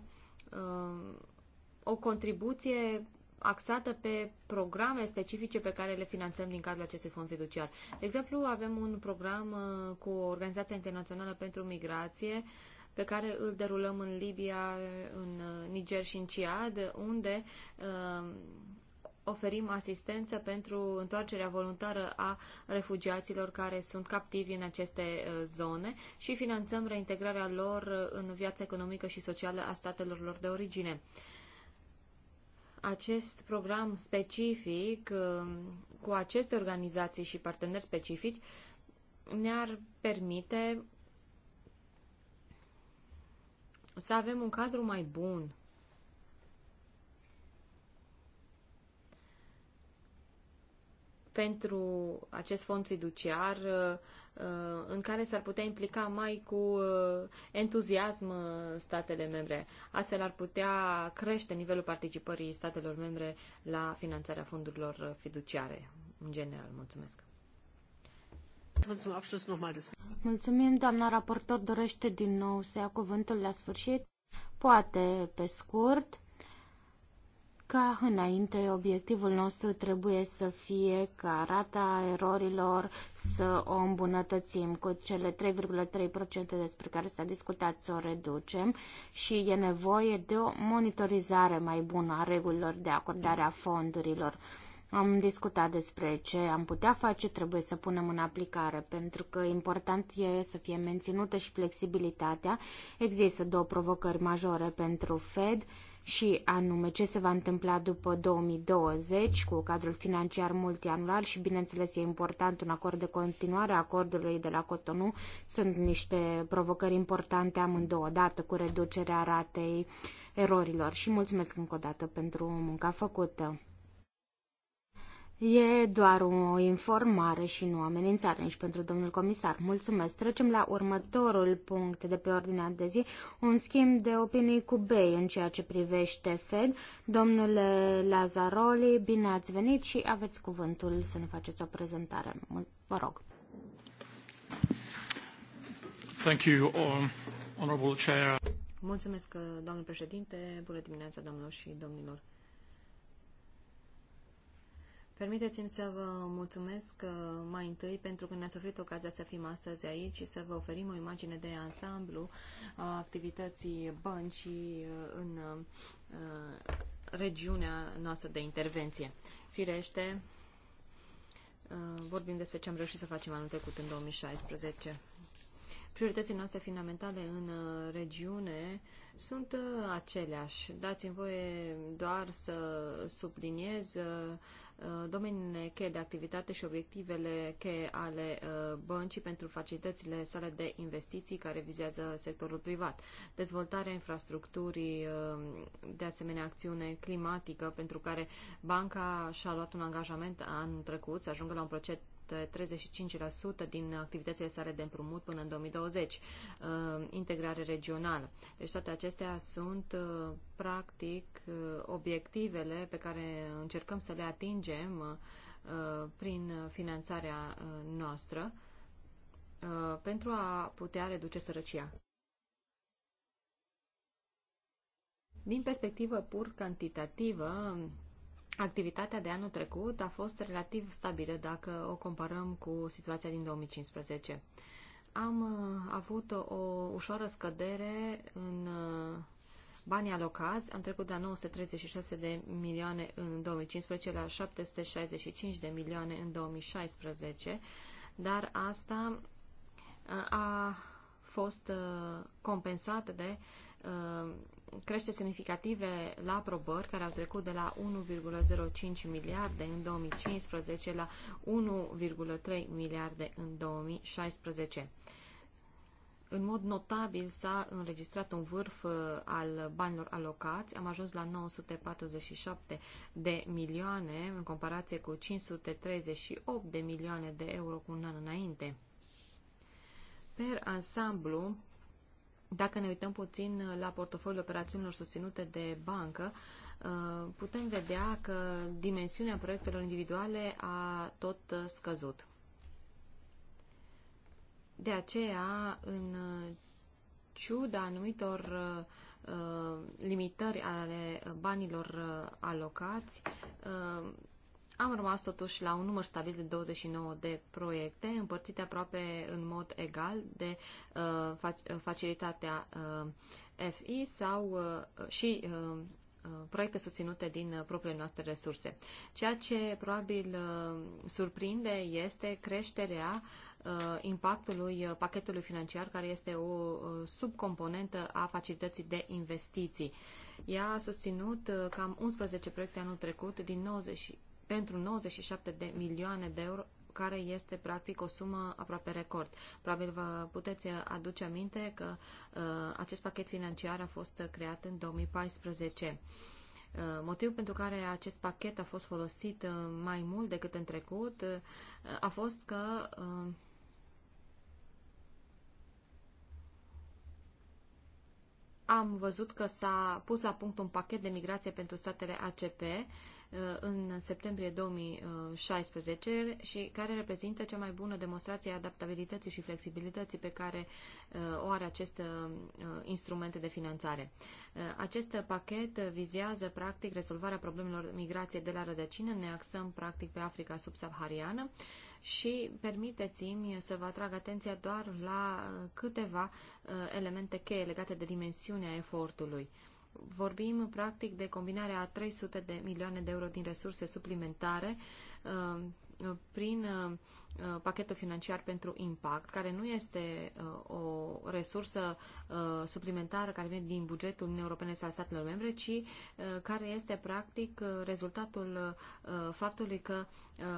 o contribuție axată pe programe specifice pe care le finanțăm din cadrul acestui fond fiduciar. De exemplu, avem un program cu Organizația Internațională pentru Migrație uh, pe care îl derulăm în Libia, în uh, Niger și în Ciad, unde uh, oferim asistență pentru întoarcerea voluntară a refugiaților care sunt captivi în aceste uh, zone și finanțăm reintegrarea lor în viața economică și socială a statelor lor de origine. Acest program specific cu aceste organizații și parteneri specifici ne-ar permite să avem un cadru mai bun. pentru acest fond fiduciar uh, uh, în care s-ar putea implica mai cu uh, entuziasm statele membre. Astfel ar putea crește nivelul participării statelor membre la finanțarea fondurilor fiduciare în general. Mulțumesc! Mulțumim, doamna raportor dorește din nou să ia cuvântul la sfârșit, poate pe scurt. Ca înainte, obiectivul nostru trebuie să fie ca rata erorilor să o îmbunătățim cu cele 3,3% despre care s-a discutat să o reducem și e nevoie de o monitorizare mai bună a regulilor de acordare a fondurilor. Am discutat despre ce am putea face, trebuie să punem în aplicare, pentru că important e să fie menținută și flexibilitatea. Există două provocări majore pentru Fed și anume ce se va întâmpla după 2020 cu cadrul financiar multianual și bineînțeles e important un acord de continuare a acordului de la Cotonou. Sunt niște provocări importante amândouă, dată cu reducerea ratei erorilor și mulțumesc încă o dată pentru munca făcută. E doar o informare și nu amenințare nici pentru domnul comisar. Mulțumesc. Trecem la următorul punct de pe ordinea de zi, un schimb de opinii cu BEI în ceea ce privește Fed. Domnule Lazaroli, bine ați venit și aveți cuvântul să ne faceți o prezentare. Vă rog. Thank you, um, Honorable Chair. Mulțumesc, uh, domnul președinte. Bună dimineața, domnilor și domnilor. Permiteți-mi să vă mulțumesc uh, mai întâi pentru că ne-ați oferit ocazia să fim astăzi aici și să vă oferim o imagine de ansamblu a activității băncii uh, în uh, regiunea noastră de intervenție. Firește, vorbim despre ce am reușit să facem anul trecut în 2016 prioritățile noastre fundamentale în uh, regiune sunt uh, aceleași. Dați-mi voie doar să subliniez uh, domeniile cheie de activitate și obiectivele cheie ale băncii pentru facilitățile sale de investiții care vizează sectorul privat. Dezvoltarea infrastructurii, de asemenea acțiune climatică pentru care banca și-a luat un angajament anul trecut să ajungă la un procent 35% din activitățile sale de împrumut până în 2020, uh, integrare regională. Deci toate acestea sunt uh, practic uh, obiectivele pe care încercăm să le atingem prin finanțarea noastră pentru a putea reduce sărăcia. Din perspectivă pur cantitativă, Activitatea de anul trecut a fost relativ stabilă dacă o comparăm cu situația din 2015. Am uh, avut o ușoară scădere în uh, banii alocați. Am trecut de la 936 de milioane în 2015 la 765 de milioane în 2016, dar asta uh, a fost compensată de crește semnificative la aprobări, care au trecut de la 1,05 miliarde în 2015 la 1,3 miliarde în 2016. În mod notabil s-a înregistrat un vârf uh, al banilor alocați. Am ajuns la 947 de milioane în comparație cu 538 de milioane de euro cu un an înainte. Per ansamblu, dacă ne uităm puțin la portofoliul operațiunilor susținute de bancă, uh, putem vedea că dimensiunea proiectelor individuale a tot scăzut. De aceea, în ciuda anumitor uh, limitări ale banilor uh, alocați, am rămas totuși la un număr stabil de 29 de proiecte, împărțite aproape în mod egal de uh, uh facilitatea uh, FI sau uh, și uh, uh proiecte susținute din uh, propriile noastre resurse. Ceea ce probabil surprinde este creșterea impactului pachetului financiar, care este o subcomponentă a facilității de investiții. Ea a susținut cam 11 proiecte anul trecut din 90 pentru 97 de milioane de euro care este practic o sumă aproape record. Probabil vă puteți aduce aminte că uh, acest pachet financiar a fost creat în 2014. Uh, motivul pentru care acest pachet a fost folosit uh, mai mult decât în trecut uh, a fost că uh, am văzut că s-a pus la punct un pachet de migrație pentru statele ACP Uh, în septembrie 2016 și care reprezintă cea mai bună demonstrație a adaptabilității și flexibilității pe care uh, o are acest uh, instrument de finanțare. Acest pachet vizează practic rezolvarea problemelor migrației de la rădăcină, ne axăm practic pe Africa subsahariană și permiteți-mi să vă atrag atenția doar la câteva elemente cheie legate de dimensiunea efortului vorbim practic de combinarea a 300 de milioane de euro din resurse suplimentare uh, prin uh, pachetul financiar pentru impact, care nu este uh, o resursă suplimentară care vine din bugetul Uniunii Europene sau statelor membre, ci care este practic rezultatul faptului că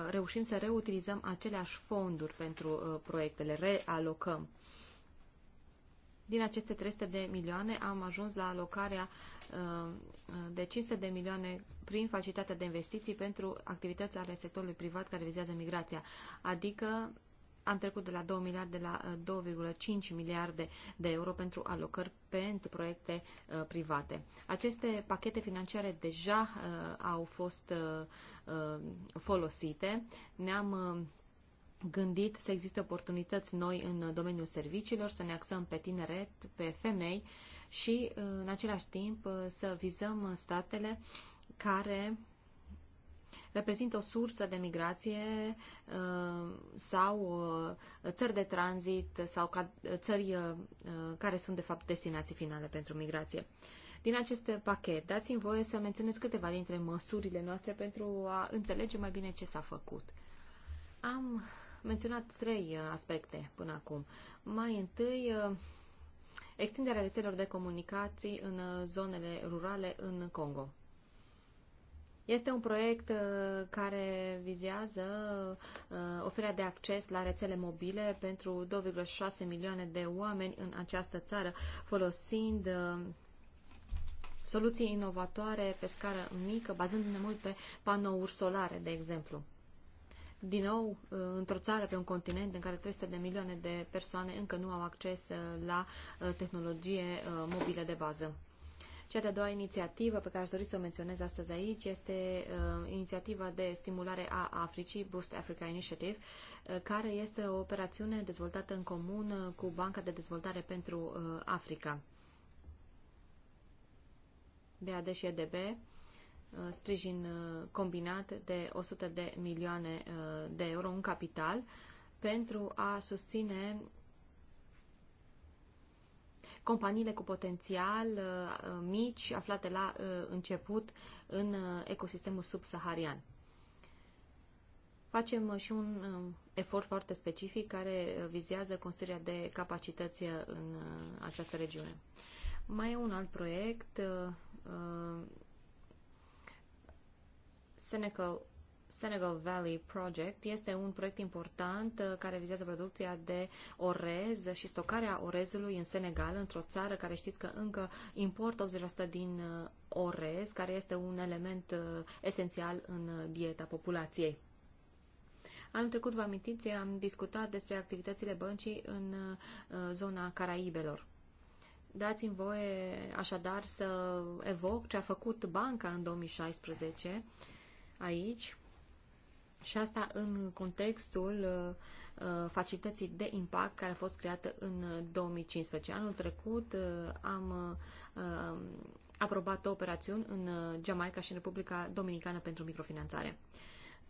reușim să reutilizăm aceleași fonduri pentru proiectele, realocăm. Din aceste 300 de milioane am ajuns la alocarea uh, de 500 de milioane prin facilitatea de investiții pentru activități ale sectorului privat care vizează migrația, adică am trecut de la 2 miliarde la 2,5 uh, miliarde de euro pentru alocări pentru proiecte uh, private. Aceste pachete financiare deja au fost folosite. Ne-am gândit să existe oportunități noi în domeniul serviciilor, să ne axăm pe tineret, pe femei și, în același timp, să vizăm statele care reprezintă o sursă de migrație uh, sau uh, țări de tranzit sau uh, țări care sunt, de fapt, destinații finale pentru migrație. Din acest pachet, dați-mi voie să menționez câteva dintre măsurile noastre pentru a înțelege mai bine ce s-a făcut. Am menționat trei uh, aspecte până acum. Mai întâi, uh, extinderea rețelelor de comunicații în uh, zonele rurale în Congo. Este un proiect care vizează oferirea de acces la rețele mobile pentru 2,6 milioane de oameni în această țară, folosind soluții inovatoare pe scară mică, bazându-ne mult pe panouri solare, de exemplu din nou uh, într-o țară pe un continent în care 300 de milioane de persoane încă nu au acces uh, la uh, tehnologie mobilă de bază. Cea de-a doua inițiativă pe care aș dori să o menționez astăzi aici este uh, inițiativa de stimulare a Africii, Boost Africa Initiative, uh, care este o operațiune dezvoltată în comun cu Banca de Dezvoltare pentru uh, Africa, BAD și EDB, Uh, sprijin uh, combinat de 100 de milioane uh, de euro în capital pentru a susține companiile cu potențial mici aflate la început în ecosistemul subsaharian. Facem și un efort foarte specific care vizează construirea de capacități în această regiune. Mai e un alt proiect Senegal, Senegal Valley Project este un proiect important uh, care vizează producția de orez și stocarea orezului în Senegal, într-o țară care știți că încă importă 80% din uh, orez, care este un element uh, esențial în dieta populației. Anul trecut, vă amintiți, am discutat despre activitățile băncii în zona Caraibelor. Dați-mi voie așadar să evoc ce a făcut banca în 2016 aici și asta în contextul uh, uh, facilității de impact care a fost creată în 2015. Uh, Anul trecut am um, aprobat o operațiune în Jamaica și în Republica Dominicană pentru microfinanțare.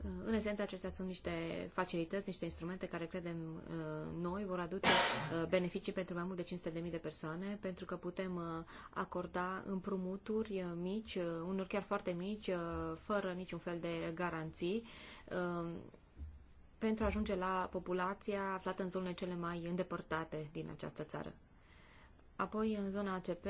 Uh, în esență, acestea sunt niște facilități, niște instrumente care, credem uh, noi, vor aduce uh, beneficii pentru mai mult de 500.000 de persoane, pentru că putem acorda împrumuturi mici, unor chiar foarte mici, fără niciun fel de garanții, pentru a ajunge la populația aflată în zonele cele mai îndepărtate din această țară. Apoi, în zona ACP,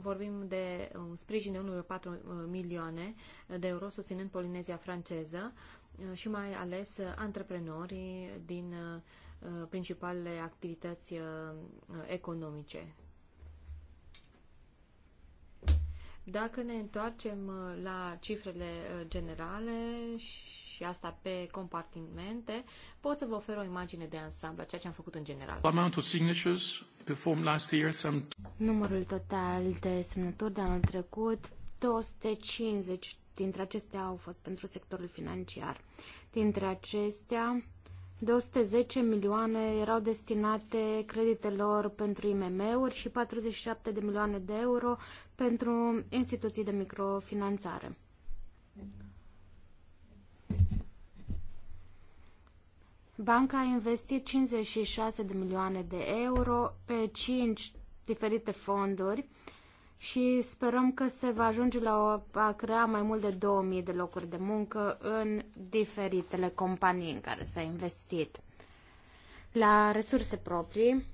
vorbim de un um, sprijin de 1,4 uh, milioane de euro susținând Polinezia franceză uh, și mai ales uh, antreprenori din principalele activități economice. Dacă ne întoarcem la cifrele generale și și asta pe compartimente, pot să vă ofer o imagine de ansamblu, ceea ce am făcut în general. last year, some... Numărul total de semnături de anul trecut, 250 dintre acestea au fost pentru sectorul financiar. Dintre acestea, 210 milioane erau destinate creditelor pentru IMM-uri și 47 de milioane de euro pentru instituții de microfinanțare. Banca a investit 56 de milioane de euro pe 5 diferite fonduri și sperăm că se va ajunge la o, a crea mai mult de 2000 de locuri de muncă în diferitele companii în care s-a investit. La resurse proprii,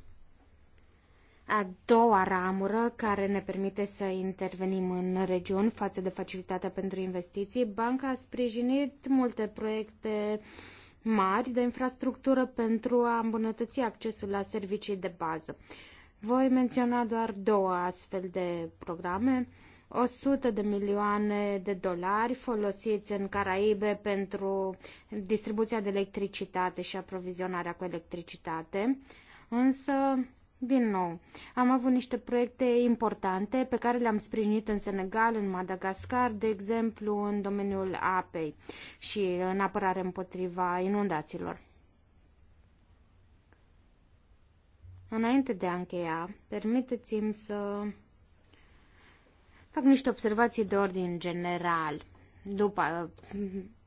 a doua ramură care ne permite să intervenim în regiuni față de facilitatea pentru investiții, banca a sprijinit multe proiecte uh, mari de infrastructură pentru a îmbunătăți accesul la servicii de bază. Voi menționa doar două astfel de programe. 100 de milioane de dolari folosiți în Caraibe pentru distribuția de electricitate și aprovizionarea cu electricitate, însă din nou, am avut niște proiecte importante pe care le-am sprijinit în Senegal, în Madagascar, de exemplu în domeniul apei și în apărare împotriva inundațiilor. Înainte de a încheia, permiteți-mi să fac niște observații de ordin general, după,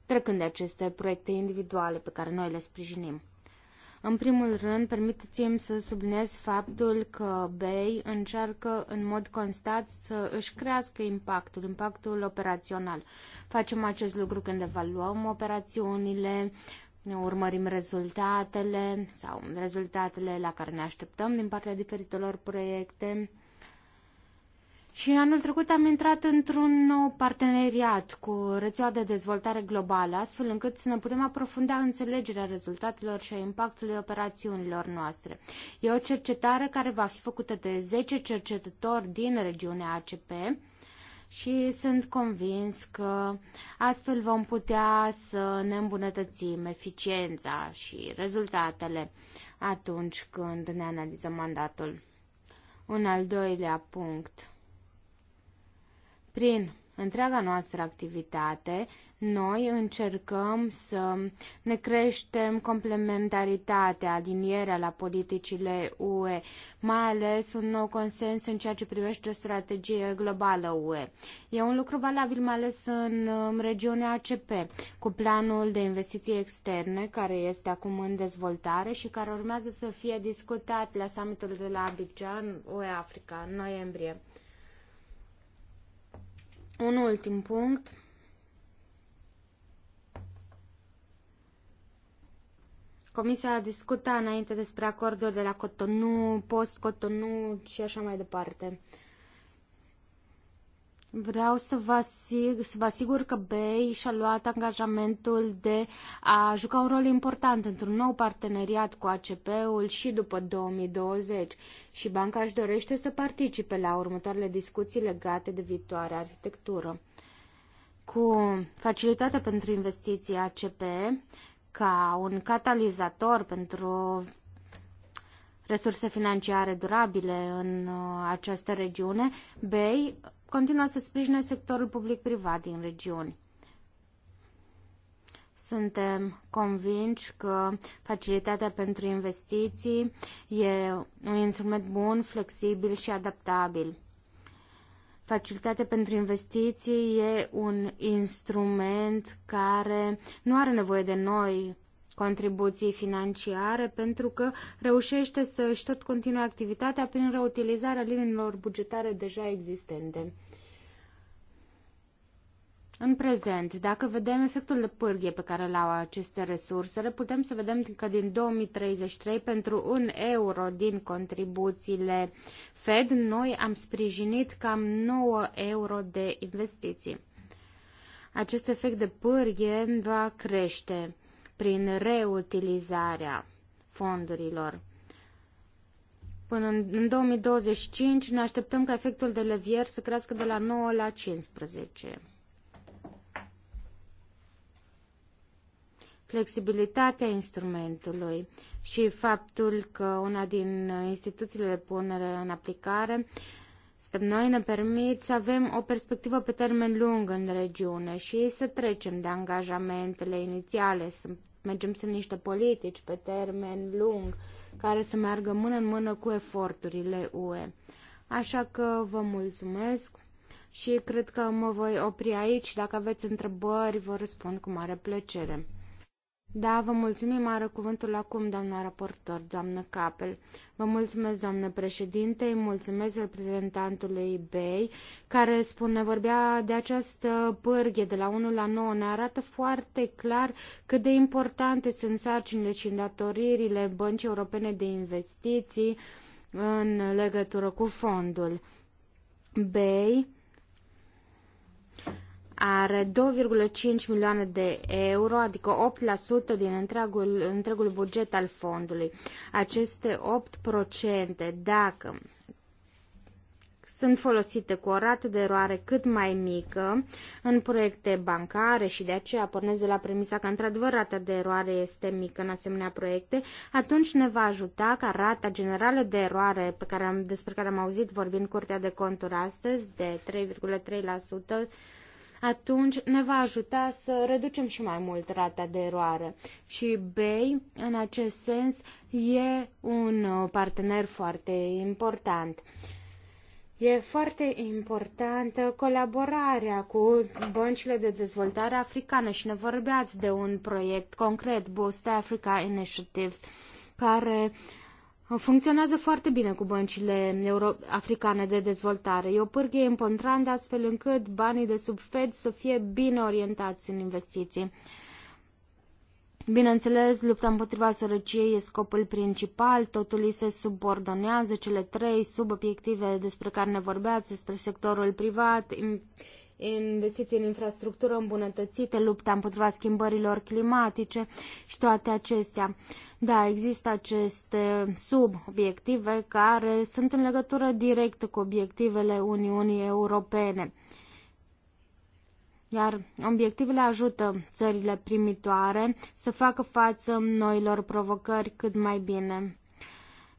trecând de aceste proiecte individuale pe care noi le sprijinim. În primul rând, permiteți-mi să subliniez faptul că BEI încearcă în mod constat să își crească impactul, impactul operațional. Facem acest lucru când evaluăm operațiunile, ne urmărim rezultatele sau rezultatele la care ne așteptăm din partea diferitelor proiecte. Și anul trecut am intrat într-un nou parteneriat cu rețeaua de dezvoltare globală, astfel încât să ne putem aprofunda înțelegerea rezultatelor și a impactului operațiunilor noastre. E o cercetare care va fi făcută de 10 cercetători din regiunea ACP și sunt convins că astfel vom putea să ne îmbunătățim eficiența și rezultatele atunci când ne analizăm mandatul. Un al doilea punct prin întreaga noastră activitate, noi încercăm să ne creștem complementaritatea, alinierea la politicile UE, mai ales un nou consens în ceea ce privește o strategie globală UE. E un lucru valabil mai ales în um, regiunea ACP, cu planul de investiții externe, care este acum în dezvoltare și care urmează să fie discutat la summitul de la Abidjan, UE Africa, în noiembrie. Un ultim punct. Comisia a discutat înainte despre acordul de la Cotonou, post-Cotonou și așa mai departe. Vreau să vă, asig, să vă asigur că BEI și-a luat angajamentul de a juca un rol important într-un nou parteneriat cu ACP-ul și după 2020 și banca își dorește să participe la următoarele discuții legate de viitoarea arhitectură. Cu facilitatea pentru investiții ACP ca un catalizator pentru resurse financiare durabile în uh, această regiune, BEI continuă să sprijine sectorul public-privat din regiuni. Suntem convinși că facilitatea pentru investiții e un instrument bun, flexibil și adaptabil. Facilitatea pentru investiții e un instrument care nu are nevoie de noi contribuții financiare pentru că reușește să își tot continue activitatea prin reutilizarea liniilor bugetare deja existente. În prezent, dacă vedem efectul de pârghie pe care l-au aceste resurse, putem să vedem că din 2033, pentru un euro din contribuțiile Fed, noi am sprijinit cam 9 euro de investiții. Acest efect de pârghie va crește prin reutilizarea fondurilor. Până în 2025 ne așteptăm ca efectul de levier să crească de la 9 la 15. Flexibilitatea instrumentului și faptul că una din instituțiile de punere în aplicare ne permit să avem o perspectivă pe termen lung în regiune și să trecem de angajamentele inițiale, să mergem să niște politici pe termen lung care să meargă mână în mână cu eforturile UE. Așa că vă mulțumesc și cred că mă voi opri aici. Dacă aveți întrebări, vă răspund cu mare plăcere. Da, vă mulțumim, are cuvântul acum, doamna raportor, doamnă Capel. Vă mulțumesc, doamnă președinte, îi mulțumesc reprezentantului BEI, care spune, vorbea de această pârghie de la 1 la 9, ne arată foarte clar cât de importante sunt sarcinile și îndatoririle Băncii Europene de Investiții în legătură cu fondul. BEI are 2,5 milioane de euro, adică 8% din întregul, întregul buget al fondului. Aceste 8%, dacă sunt folosite cu o rată de eroare cât mai mică în proiecte bancare și de aceea pornesc de la premisa că într-adevăr rata de eroare este mică în asemenea proiecte, atunci ne va ajuta ca rata generală de eroare pe care am, despre care am auzit vorbind Curtea de Conturi astăzi de 3,3% atunci ne va ajuta să reducem și mai mult rata de eroare. Și BEI, în acest sens, e un uh, partener foarte important. E foarte importantă colaborarea cu băncile de dezvoltare africane și ne vorbeați de un proiect concret, Boost Africa Initiatives, care uh, funcționează foarte bine cu băncile euro- africane de dezvoltare. E o pârghie împontrandă astfel încât banii de sub Fed să fie bine orientați în investiții. Bineînțeles, lupta împotriva sărăciei e scopul principal, totul îi se subordonează, cele trei subobiective despre care ne vorbeați, despre sectorul privat, investiții în infrastructură îmbunătățite, lupta împotriva schimbărilor climatice și toate acestea. Da, există aceste subobiective care sunt în legătură directă cu obiectivele Uniunii Europene. Iar obiectivele ajută țările primitoare să facă față noilor provocări cât mai bine.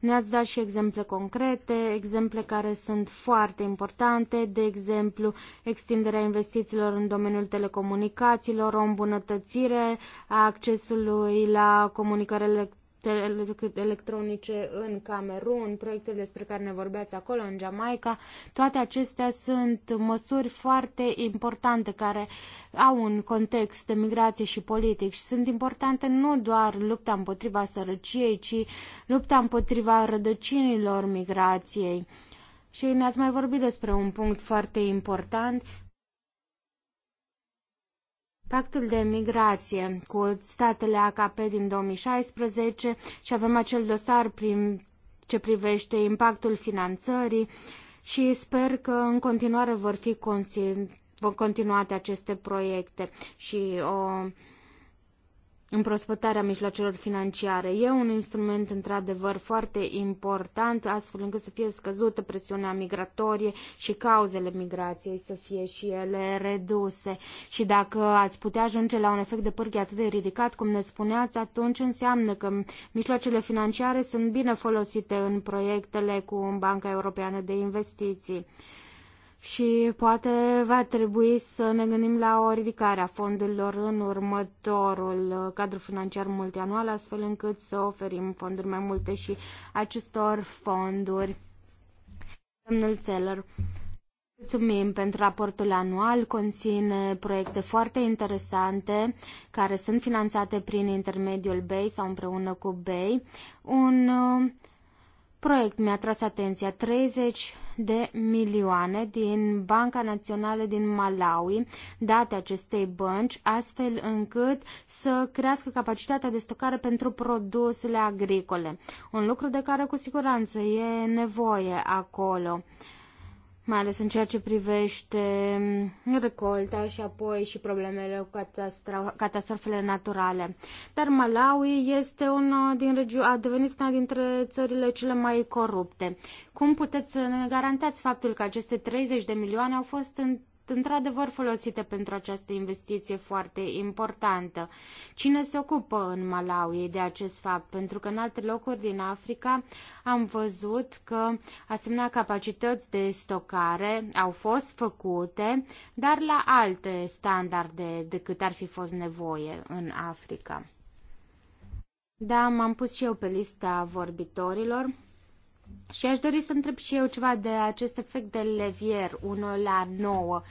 Ne-ați dat și exemple concrete, exemple care sunt foarte importante, de exemplu, extinderea investițiilor în domeniul telecomunicațiilor, o îmbunătățire a accesului la comunicare electronică, electronice în Camerun, proiectele despre care ne vorbeați acolo, în Jamaica, toate acestea sunt măsuri foarte importante care au un context de migrație și politic și sunt importante nu doar lupta împotriva sărăciei, ci lupta împotriva rădăcinilor migrației. Și ne-ați mai vorbit despre un punct foarte important, Pactul de migrație cu statele AKP din 2016 și avem acel dosar prin ce privește impactul finanțării și sper că în continuare vor fi continuate aceste proiecte și o împrospătarea mijloacelor financiare. E un instrument într-adevăr foarte important, astfel încât să fie scăzută presiunea migratorie și cauzele migrației să fie și ele reduse. Și dacă ați putea ajunge la un efect de pârghie atât de ridicat cum ne spuneați, atunci înseamnă că mijloacele financiare sunt bine folosite în proiectele cu Banca Europeană de Investiții și poate va trebui să ne gândim la o ridicare a fondurilor în următorul uh, cadru financiar multianual, astfel încât să oferim fonduri mai multe și acestor fonduri. Domnul Țeller, mulțumim pentru raportul anual, conține proiecte foarte interesante care sunt finanțate prin intermediul BEI sau împreună cu BEI. Un uh, proiect mi-a tras atenția. 30 de milioane din Banca Națională din Malawi date acestei bănci, astfel încât să crească capacitatea de stocare pentru produsele agricole. Un lucru de care cu siguranță e nevoie acolo. Uh, mai ales în ceea ce privește recolta și apoi și problemele cu catastrofele naturale. Dar Malawi este una din regiu- a devenit una dintre țările cele mai corupte. Cum puteți să ne garantați faptul că aceste 30 de milioane au fost în într-adevăr folosite pentru această investiție foarte importantă. Cine se ocupă în Malawi de acest fapt? Pentru că în alte locuri din Africa am văzut că asemenea capacități de stocare au fost făcute, dar la alte standarde decât ar fi fost nevoie în Africa. Da, m-am pus și eu pe lista vorbitorilor. Și aș dori să întreb și eu ceva de acest efect de levier, 1 la 9.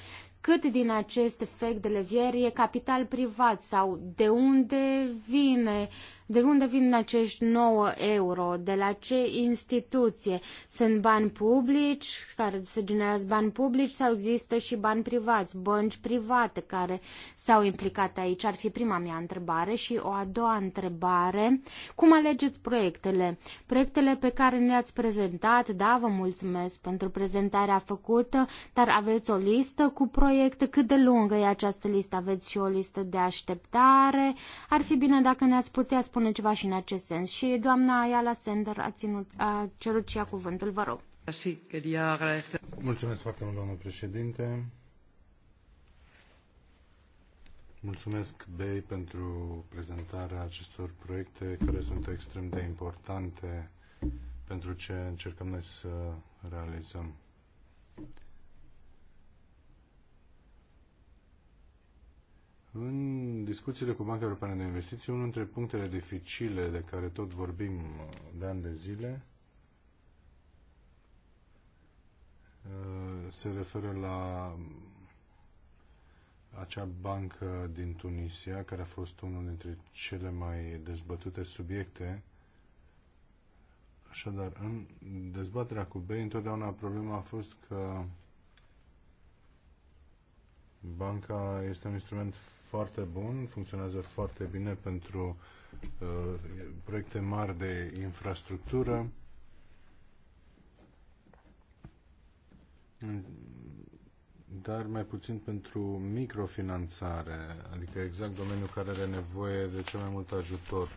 Cât din acest efect de levier e capital privat sau de unde vine de unde vin acești 9 euro? De la ce instituție? Sunt bani publici care se generează bani publici sau există și bani privați, bănci private care s-au implicat aici? Ar fi prima mea întrebare și o a doua întrebare. Cum alegeți proiectele? Proiectele pe care le-ați prezentat, da, vă mulțumesc pentru prezentarea făcută, dar aveți o listă cu proiecte? Cât de lungă e această listă? Aveți și o listă de așteptare? Ar fi bine dacă ne-ați putea spune spune ceva și în acest sens. Și doamna Ayala Sender a, ținut, a cerut și ea cuvântul. Vă rog. Mulțumesc foarte mult, doamnă președinte. Mulțumesc, Bei, pentru prezentarea acestor proiecte care sunt extrem de importante pentru ce încercăm noi să realizăm. În discuțiile cu Banca Europeană de Investiții, unul dintre punctele dificile de care tot vorbim de ani de zile uh, se referă la acea bancă din Tunisia, care a fost unul dintre cele mai dezbătute subiecte. Așadar, în dezbaterea cu BEI, întotdeauna problema a fost că Banca este un instrument foarte bun, funcționează foarte bine pentru uh, proiecte mari de infrastructură. dar mai puțin pentru microfinanțare, adică exact domeniul care are nevoie de cel mai mult ajutor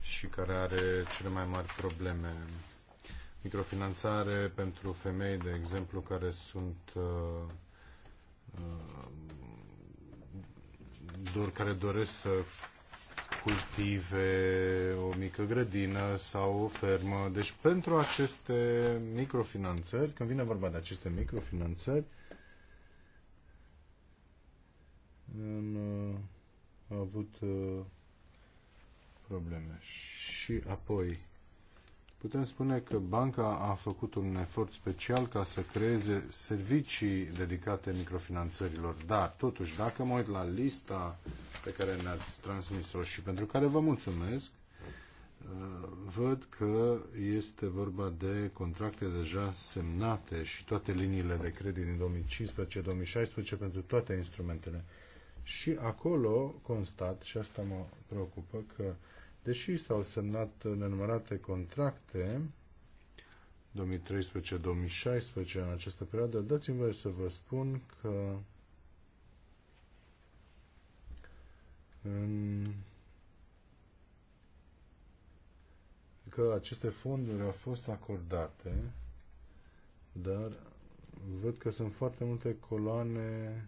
și care are cele mai mari probleme. Microfinanțare pentru femei, de exemplu, care sunt uh, dor, care doresc să cultive o mică grădină sau o fermă. Deci pentru aceste microfinanțări, când vine vorba de aceste microfinanțări, am uh, avut uh, probleme. Și apoi putem spune că banca a făcut un efort special ca să creeze servicii dedicate microfinanțărilor, dar totuși, dacă mă uit la lista pe care ne-ați transmis-o și pentru care vă mulțumesc, uh, văd că este vorba de contracte deja semnate și toate liniile de credit din 2015-2016 pentru toate instrumentele. Și acolo constat, și asta mă preocupă, că Deși s-au semnat nenumărate contracte, 2013-2016 în această perioadă, dați-mi voie să vă spun că în că aceste fonduri au fost acordate, dar văd că sunt foarte multe coloane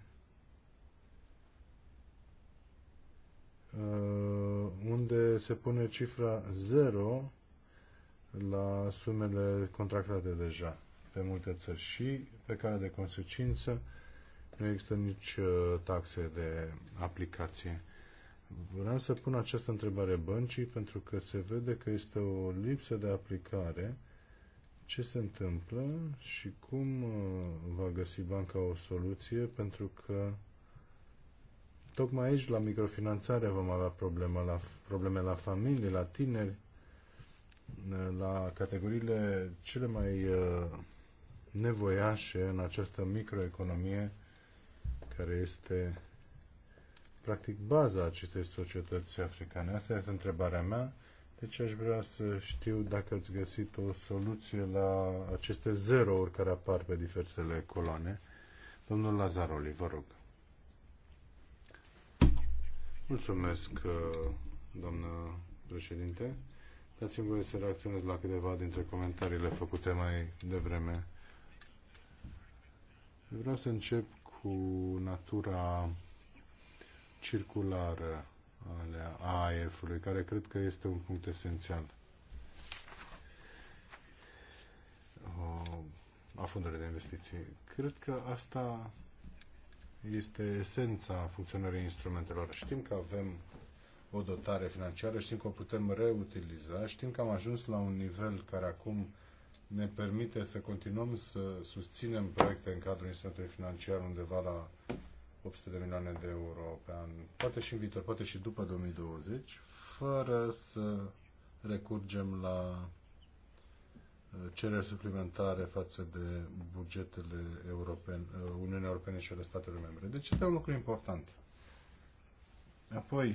Uh, unde se pune cifra 0 la sumele contractate deja pe multe țări și pe care de consecință nu există nici uh, taxe de aplicație. Vreau să pun această întrebare băncii pentru că se vede că este o lipsă de aplicare. Ce se întâmplă și cum uh, va găsi banca o soluție pentru că Tocmai aici, la microfinanțare, vom avea probleme la, probleme la familii, la tineri, la categoriile cele mai uh, nevoiașe în această microeconomie care este practic baza acestei societăți africane. Asta este întrebarea mea. Deci aș vrea să știu dacă ați găsit o soluție la aceste zerouri care apar pe diversele coloane. Domnul Lazaroli, vă rog. Mulțumesc, uh, doamnă președinte. Dați-mi voie să reacționez la câteva dintre comentariile făcute mai devreme. Vreau să încep cu natura circulară a AF-ului, care cred că este un punct esențial. A fondurilor de investiții. Cred că asta este esența funcționării instrumentelor. Știm că avem o dotare financiară, știm că o putem reutiliza, știm că am ajuns la un nivel care acum ne permite să continuăm să susținem proiecte în cadrul instrumentului financiar undeva la 800 de milioane de euro pe an, poate și în viitor, poate și după 2020, fără să recurgem la cereri suplimentare față de bugetele europene, Uniunii Europene și ale statelor membre. Deci este un lucru important. Apoi,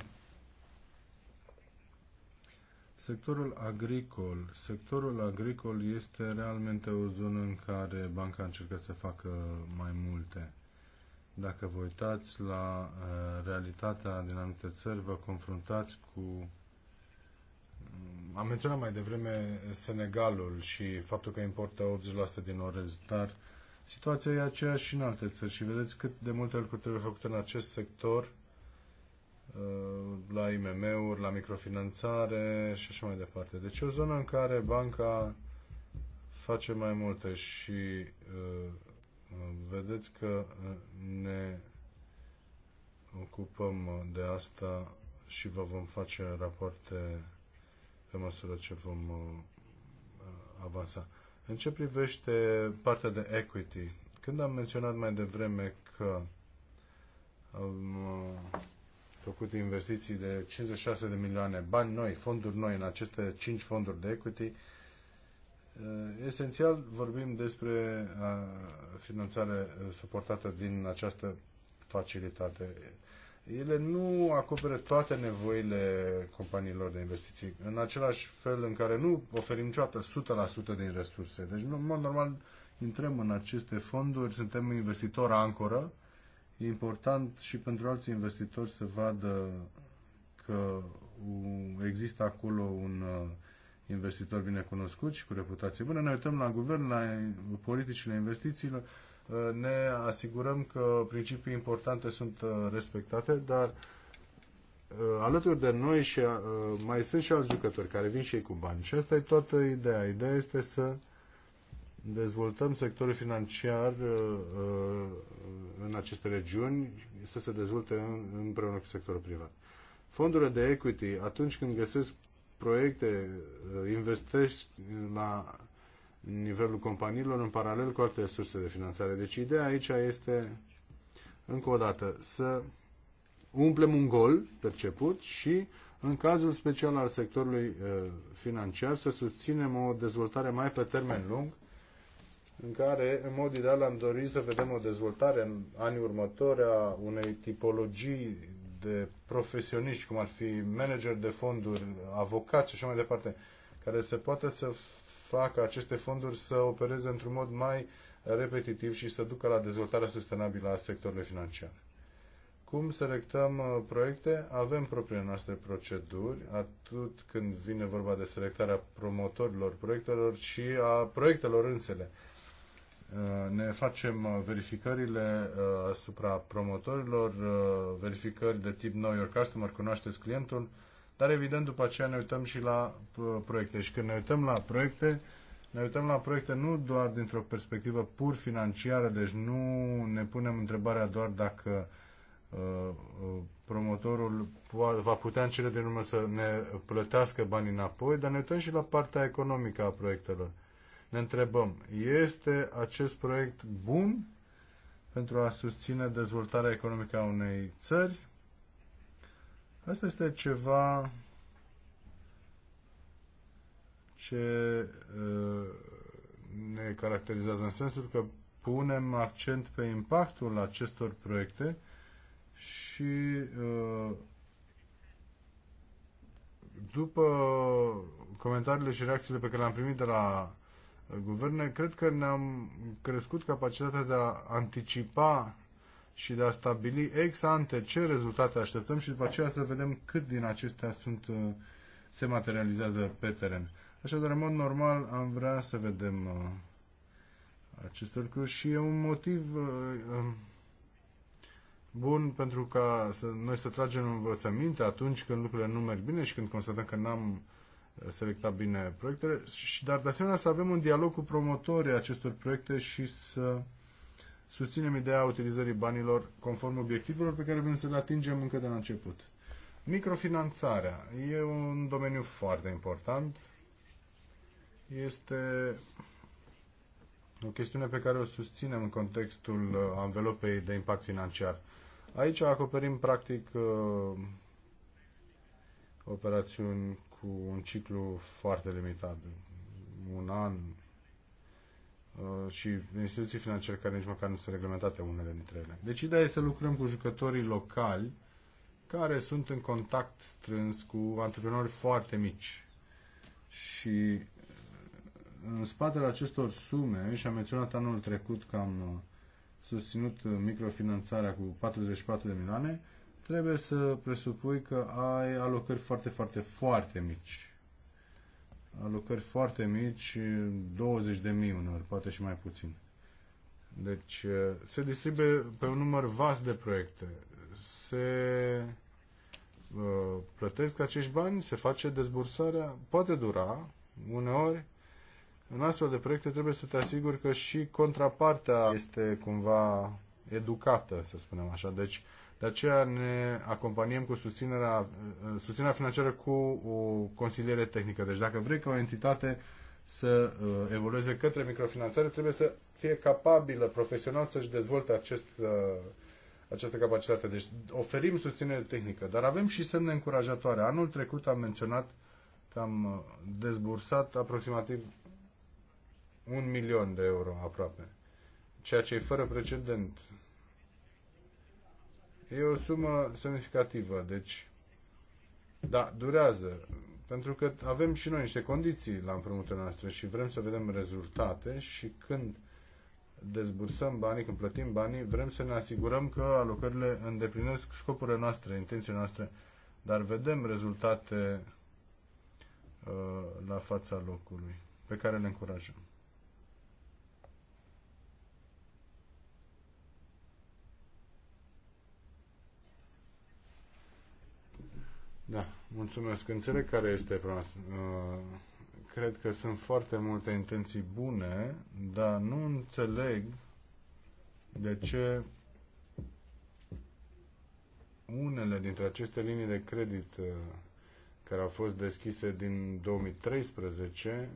sectorul agricol. Sectorul agricol este realmente o zonă în care banca încercă să facă mai multe. Dacă vă uitați la uh, realitatea din anumite țări, vă confruntați cu am menționat mai devreme Senegalul și faptul că importă 80% din orez, dar situația e aceeași și în alte țări și vedeți cât de multe lucruri trebuie făcute în acest sector uh, la IMM-uri, la microfinanțare și așa mai departe. Deci e o zonă în care banca face mai multe și uh, vedeți că uh, ne ocupăm de asta și vă vom face rapoarte pe măsură ce vom uh, uh, avansa. În ce privește partea de equity, când am menționat mai devreme că am uh, făcut investiții de 56 de milioane, bani noi, fonduri noi în aceste 5 fonduri de equity, esențial vorbim despre finanțare suportată din această facilitate ele nu acoperă toate nevoile companiilor de investiții, în același fel în care nu oferim niciodată 100% din resurse. Deci, în mod normal, intrăm în aceste fonduri, suntem investitori ancoră. E important și pentru alții investitori să vadă că există acolo un uh, investitor bine cunoscut și cu reputație bună. Ne uităm la guvern, la politicile investițiilor Uh, ne asigurăm că principii importante sunt uh, respectate, dar uh, alături de noi și mai sunt și alți jucători care vin și ei cu bani. Și asta e toată ideea. Ideea este să dezvoltăm sectorul financiar în aceste regiuni să se dezvolte împreună cu sectorul privat. Fondurile de equity, atunci când găsesc proiecte, investești la nivelul companiilor în paralel cu alte surse de finanțare. Deci ideea aici este, încă o dată, să umplem un gol perceput și, în cazul special al sectorului uh, financiar, să susținem o dezvoltare mai pe termen lung, în care, în mod ideal, am dorit să vedem o dezvoltare în anii următori a unei tipologii de profesioniști, cum ar fi manager de fonduri, avocați și așa mai departe, care se poate să facă aceste fonduri să opereze într-un mod mai repetitiv și să ducă la dezvoltarea sustenabilă a sectorului financiar. Cum selectăm uh, proiecte? Avem propriile noastre proceduri, atât când vine vorba de selectarea promotorilor proiectelor și a proiectelor însele. Uh, ne facem uh, verificările asupra promotorilor, verificări de tip Know Your Customer, cunoașteți clientul, dar evident după aceea ne uităm și la uh, proiecte. Și când ne uităm la proiecte, ne uităm la proiecte nu doar dintr-o perspectivă pur financiară, deci nu ne punem întrebarea doar dacă uh, uh, promotorul va putea în cele din urmă să ne plătească banii înapoi, dar ne uităm și la partea economică a proiectelor. Ne întrebăm, este acest proiect bun pentru a susține dezvoltarea economică a unei țări? Asta este ceva ce uh, ne caracterizează în sensul că punem accent pe impactul acestor proiecte și uh, după comentariile și reacțiile pe care le-am primit de la guverne, cred că ne-am crescut capacitatea de a anticipa și de a stabili ex ante ce rezultate așteptăm și după aceea să vedem cât din acestea sunt, uh, se materializează pe teren. Așadar, în mod normal, am vrea să vedem uh, aceste lucruri și e un motiv uh, um, bun pentru ca să, noi să tragem învățăminte atunci când lucrurile nu merg bine și când constatăm că n-am selectat bine proiectele, și, dar de asemenea să avem un dialog cu promotorii acestor proiecte și să susținem ideea utilizării banilor conform obiectivelor pe care vrem să le atingem încă de la început. Microfinanțarea e un domeniu foarte important. Este o chestiune pe care o susținem în contextul uh, anvelopei de impact financiar. Aici acoperim practic uh, operațiuni cu un ciclu foarte limitat, un an, Uh, și instituții financiare care nici măcar nu sunt reglementate unele dintre ele. Deci ideea e să lucrăm cu jucătorii locali care sunt în contact strâns cu antreprenori foarte mici. Și uh, în spatele acestor sume, și am menționat anul trecut că am uh, susținut microfinanțarea cu 44 de milioane, trebuie să presupui că ai alocări foarte, foarte, foarte mici alocări foarte mici, 20 de mii uneori, poate și mai puțin. Deci eh, se distribuie pe un număr vast de proiecte. Se eh, plătesc acești bani, se face dezbursarea, poate dura, uneori, în astfel de proiecte trebuie să te asiguri că și contrapartea este cumva educată, să spunem așa. Deci de aceea ne acompaniem cu susținerea, susținerea financiară cu o consiliere tehnică. Deci dacă vrei ca o entitate să uh, evolueze către microfinanțare, trebuie să fie capabilă profesional să-și dezvolte acest, uh, această capacitate. Deci oferim susținere tehnică, dar avem și semne încurajatoare. Anul trecut am menționat că am uh, dezbursat aproximativ un milion de euro aproape, ceea ce e fără precedent E o sumă semnificativă, deci, da, durează, pentru că avem și noi niște condiții la împrumuturile noastre și vrem să vedem rezultate și când dezbursăm banii, când plătim banii, vrem să ne asigurăm că alocările îndeplinesc scopurile noastre, intențiile noastre, dar vedem rezultate uh, la fața locului pe care le încurajăm. Da, mulțumesc. Înțeleg care este problema. Uh, cred că sunt foarte multe intenții bune, dar nu înțeleg de ce unele dintre aceste linii de credit uh, care au fost deschise din 2013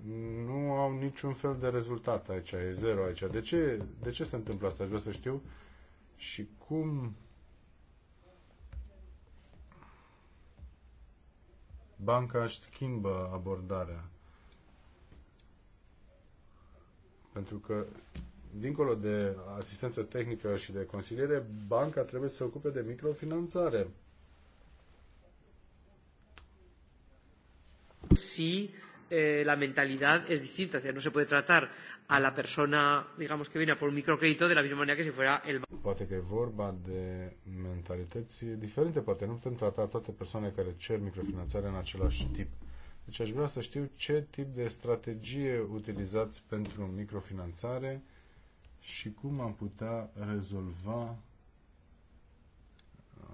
nu au niciun fel de rezultat aici, e zero aici. De ce, de ce se întâmplă asta? Aș vrea să știu și cum banca își schimbă abordarea. Pentru că, dincolo de asistență tehnică și de consiliere, banca trebuie să se ocupe de microfinanțare. Sí, eh, la mentalidad es distinta, o sea, no se puede tratar a la persona, digamos, que vine por un microcrédito de la misma manera que si fuera el Poate că e vorba de mentalități diferite, poate nu putem trata toate persoanele care cer microfinanțare în același tip. Deci aș vrea să știu ce tip de strategie utilizați pentru microfinanțare și cum am putea rezolva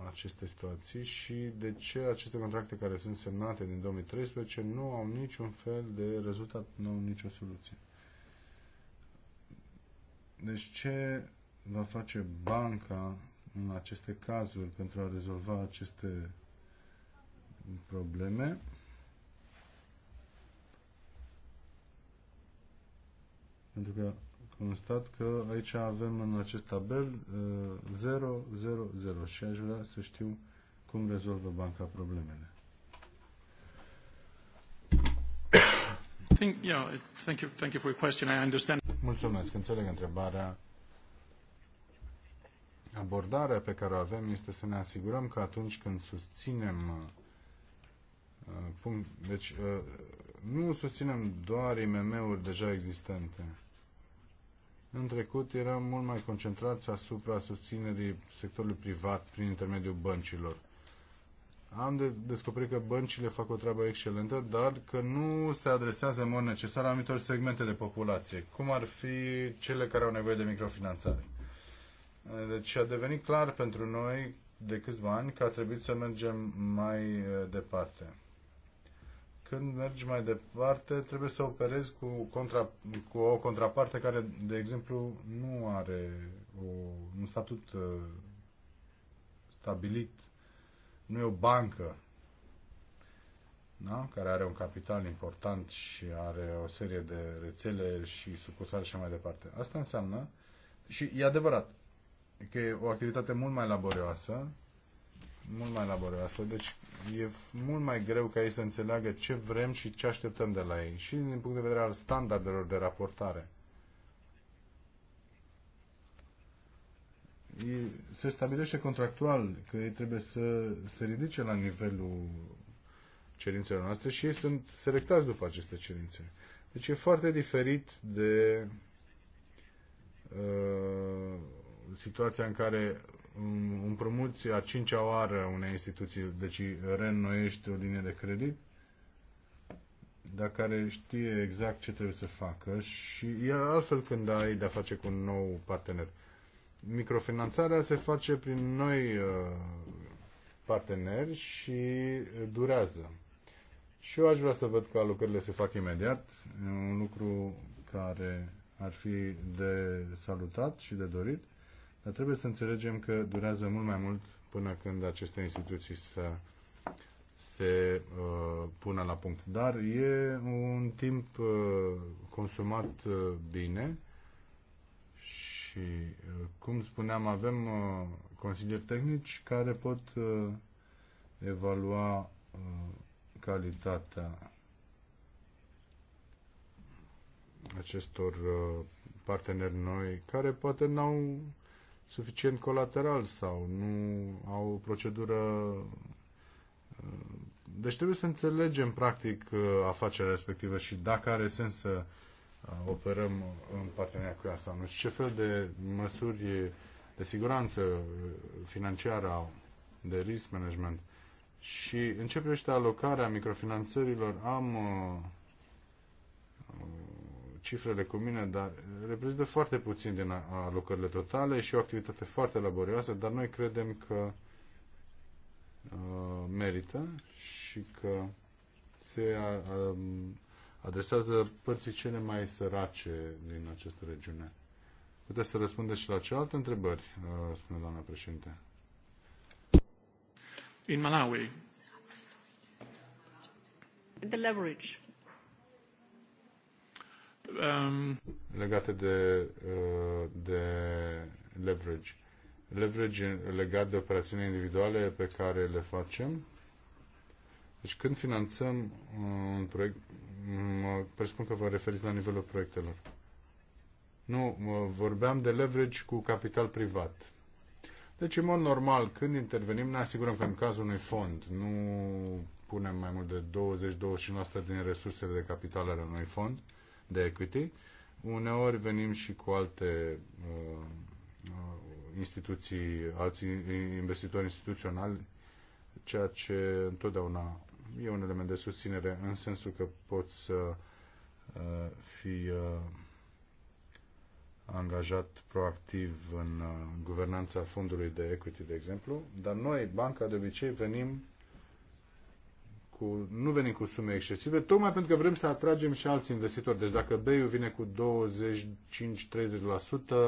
aceste situații și de ce aceste contracte care sunt semnate din 2013 nu au niciun fel de rezultat, nu au nicio soluție. Deci ce va face banca în aceste cazuri pentru a rezolva aceste probleme? Pentru că constat că aici avem în acest tabel 0, 0, 0 și aș vrea să știu cum rezolvă banca problemele. Thank, yeah, thank you, thank you for your question. I understand. Mulțumesc, înțeleg întrebarea. Abordarea pe care o avem este să ne asigurăm că atunci când susținem uh, punct, deci uh, nu susținem doar IMM-uri deja existente. În trecut eram mult mai concentrați asupra susținerii sectorului privat prin intermediul băncilor am de descoperit că băncile fac o treabă excelentă, dar că nu se adresează în mod necesar anumitor segmente de populație, cum ar fi cele care au nevoie de microfinanțare. Deci a devenit clar pentru noi de câțiva ani că a trebuit să mergem mai eh, departe. Când mergi mai departe, trebuie să operezi cu, contra, cu o contraparte care, de exemplu, nu are o, un statut eh, stabilit nu e o bancă da? care are un capital important și are o serie de rețele și sucursale și mai departe. Asta înseamnă, și e adevărat, că e o activitate mult mai laborioasă, mult mai laborioasă, deci e mult mai greu ca ei să înțeleagă ce vrem și ce așteptăm de la ei, și din punct de vedere al standardelor de raportare. se stabilește contractual că ei trebuie să se ridice la nivelul cerințelor noastre și ei sunt selectați după aceste cerințe. Deci e foarte diferit de uh, situația în care împrumuți a cincea oară unei instituții, deci reînnoiești o linie de credit, dar care știe exact ce trebuie să facă și e altfel când ai de-a face cu un nou partener. Microfinanțarea se face prin noi uh, parteneri și durează. Și eu aș vrea să văd că lucrurile se fac imediat, e un lucru care ar fi de salutat și de dorit, dar trebuie să înțelegem că durează mult mai mult până când aceste instituții să se uh, pună la punct. Dar e un timp uh, consumat uh, bine și, uh, cum spuneam, avem uh, consilieri tehnici care pot uh, evalua calitatea acestor parteneri noi care poate n-au suficient colateral sau nu au o procedură. Deci trebuie să înțelegem practic afacerea respectivă și dacă are sens să operăm în parteneria cu ea sau nu. Și deci, ce fel de măsuri de siguranță financiară au, de risk management. Și în ce privește alocarea microfinanțărilor, am uh, uh cifrele cu mine, dar reprezintă foarte puțin din alocările totale și o activitate foarte laborioasă, dar noi credem că uh, merită și că se uh, adresează părții cele mai sărace din această regiune. Puteți să răspundeți și la cealaltă întrebări, uh, spune doamna președinte. In Malawi. The leverage. Um... Legate de, uh, de leverage. Leverage legat de operațiuni individuale pe care le facem deci când finanțăm uh, un proiect, mă presupun că vă referiți la nivelul proiectelor. Nu, vorbeam de leverage cu capital privat. Deci, în mod normal, când intervenim, ne asigurăm că în cazul unui fond nu punem mai mult de 20-25% din resursele de capital ale unui fond de equity. Uneori venim și cu alte uh, uh instituții, alți investitori instituționali, ceea ce întotdeauna e un element de susținere în sensul că poți să uh, fii uh, angajat proactiv în uh, guvernanța fondului de equity, de exemplu, dar noi, banca, de obicei venim cu, nu venim cu sume excesive, tocmai pentru că vrem să atragem și alți investitori. Deci dacă bei vine cu 25-30%,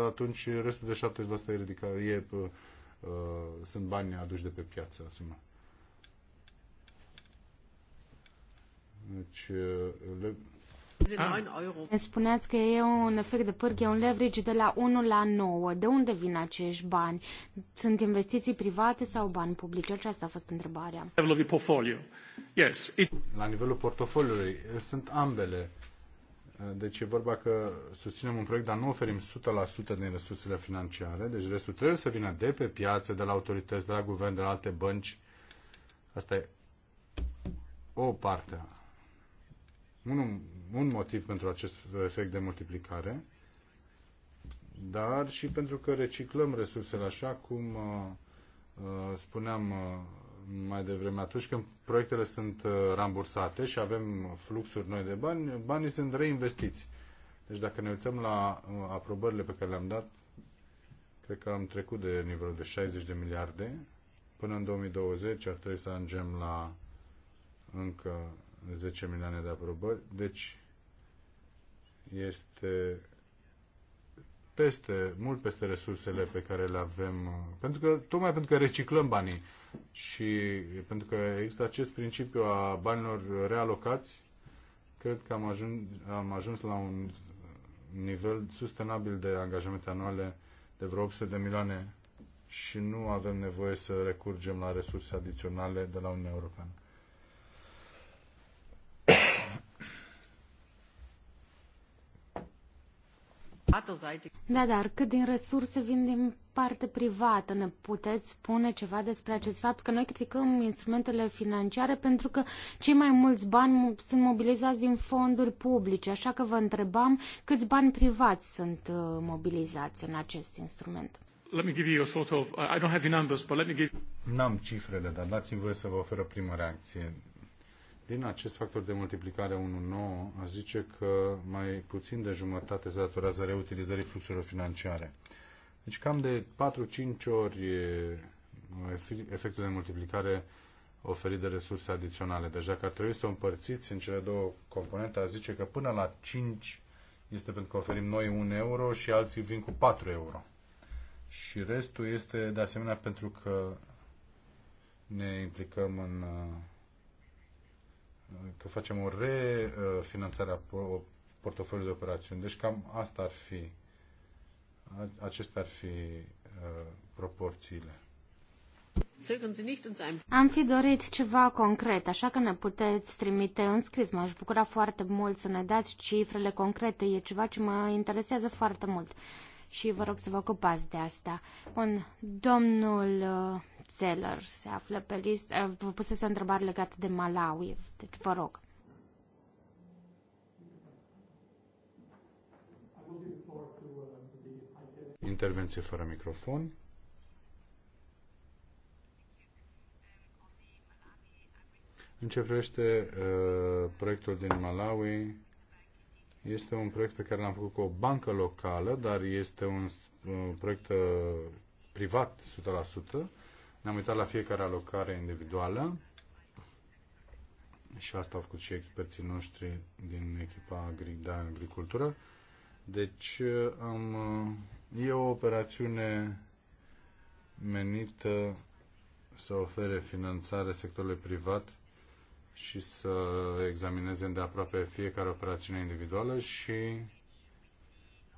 atunci restul de 70% e, ridicat, e, uh, sunt bani aduși de pe piață, asuma. Deci, uh, le... Ah. spuneați că e un efect de pârghie, un leverage de la 1 la 9. De unde vin acești bani? Sunt investiții private sau bani publici? Aceasta a fost întrebarea. La nivelul portofoliului uh, sunt ambele. Uh, deci e vorba că susținem un proiect, dar nu oferim 100% din resursele financiare, deci restul trebuie să vină de pe piață, de la autorități, de la guvern, de la alte bănci. Asta e o parte un, un motiv pentru acest efect de multiplicare, dar și pentru că reciclăm resursele așa cum uh, uh spuneam uh, mai devreme, atunci când proiectele sunt uh, rambursate și avem fluxuri noi de bani, banii sunt reinvestiți. Deci dacă ne uităm la uh, aprobările pe care le-am dat, cred că am trecut de nivelul de 60 de miliarde. Până în 2020 ar trebui să ajungem la încă 10 milioane de aprobări, deci este peste, mult peste resursele pe care le avem, pentru că, tocmai pentru că reciclăm banii și pentru că există acest principiu a banilor realocați, cred că am ajuns, am ajuns la un nivel sustenabil de angajamente anuale de vreo 800 de milioane și nu avem nevoie să recurgem la resurse adiționale de la Uniunea Europeană. Da, dar cât din resurse vin din parte privată? Ne puteți spune ceva despre acest fapt? Că noi criticăm instrumentele financiare pentru că cei mai mulți bani sunt mobilizați din fonduri publice, așa că vă întrebam câți bani privați sunt uh, mobilizați în acest instrument. Let me give you a sort of, I don't have numbers, but let me give... N-am cifrele, dar dați-mi voie să vă ofer o primă reacție. Din acest factor de multiplicare 1,9 zice că mai puțin de jumătate se datorează reutilizării fluxurilor financiare. Deci cam de 4-5 ori efectul de multiplicare oferit de resurse adiționale. Deci dacă ar trebui să o împărțiți în cele două componente, a zice că până la 5 este pentru că oferim noi 1 euro și alții vin cu 4 euro. Și restul este de asemenea pentru că ne implicăm în uh, că facem o refinanțare a portofoliului de operațiuni. Deci cam asta ar fi, acestea ar fi uh, proporțiile. Am fi dorit ceva concret, așa că ne puteți trimite în scris. M-aș bucura foarte mult să ne dați cifrele concrete. E ceva ce mă interesează foarte mult și vă rog să vă ocupați de asta. Bun, domnul uh, Zeller se află pe listă. Eh, vă pusese o întrebare legată de Malawi, deci vă rog. Intervenție fără microfon. În ce privește uh, proiectul din Malawi, este un proiect pe care l-am făcut cu o bancă locală, dar este un un proiect uh, privat 100%. Ne-am uitat la fiecare alocare individuală și asta au făcut și experții noștri din echipa de agricultură. Deci am, e o operațiune menită să ofere finanțare sectorului privat și să examineze aproape fiecare operațiune individuală și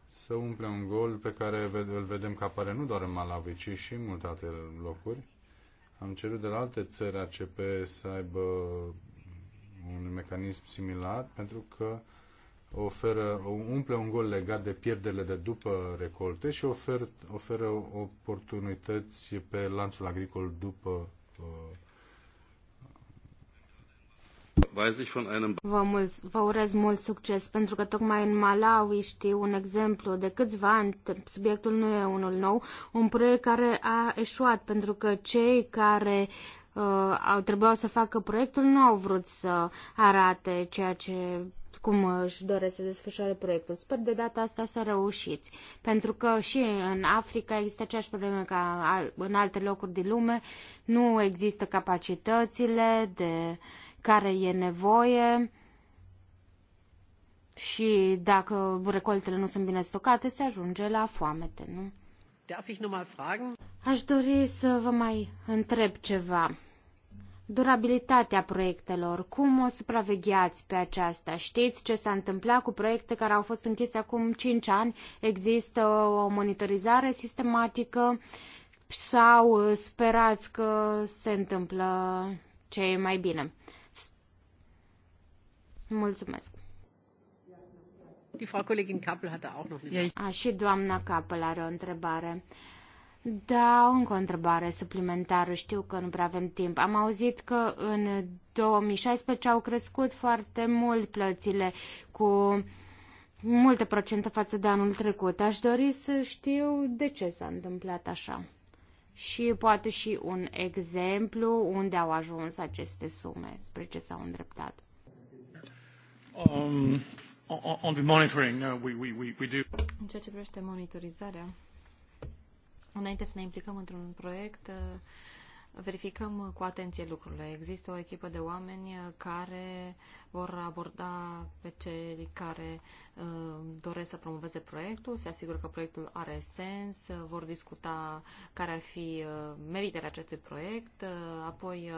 să umple un gol pe care îl vedem că apare nu doar în Malawi, ci și în multe alte locuri. Am cerut de la alte țări ACP să aibă un mecanism similar pentru că oferă, umple un gol legat de pierderile de după recolte și ofer, oferă oportunități pe lanțul agricol după uh, Vă, mul- vă urez mult succes, pentru că tocmai în Malawi știu un exemplu de câțiva ani, subiectul nu e unul nou, un proiect care a eșuat, pentru că cei care uh, au să facă proiectul nu au vrut să arate ceea ce cum își doresc să desfășoare proiectul. Sper de data asta să reușiți, pentru că și în Africa există aceeași probleme ca în alte locuri din lume, nu există capacitățile de care e nevoie și dacă recoltele nu sunt bine stocate, se ajunge la foamete, nu? Aș dori să vă mai întreb ceva. Durabilitatea proiectelor, cum o supravegheați pe aceasta? Știți ce s-a întâmplat cu proiecte care au fost închise acum 5 ani? Există o monitorizare sistematică sau sperați că se întâmplă ce e mai bine? Mulțumesc. A, și doamna Capel are o întrebare. Da, încă o întrebare suplimentară. Știu că nu prea avem timp. Am auzit că în 2016 au crescut foarte mult plățile cu multe procente față de anul trecut. Aș dori să știu de ce s-a întâmplat așa. Și poate și un exemplu unde au ajuns aceste sume, spre ce s-au îndreptat. Um, on the monitoring, no, uh, we, do. În ceea ce privește monitorizarea, înainte să ne implicăm într-un proiect, uh, verificăm cu atenție lucrurile. Există o echipă de oameni uh, care vor aborda pe cei care doresc să promoveze proiectul, se asigură că proiectul are sens, vor discuta care ar fi meritele acestui proiect, apoi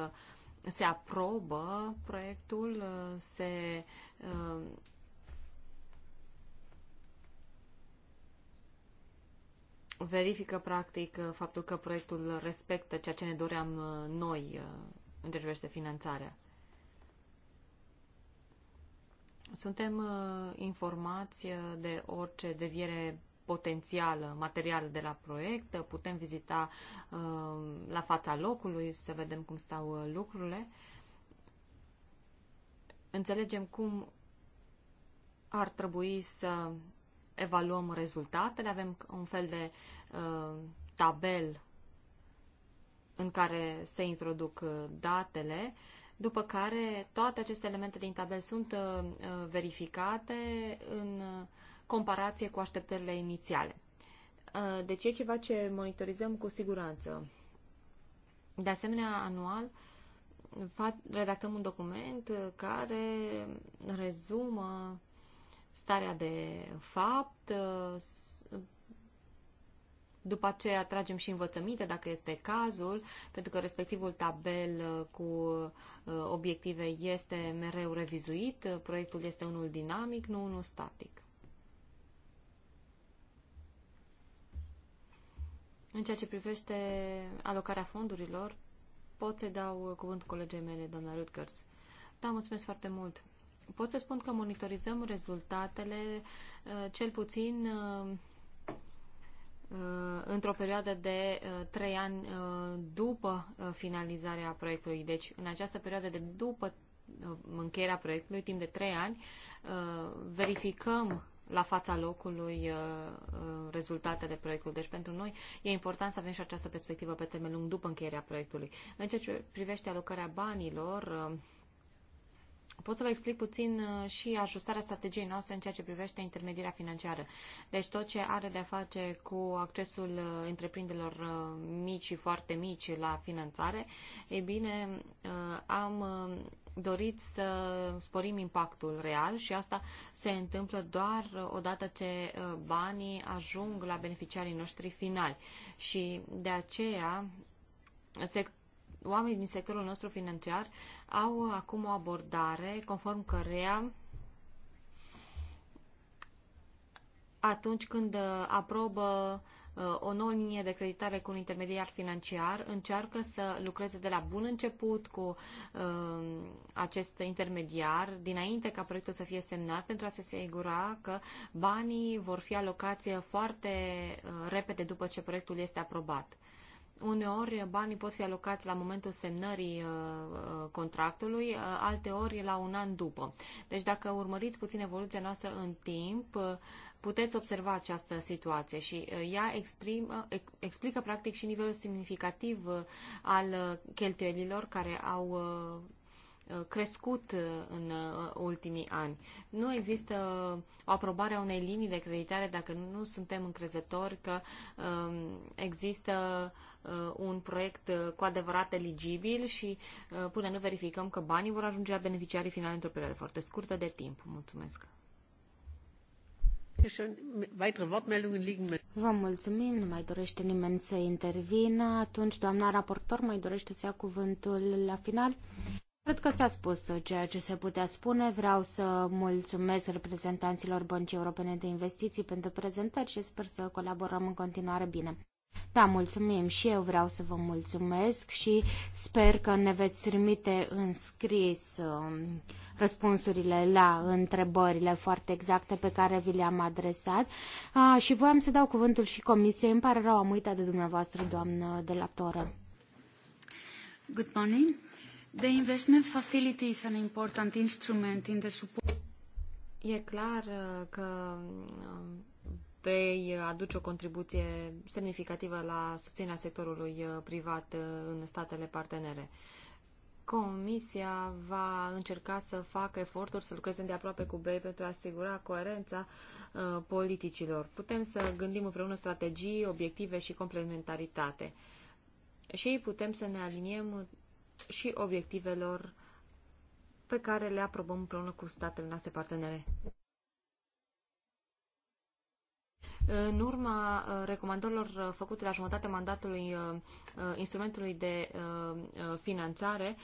se aprobă proiectul, uh, se uh, verifică practic uh, faptul că proiectul respectă ceea ce ne doream noi în ce privește finanțarea. Suntem informați de orice deviere potențială, materială de la proiect, putem vizita uh, la fața locului să vedem cum stau uh, lucrurile. Înțelegem cum ar trebui să evaluăm rezultatele, avem un fel de uh, tabel în care se introduc datele, după care toate aceste elemente din tabel sunt verificate în uh, comparație cu așteptările inițiale. Uh, deci e ceva ce monitorizăm cu siguranță. De asemenea, anual redactăm un document uh, care rezumă starea de fapt, uh, după aceea tragem și învățăminte, dacă este cazul, pentru că respectivul tabel cu obiective este mereu revizuit, proiectul este unul dinamic, nu unul static. În ceea ce privește alocarea fondurilor, pot să dau cuvânt colegei mele, doamna Rutgers. Da, mulțumesc foarte mult. Pot să spun că monitorizăm rezultatele uh, cel puțin uh, uh, într-o perioadă de trei ani după finalizarea proiectului. Deci, în această perioadă de după încheierea proiectului, timp de trei ani, verificăm la fața locului uh, uh, rezultatele proiectului. Deci pentru noi e important să avem și această perspectivă pe termen lung după încheierea proiectului. În ceea ce privește alocarea banilor, uh, Pot să vă explic puțin și ajustarea strategiei noastre în ceea ce privește intermedierea financiară. Deci tot ce are de-a face cu accesul întreprinderilor mici și foarte mici la finanțare, e bine, am dorit să sporim impactul real și asta se întâmplă doar odată ce uh, banii ajung la beneficiarii noștri finali. Și de aceea oamenii din sectorul nostru financiar au acum o abordare conform cărea atunci când uh, aprobă uh, o nouă linie de creditare cu un intermediar financiar, încearcă să lucreze de la bun început cu um, acest intermediar, dinainte ca proiectul să fie semnat, pentru a se asigura că banii vor fi alocați foarte uh, repede după ce proiectul este aprobat uneori banii pot fi alocați la momentul semnării uh, uh, contractului, alteori la un an după. Deci dacă urmăriți puțin evoluția noastră în timp, puteți observa această situație și uh, ea exprimă, uh, explică practic și nivelul semnificativ uh, al cheltuielilor care au crescut în ultimii ani. Nu există o aprobare a unei linii de creditare dacă nu suntem încrezători că um, există un proiect cu adevărat eligibil și până nu verificăm că banii vor ajunge la beneficiarii finali într-o perioadă foarte scurtă de timp. Mulțumesc! Vă mulțumim, nu mai dorește nimeni să intervină. Atunci, doamna raportor, mai dorește să ia cuvântul la final? Cred că s-a spus ceea ce se putea spune. Vreau să mulțumesc reprezentanților Băncii Europene de Investiții pentru prezentări și sper să colaborăm în continuare bine. Da, mulțumim și eu vreau să vă mulțumesc și sper că ne veți trimite în scris um, răspunsurile la întrebările foarte exacte pe care vi le-am adresat. A, și voiam să dau cuvântul și comisiei. Îmi pare rău, am uitat de dumneavoastră, doamnă de la Toră. Good morning. The investment facility is an important instrument in the support... E clar uh, că um, Pay aduce o contribuție semnificativă la susținerea sectorului uh, privat uh, în statele partenere. Comisia va încerca să facă eforturi să lucreze de aproape cu BEI pentru a asigura coerența uh, politicilor. Putem să gândim împreună strategii, obiective și complementaritate. Și putem să ne aliniem și obiectivelor pe care le aprobăm împreună cu statele noastre partenere. În urma uh, recomandărilor uh, făcute la jumătatea mandatului uh, instrumentului de finanțare,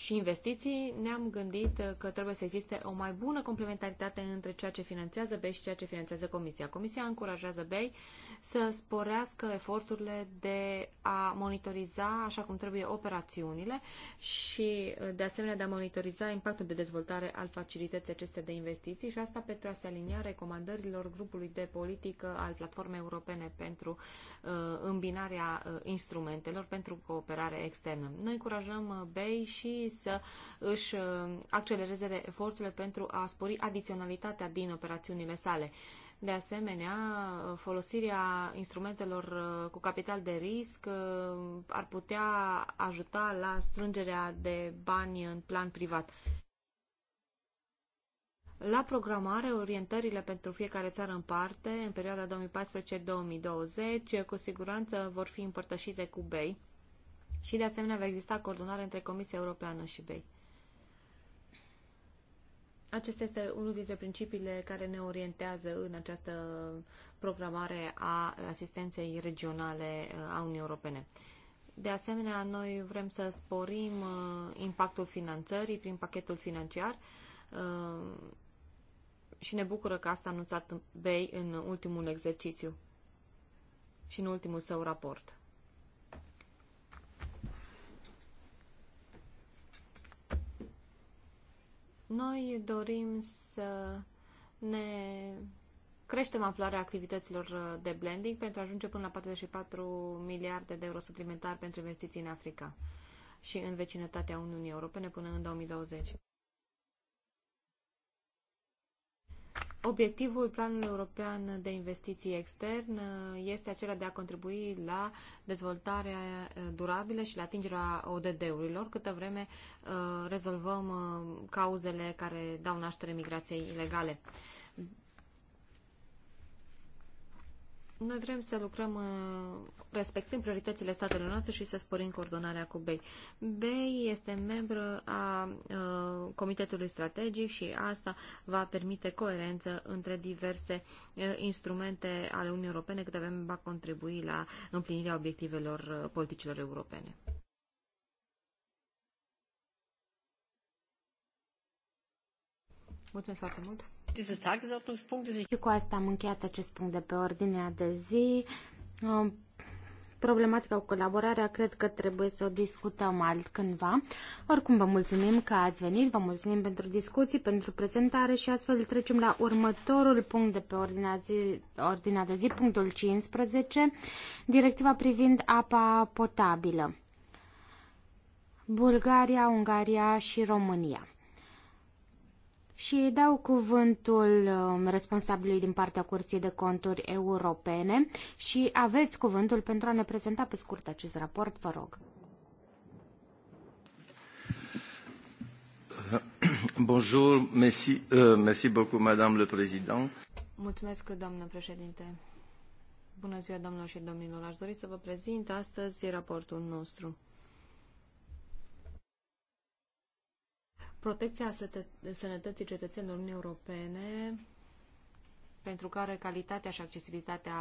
și investiții, ne-am gândit că trebuie să existe o mai bună complementaritate între ceea ce finanțează BEI și ceea ce finanțează Comisia. Comisia încurajează BEI să sporească eforturile de a monitoriza așa cum trebuie operațiunile și de asemenea de a monitoriza impactul de dezvoltare al facilității acestea de investiții și asta pentru a se alinia recomandărilor grupului de politică al Platformei Europene pentru uh, îmbinarea uh, instrumentelor pentru cooperare externă. Noi încurajăm uh, BEI și să își uh, accelereze eforturile pentru a spori adiționalitatea din operațiunile sale. De asemenea, uh, folosirea instrumentelor uh, cu capital de risc ar putea ajuta la strângerea de bani în plan privat. La programare, orientările pentru fiecare țară în parte, în perioada 2014-2020, cu siguranță vor fi împărtășite cu BEI și de asemenea va exista coordonare între Comisia Europeană și BEI. Acesta este unul dintre principiile care ne orientează în această programare a asistenței regionale a Uniunii Europene. De asemenea, noi vrem să sporim uh, impactul finanțării prin pachetul financiar uh, și ne bucură că asta a anunțat BEI în ultimul exercițiu și în ultimul său raport. Noi dorim să ne creștem amploarea activităților de blending pentru a ajunge până la 44 miliarde de euro suplimentar pentru investiții în Africa și în vecinătatea Uniunii Europene până în 2020. Obiectivul Planului European de Investiții Extern uh, este acela de a contribui la dezvoltarea uh, durabilă și la atingerea ODD-urilor, câtă vreme uh, rezolvăm cauzele care dau naștere migrației ilegale. Noi vrem să lucrăm uh, respectând prioritățile statelor noastre și să sporim coordonarea cu BEI. BEI este membru a uh, Comitetului Strategic și asta va permite coerență între diverse uh, instrumente ale Uniunii Europene cât avem va contribui la împlinirea obiectivelor politicilor europene. Mulțumesc foarte mult! cu asta am încheiat acest punct de pe ordinea de zi. Um, problematica cu colaborarea cred că trebuie să o discutăm altcândva. Oricum vă mulțumim că ați venit, vă mulțumim pentru discuții, pentru prezentare și astfel trecem la următorul punct de pe ordinea, zi, ordinea de zi, punctul 15, directiva privind apa potabilă. Bulgaria, Ungaria și România și dau cuvântul um, responsabilului din partea Curții de Conturi Europene și aveți cuvântul pentru a ne prezenta pe scurt acest raport, vă rog. Bonjour, merci, euh, merci beaucoup, Madame le Président. Mulțumesc, doamnă președinte. Bună ziua, doamnelor și domnilor. Aș dori să vă prezint astăzi raportul nostru. protecția sănătății cetățenilor Uniunii Europene pentru care calitatea și accesibilitatea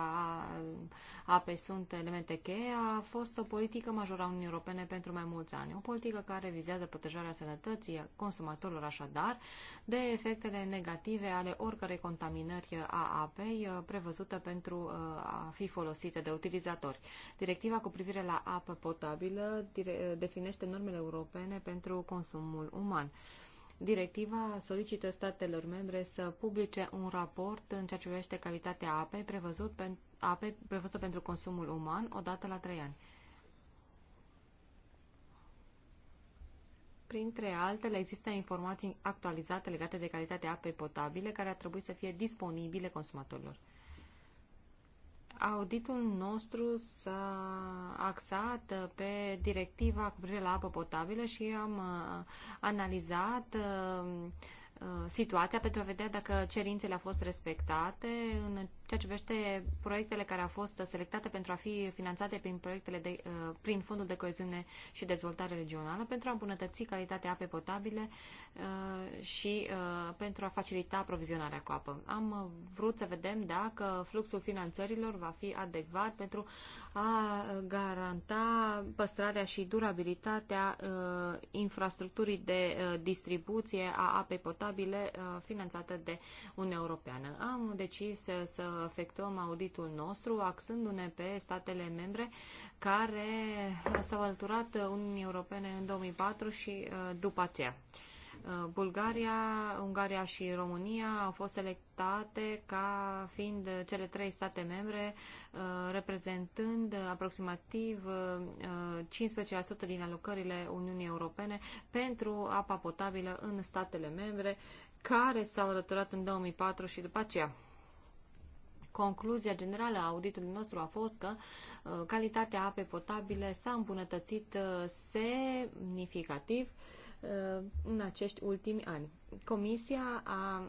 apei sunt elemente cheie, a fost o politică majoră a Uniunii Europene pentru mai mulți ani. O politică care vizează protejarea sănătății consumatorilor așadar de efectele negative ale oricărei contaminări a apei uh, prevăzută pentru uh, a fi folosită de utilizatori. Directiva cu privire la apă potabilă uh, definește normele europene pentru consumul uman. Directiva solicită statelor membre să publice un raport în ceea ce privește calitatea apei prevăzut pen, ape prevăzută pentru consumul uman o dată la trei ani. Printre altele, există informații actualizate legate de calitatea apei potabile care ar trebui să fie disponibile consumatorilor. Auditul nostru s-a axat pe directiva cu privire la apă potabilă și am uh, analizat uh, Uh, situația pentru a vedea dacă cerințele au fost respectate în ceea ce privește proiectele care au fost selectate pentru a fi finanțate prin proiectele de, uh, prin Fondul de Coeziune și Dezvoltare Regională pentru a îmbunătăți calitatea apei potabile uh, și pentru a facilita aprovizionarea cu apă. Am vrut să vedem dacă fluxul finanțărilor va fi adecvat pentru a garanta păstrarea și durabilitatea infrastructurii de distribuție a apei potabile contabile uh, finanțată de Uniunea Europeană. Am decis să efectuăm auditul nostru axându-ne pe statele membre care s-au alturat Uniunii Europene în 2004 și uh, după aceea. Uh, Bulgaria, Ungaria și România au fost selectate ca fiind cele trei state membre, uh, reprezentând aproximativ 15% uh, din alocările Uniunii Europene pentru apa potabilă în statele membre care s-au alăturat în 2004 și după aceea. Concluzia generală a auditului nostru a fost că calitatea apei potabile s-a îmbunătățit semnificativ uh, Uh, în acești ultimi ani. Comisia a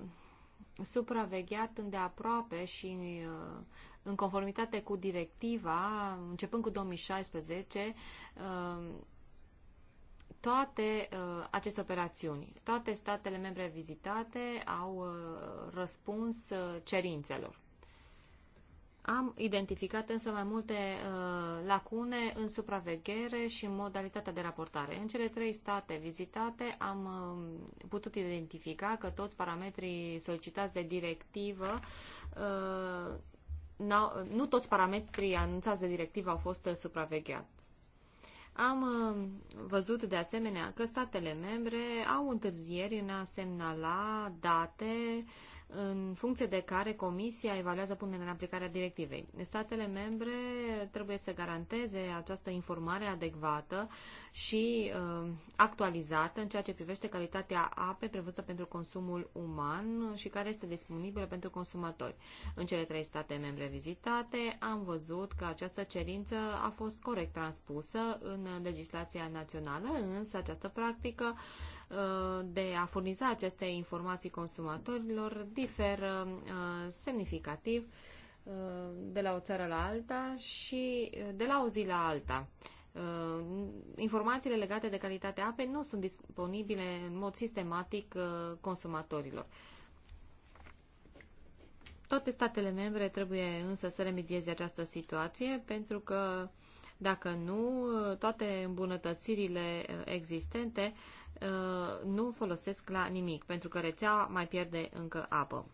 supravegheat îndeaproape și uh, în conformitate cu directiva, începând cu 2016, uh, toate aceste operațiuni, toate statele membre vizitate au răspuns cerințelor. Am identificat însă mai multe uh, lacune în supraveghere și în modalitatea de raportare. În cele trei state vizitate am uh, putut identifica că toți parametrii solicitați de directivă uh, nu toți parametrii anunțați de directivă au fost supravegheați. Am um, văzut de asemenea că statele membre au întârzieri în a semnala date uh, în funcție de care Comisia evaluează punerea în aplicare a directivei. Statele membre trebuie să garanteze această informare adecvată și uh, actualizată în ceea ce privește calitatea apei prevăzută pentru consumul uman și care este disponibilă pentru consumatori. În cele trei state membre vizitate am văzut că această cerință a fost corect transpusă în legislația națională, însă această practică uh, Uh, de a furniza aceste informații consumatorilor diferă uh, semnificativ uh, de la o țară la alta și de la o zi la alta. Informațiile legate de calitatea apei nu sunt disponibile în mod sistematic consumatorilor. Toate statele membre trebuie însă să remedieze această situație pentru că dacă nu, toate îmbunătățirile existente uh, Uh, nu folosesc la nimic, pentru că rețeaua mai pierde încă apă.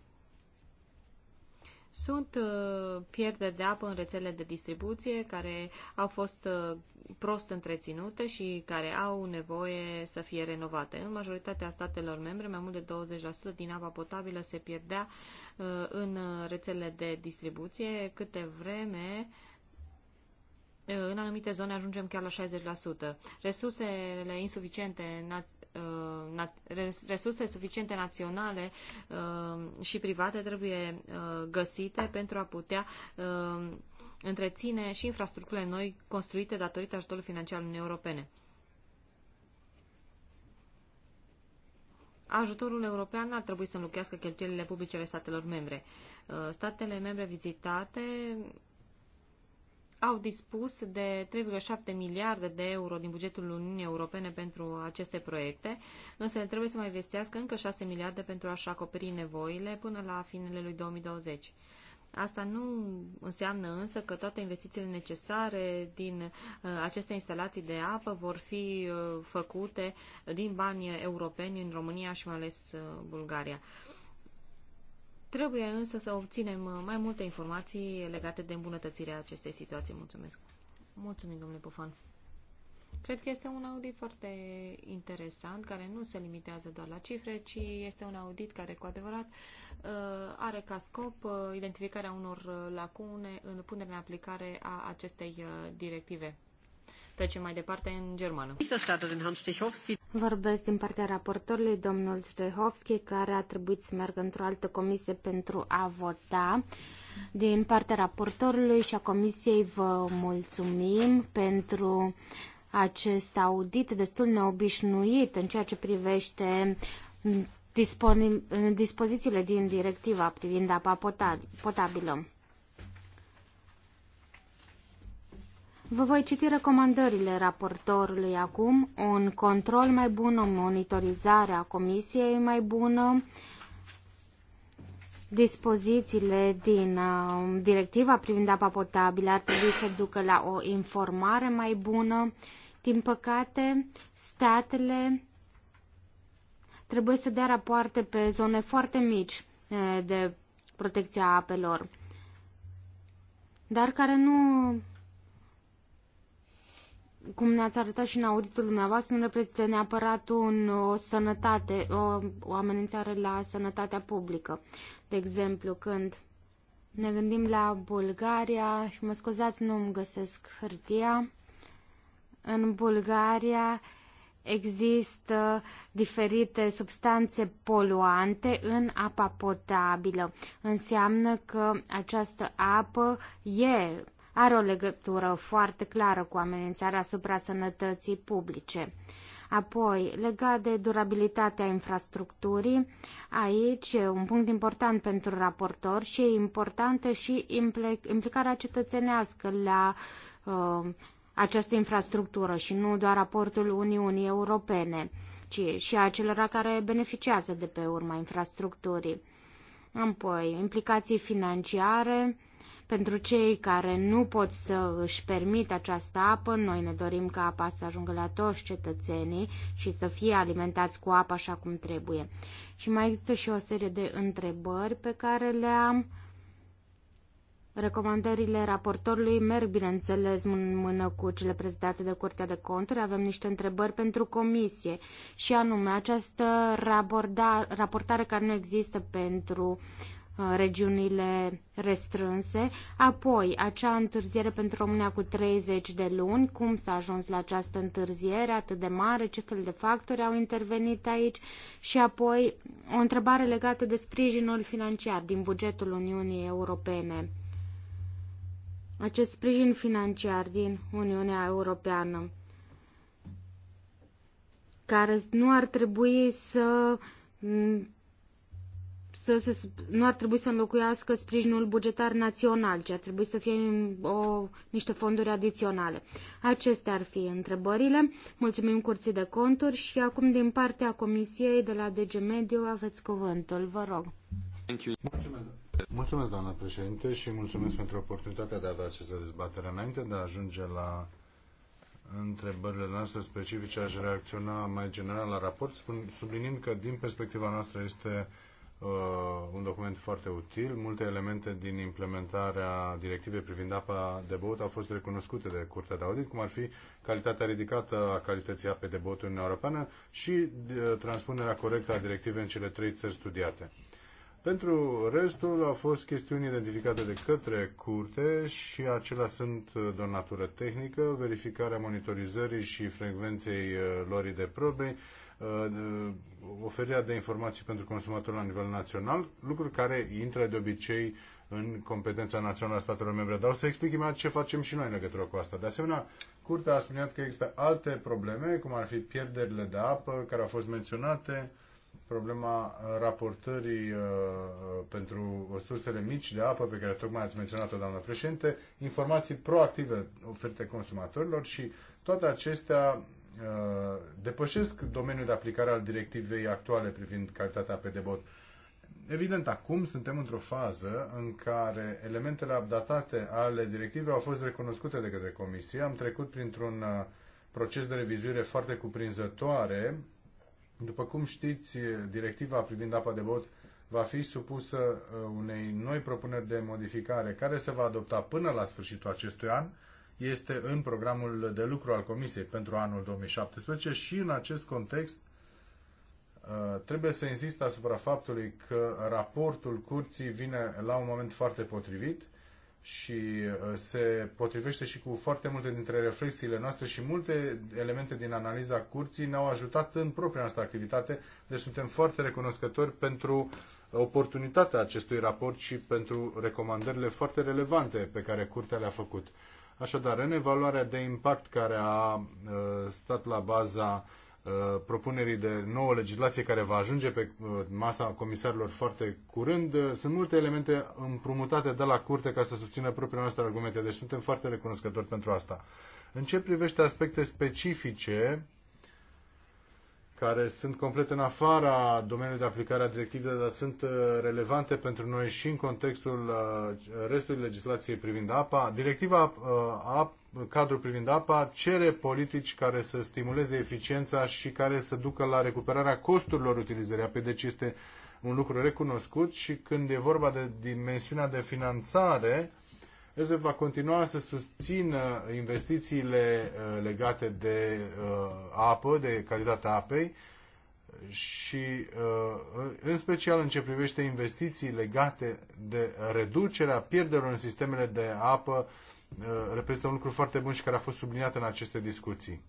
Sunt uh, pierderi de apă în rețele de distribuție care au fost uh, prost întreținute și care au nevoie să fie renovate. În majoritatea statelor membre, mai mult de 20% din apa potabilă se pierdea în rețelele de distribuție câte vreme uh, Eh, în anumite zone ajungem chiar la 60%. Resursele insuficiente eh, resurse suficiente naționale eh, și private trebuie găsite pentru a putea întreține și infrastructurile noi construite datorită ajutorului financiar al Uniunii Europene. Ajutorul european ar trebui să înlocuiască cheltuielile publice ale statelor membre. Statele membre vizitate au dispus de 3,7 miliarde de euro din bugetul Uniunii Europene pentru aceste proiecte, însă trebuie să mai investească încă 6 miliarde pentru a-și acoperi nevoile până la finele lui 2020. Asta nu înseamnă însă că toate investițiile necesare din uh, aceste instalații de apă vor fi uh, făcute din bani europeni în România și mai ales uh, Bulgaria. Trebuie însă să obținem uh, mai multe informații legate de îmbunătățirea acestei situații. Mulțumesc. Mulțumim, domnule Pufan. Cred că este un audit foarte interesant, care nu se limitează doar la cifre, ci este un audit care cu adevărat uh, are ca scop uh, identificarea unor lacune în punerea în aplicare a acestei directive. Trecem mai departe în germană. Vorbesc din partea raportorului, domnul Stehovski, care a trebuit să meargă într-o altă comisie pentru a vota. Din partea raportorului și a comisiei vă mulțumim pentru acest audit destul neobișnuit în ceea ce privește dispozițiile din directiva privind apa potabilă. Vă voi citi recomandările raportorului acum, un control mai bun, o monitorizare a comisiei mai bună, dispozițiile din uh, directiva privind apa potabilă ar trebui să ducă la o informare mai bună. Din păcate, statele trebuie să dea rapoarte pe zone foarte mici eh, de protecția apelor, dar care nu cum ne-ați arătat și în auditul dumneavoastră, nu reprezintă neapărat un, o sănătate, o, o amenințare la sănătatea publică. De exemplu, când ne gândim la Bulgaria și mă scuzați, nu îmi găsesc hârtia. În Bulgaria există diferite substanțe poluante în apa potabilă. Înseamnă că această apă e are o legătură foarte clară cu amenințarea asupra sănătății publice. Apoi, legat de durabilitatea infrastructurii, aici un punct important pentru raportor și e importantă și implicarea cetățenească la uh, această infrastructură și nu doar raportul Uniunii Europene, ci și a celor care beneficiază de pe urma infrastructurii. Apoi, implicații financiare, pentru cei care nu pot să își permit această apă, noi ne dorim ca apa să ajungă la toți cetățenii și să fie alimentați cu apă așa cum trebuie. Și mai există și o serie de întrebări pe care le-am. Recomandările raportorului merg, bineînțeles, în mână cu cele prezentate de Curtea de Conturi. Avem niște întrebări pentru comisie și anume această raportare care nu există pentru Uh, regiunile restrânse, apoi acea întârziere pentru România cu 30 de luni, cum s-a ajuns la această întârziere atât de mare, ce fel de factori au intervenit aici și apoi o întrebare legată de sprijinul financiar din bugetul Uniunii Europene. Acest sprijin financiar din Uniunea Europeană care nu ar trebui să să nu ar trebui să înlocuiască sprijinul bugetar național, ci ar trebui să fie o, niște fonduri adiționale. Acestea ar fi întrebările. Mulțumim curții de conturi și acum din partea Comisiei de la DG Mediu aveți cuvântul. Vă rog. Thank you. Mulțumesc. Mulțumesc, doamnă președinte, și mulțumesc pentru oportunitatea de a avea această dezbatere înainte de a ajunge la întrebările noastre specifice. Aș reacționa mai general la raport, sublinind că din perspectiva noastră este Uh, un document foarte util. Multe elemente din implementarea directivei privind apa de băut au fost recunoscute de Curtea de Audit, cum ar fi calitatea ridicată a calității apei de băut în Uniunea Europeană și uh, transpunerea corectă a directivei în cele trei țări studiate. Pentru restul au fost chestiuni identificate de către curte și acelea sunt uh, de o natură tehnică, verificarea monitorizării și frecvenței lorii de probe, Uh, oferirea de informații pentru consumator la nivel național, lucruri care intră de obicei în competența națională a statelor membre. Dar o să explic imediat ce facem și noi în legătură cu asta. De asemenea, Curtea a subliniat că există alte probleme, cum ar fi pierderile de apă, care au fost menționate, problema raportării uh, pentru uh, sursele mici de apă, pe care tocmai ați menționat-o, doamnă președinte, informații proactive oferite consumatorilor și toate acestea Uh, depășesc domeniul de aplicare al directivei actuale privind calitatea pe de bot. Evident, acum suntem într-o fază în care elementele updatate ale directivei au fost recunoscute de către Comisie. Am trecut printr-un uh, proces de revizuire foarte cuprinzătoare. După cum știți, directiva privind apa de bot va fi supusă uh, unei noi propuneri de modificare care se va adopta până la sfârșitul acestui an este în programul de lucru al Comisiei pentru anul 2017 și în acest context uh, trebuie să insist asupra faptului că raportul curții vine la un moment foarte potrivit și uh, se potrivește și cu foarte multe dintre reflexiile noastre și multe elemente din analiza curții ne-au ajutat în propria noastră activitate, deci suntem foarte recunoscători pentru oportunitatea acestui raport și pentru recomandările foarte relevante pe care curtea le-a făcut. Așadar, în evaluarea de impact care a uh, stat la baza uh, propunerii de nouă legislație care va ajunge pe uh, masa comisarilor foarte curând. Sunt multe elemente împrumutate de la curte ca să susțină propriile noastre argumente, deci suntem foarte recunoscători pentru asta. În ce privește aspecte specifice, care sunt complet în afara domeniului de aplicare a directivei, dar sunt uh, relevante pentru noi și în contextul uh, restului legislației privind apa. Directiva uh, cadrul cadru privind apa cere politici care să stimuleze eficiența și care să ducă la recuperarea costurilor utilizării apei. Deci este un lucru recunoscut și când e vorba de dimensiunea de finanțare, Ese va continua să susțină investițiile uh, legate de uh, apă, de calitatea apei și uh, în special în ce privește investiții legate de reducerea pierderilor în sistemele de apă reprezintă un lucru foarte bun și care a fost subliniat în aceste discuții.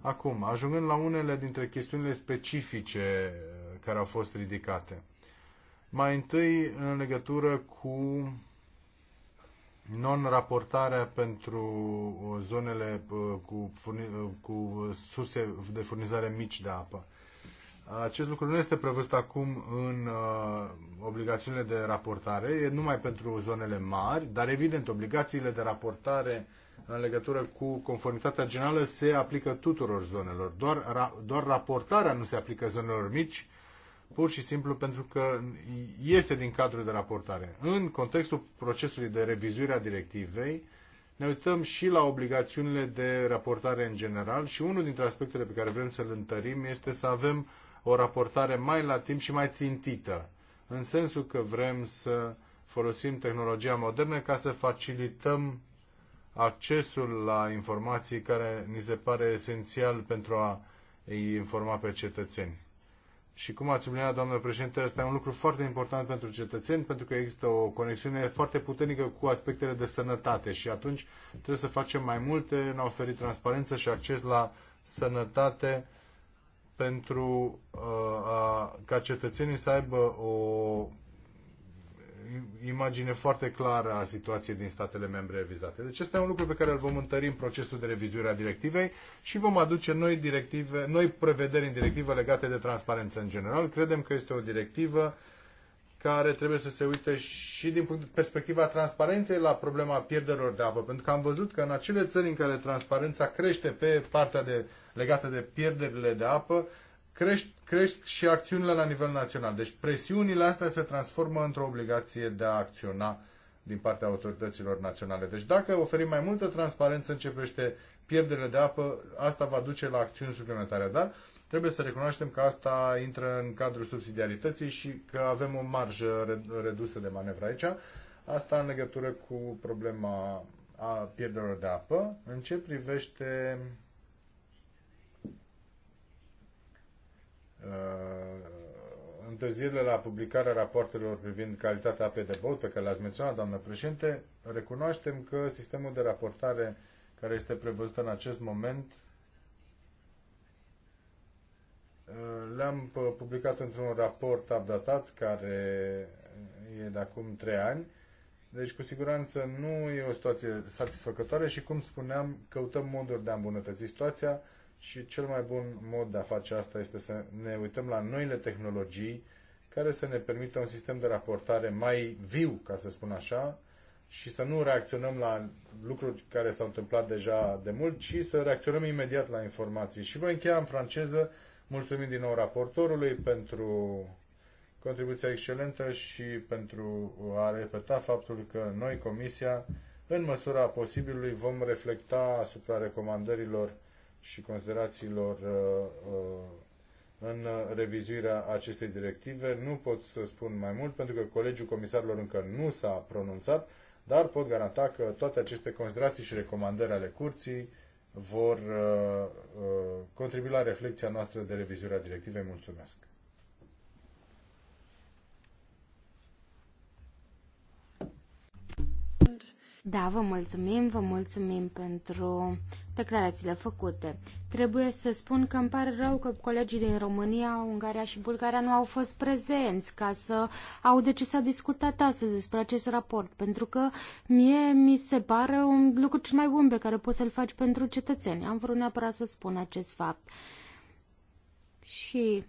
Acum, ajungând la unele dintre chestiunile specifice care au fost ridicate. Mai întâi, în legătură cu non-raportarea pentru uh, zonele uh, cu, uh, cu surse de furnizare mici de apă. Acest lucru nu este prevăzut acum în uh, obligațiunile de raportare, e numai pentru zonele mari, dar evident obligațiile de raportare în legătură cu conformitatea generală se aplică tuturor zonelor. Doar, ra, doar raportarea nu se aplică zonelor mici, pur și simplu pentru că iese din cadrul de raportare. În contextul procesului de revizuire a directivei, ne uităm și la obligațiunile de raportare în general și unul dintre aspectele pe care vrem să-l întărim este să avem o raportare mai la timp și mai țintită, în sensul că vrem să folosim tehnologia modernă ca să facilităm accesul la informații care ni se pare esențial pentru a îi informa pe cetățeni. Și cum ați subliniat, doamnă președinte, este e un lucru foarte important pentru cetățeni, pentru că există o conexiune foarte puternică cu aspectele de sănătate și atunci trebuie să facem mai multe în a oferi transparență și acces la sănătate pentru uh, a, ca cetățenii să aibă o imagine foarte clară a situației din statele membre vizate. Deci este un lucru pe care îl vom întări în procesul de revizuire a directivei și vom aduce noi, directive, noi prevederi în directivă legate de transparență în general. Credem că este o directivă care trebuie să se uite și din perspectiva transparenței la problema pierderilor de apă, pentru că am văzut că în acele țări în care transparența crește pe partea de, legată de pierderile de apă, crești, crești și acțiunile la nivel național. Deci presiunile astea se transformă într-o obligație de a acționa din partea autorităților naționale. Deci dacă oferim mai multă transparență în ce privește pierderile de apă, asta va duce la acțiuni suplimentare. Dar trebuie să recunoaștem că asta intră în cadrul subsidiarității și că avem o marjă redusă de manevră aici. Asta în legătură cu problema a pierderilor de apă. În ce privește Uh, întârzierile la publicarea raportelor privind calitatea apei de băut, pe care le-ați menționat, doamnă președinte, recunoaștem că sistemul de raportare care este prevăzut în acest moment uh, le-am uh, publicat într-un raport updatat care e de acum trei ani. Deci, cu siguranță, nu e o situație satisfăcătoare și, cum spuneam, căutăm moduri de a îmbunătăți situația și cel mai bun mod de a face asta este să ne uităm la noile tehnologii care să ne permită un sistem de raportare mai viu, ca să spun așa, și să nu reacționăm la lucruri care s-au întâmplat deja de mult, ci să reacționăm imediat la informații. Și voi încheia în franceză, mulțumim din nou raportorului pentru contribuția excelentă și pentru a repeta faptul că noi, Comisia, în măsura posibilului, vom reflecta asupra recomandărilor și considerațiilor uh, uh, în revizuirea acestei directive. Nu pot să spun mai mult pentru că Colegiul Comisarilor încă nu s-a pronunțat, dar pot garanta că toate aceste considerații și recomandări ale curții vor uh, contribui la reflexia noastră de revizuirea directivei. Mulțumesc! Da, vă mulțumim, vă mulțumim pentru declarațiile făcute. Trebuie să spun că îmi pare rău că colegii din România, Ungaria și Bulgaria nu au fost prezenți ca să de ce s-a discutat astăzi despre acest raport, pentru că mie mi se pare un lucru cel mai bun pe care poți să-l faci pentru cetățeni. Am vrut neapărat să spun acest fapt. Și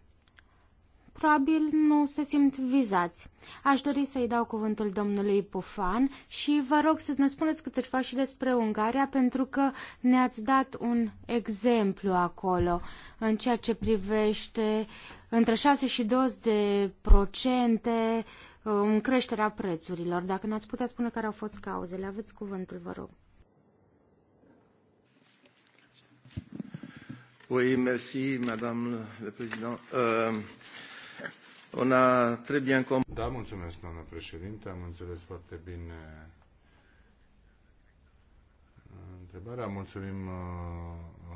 probabil nu se simt vizați. Aș dori să-i dau cuvântul domnului Pufan și vă rog să ne spuneți câte ceva și despre Ungaria, pentru că ne-ați dat un exemplu acolo în ceea ce privește între 6 și 20 de procente în um, creșterea prețurilor. Dacă ne-ați putea spune care au fost cauzele, aveți cuvântul, vă rog. Oui, merci, Madame le Président. Euh, On a très bien Da, mulțumesc, doamnă președinte. Am înțeles foarte bine uh, întrebarea. Mulțumim uh, uh,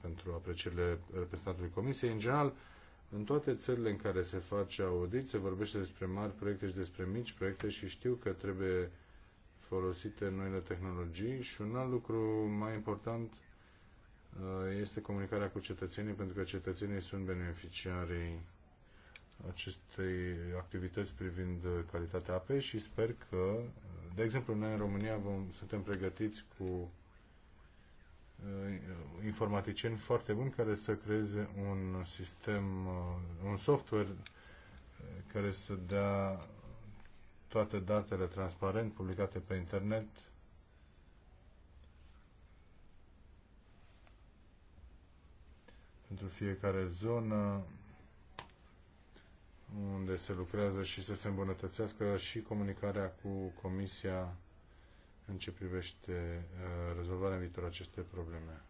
pentru aprecierile reprezentantului Comisiei. În general, în toate țările în care se face audit, se vorbește despre mari proiecte și despre mici proiecte și știu că trebuie folosite noile tehnologii și un alt lucru mai important uh, este comunicarea cu cetățenii, pentru că cetățenii sunt beneficiarii acestei activități privind calitatea apei și sper că, de exemplu, noi în România vom, suntem pregătiți cu uh, informaticieni foarte buni care să creeze un sistem, uh, un software uh, care să dea toate datele transparent publicate pe internet pentru fiecare zonă unde se lucrează și să se îmbunătățească și comunicarea cu Comisia în ce privește uh, rezolvarea în viitor acestei probleme.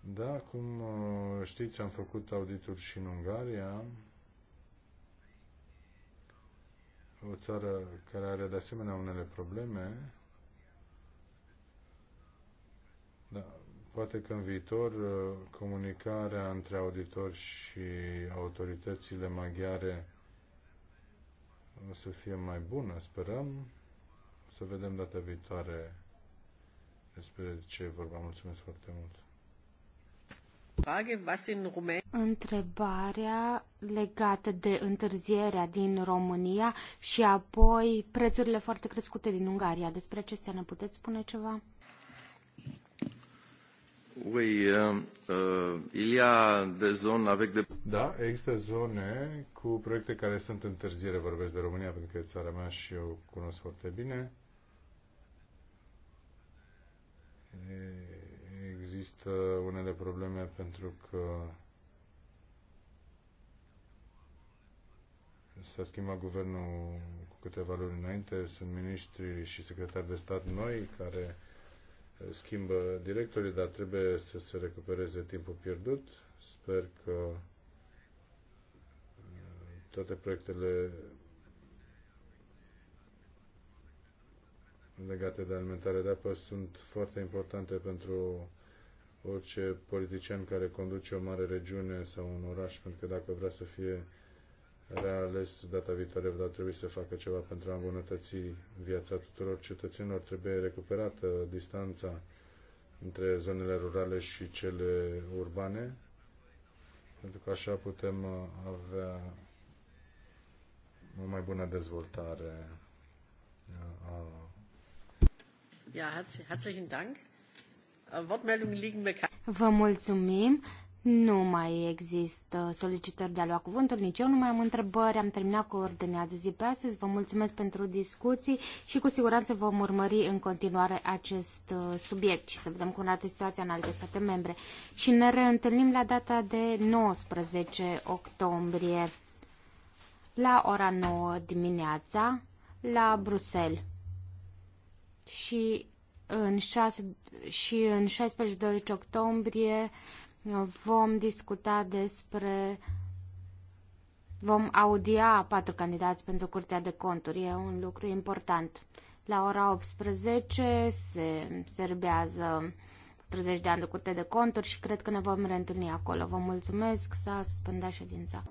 Da, cum uh, știți, am făcut audituri și în Ungaria, o țară care are de asemenea unele probleme. Da, Poate că în viitor uh, comunicarea între auditor și autoritățile maghiare o să fie mai bună, sperăm. O să vedem data viitoare despre ce e vorba. Mulțumesc foarte mult. Întrebarea legată de întârzierea din România și apoi prețurile foarte crescute din Ungaria. Despre acestea ne puteți spune ceva? Oui, euh, um, il y a des zones avec Da, există zone cu proiecte care sunt întârziere, vorbesc de România, pentru că e țara mea și eu cunosc foarte bine. Există unele probleme pentru că s-a schimbat guvernul cu câteva luni înainte, sunt miniștri și secretari de stat noi care schimbă directorii, dar trebuie să se recupereze timpul pierdut. Sper că uh, toate proiectele legate de alimentare de apă sunt foarte importante pentru orice politician care conduce o mare regiune sau un oraș, pentru că dacă vrea să fie reales data viitoare va trebui să facă ceva pentru a îmbunătăți viața tuturor cetățenilor. Trebuie recuperată distanța între zonele rurale și cele urbane, pentru că așa putem avea o mai bună dezvoltare a äh, Vă mulțumim. Nu mai există solicitări de a lua cuvântul, nici eu nu mai am întrebări, am terminat cu ordinea de zi pe astăzi, vă mulțumesc pentru discuții și cu siguranță vom urmări în continuare acest uh, subiect și să vedem cum arată situația în alte state membre. Și ne reîntâlnim la data de 19 octombrie, la ora 9 dimineața, la Bruxelles. Și în, 6, și în 16 octombrie Vom discuta despre Vom audia patru candidați pentru Curtea de Conturi. E un lucru important. La ora 18 se serbează 30 de ani de Curtea de Conturi și cred că ne vom reîntâlni acolo. Vă mulțumesc, s-a suspendat ședința.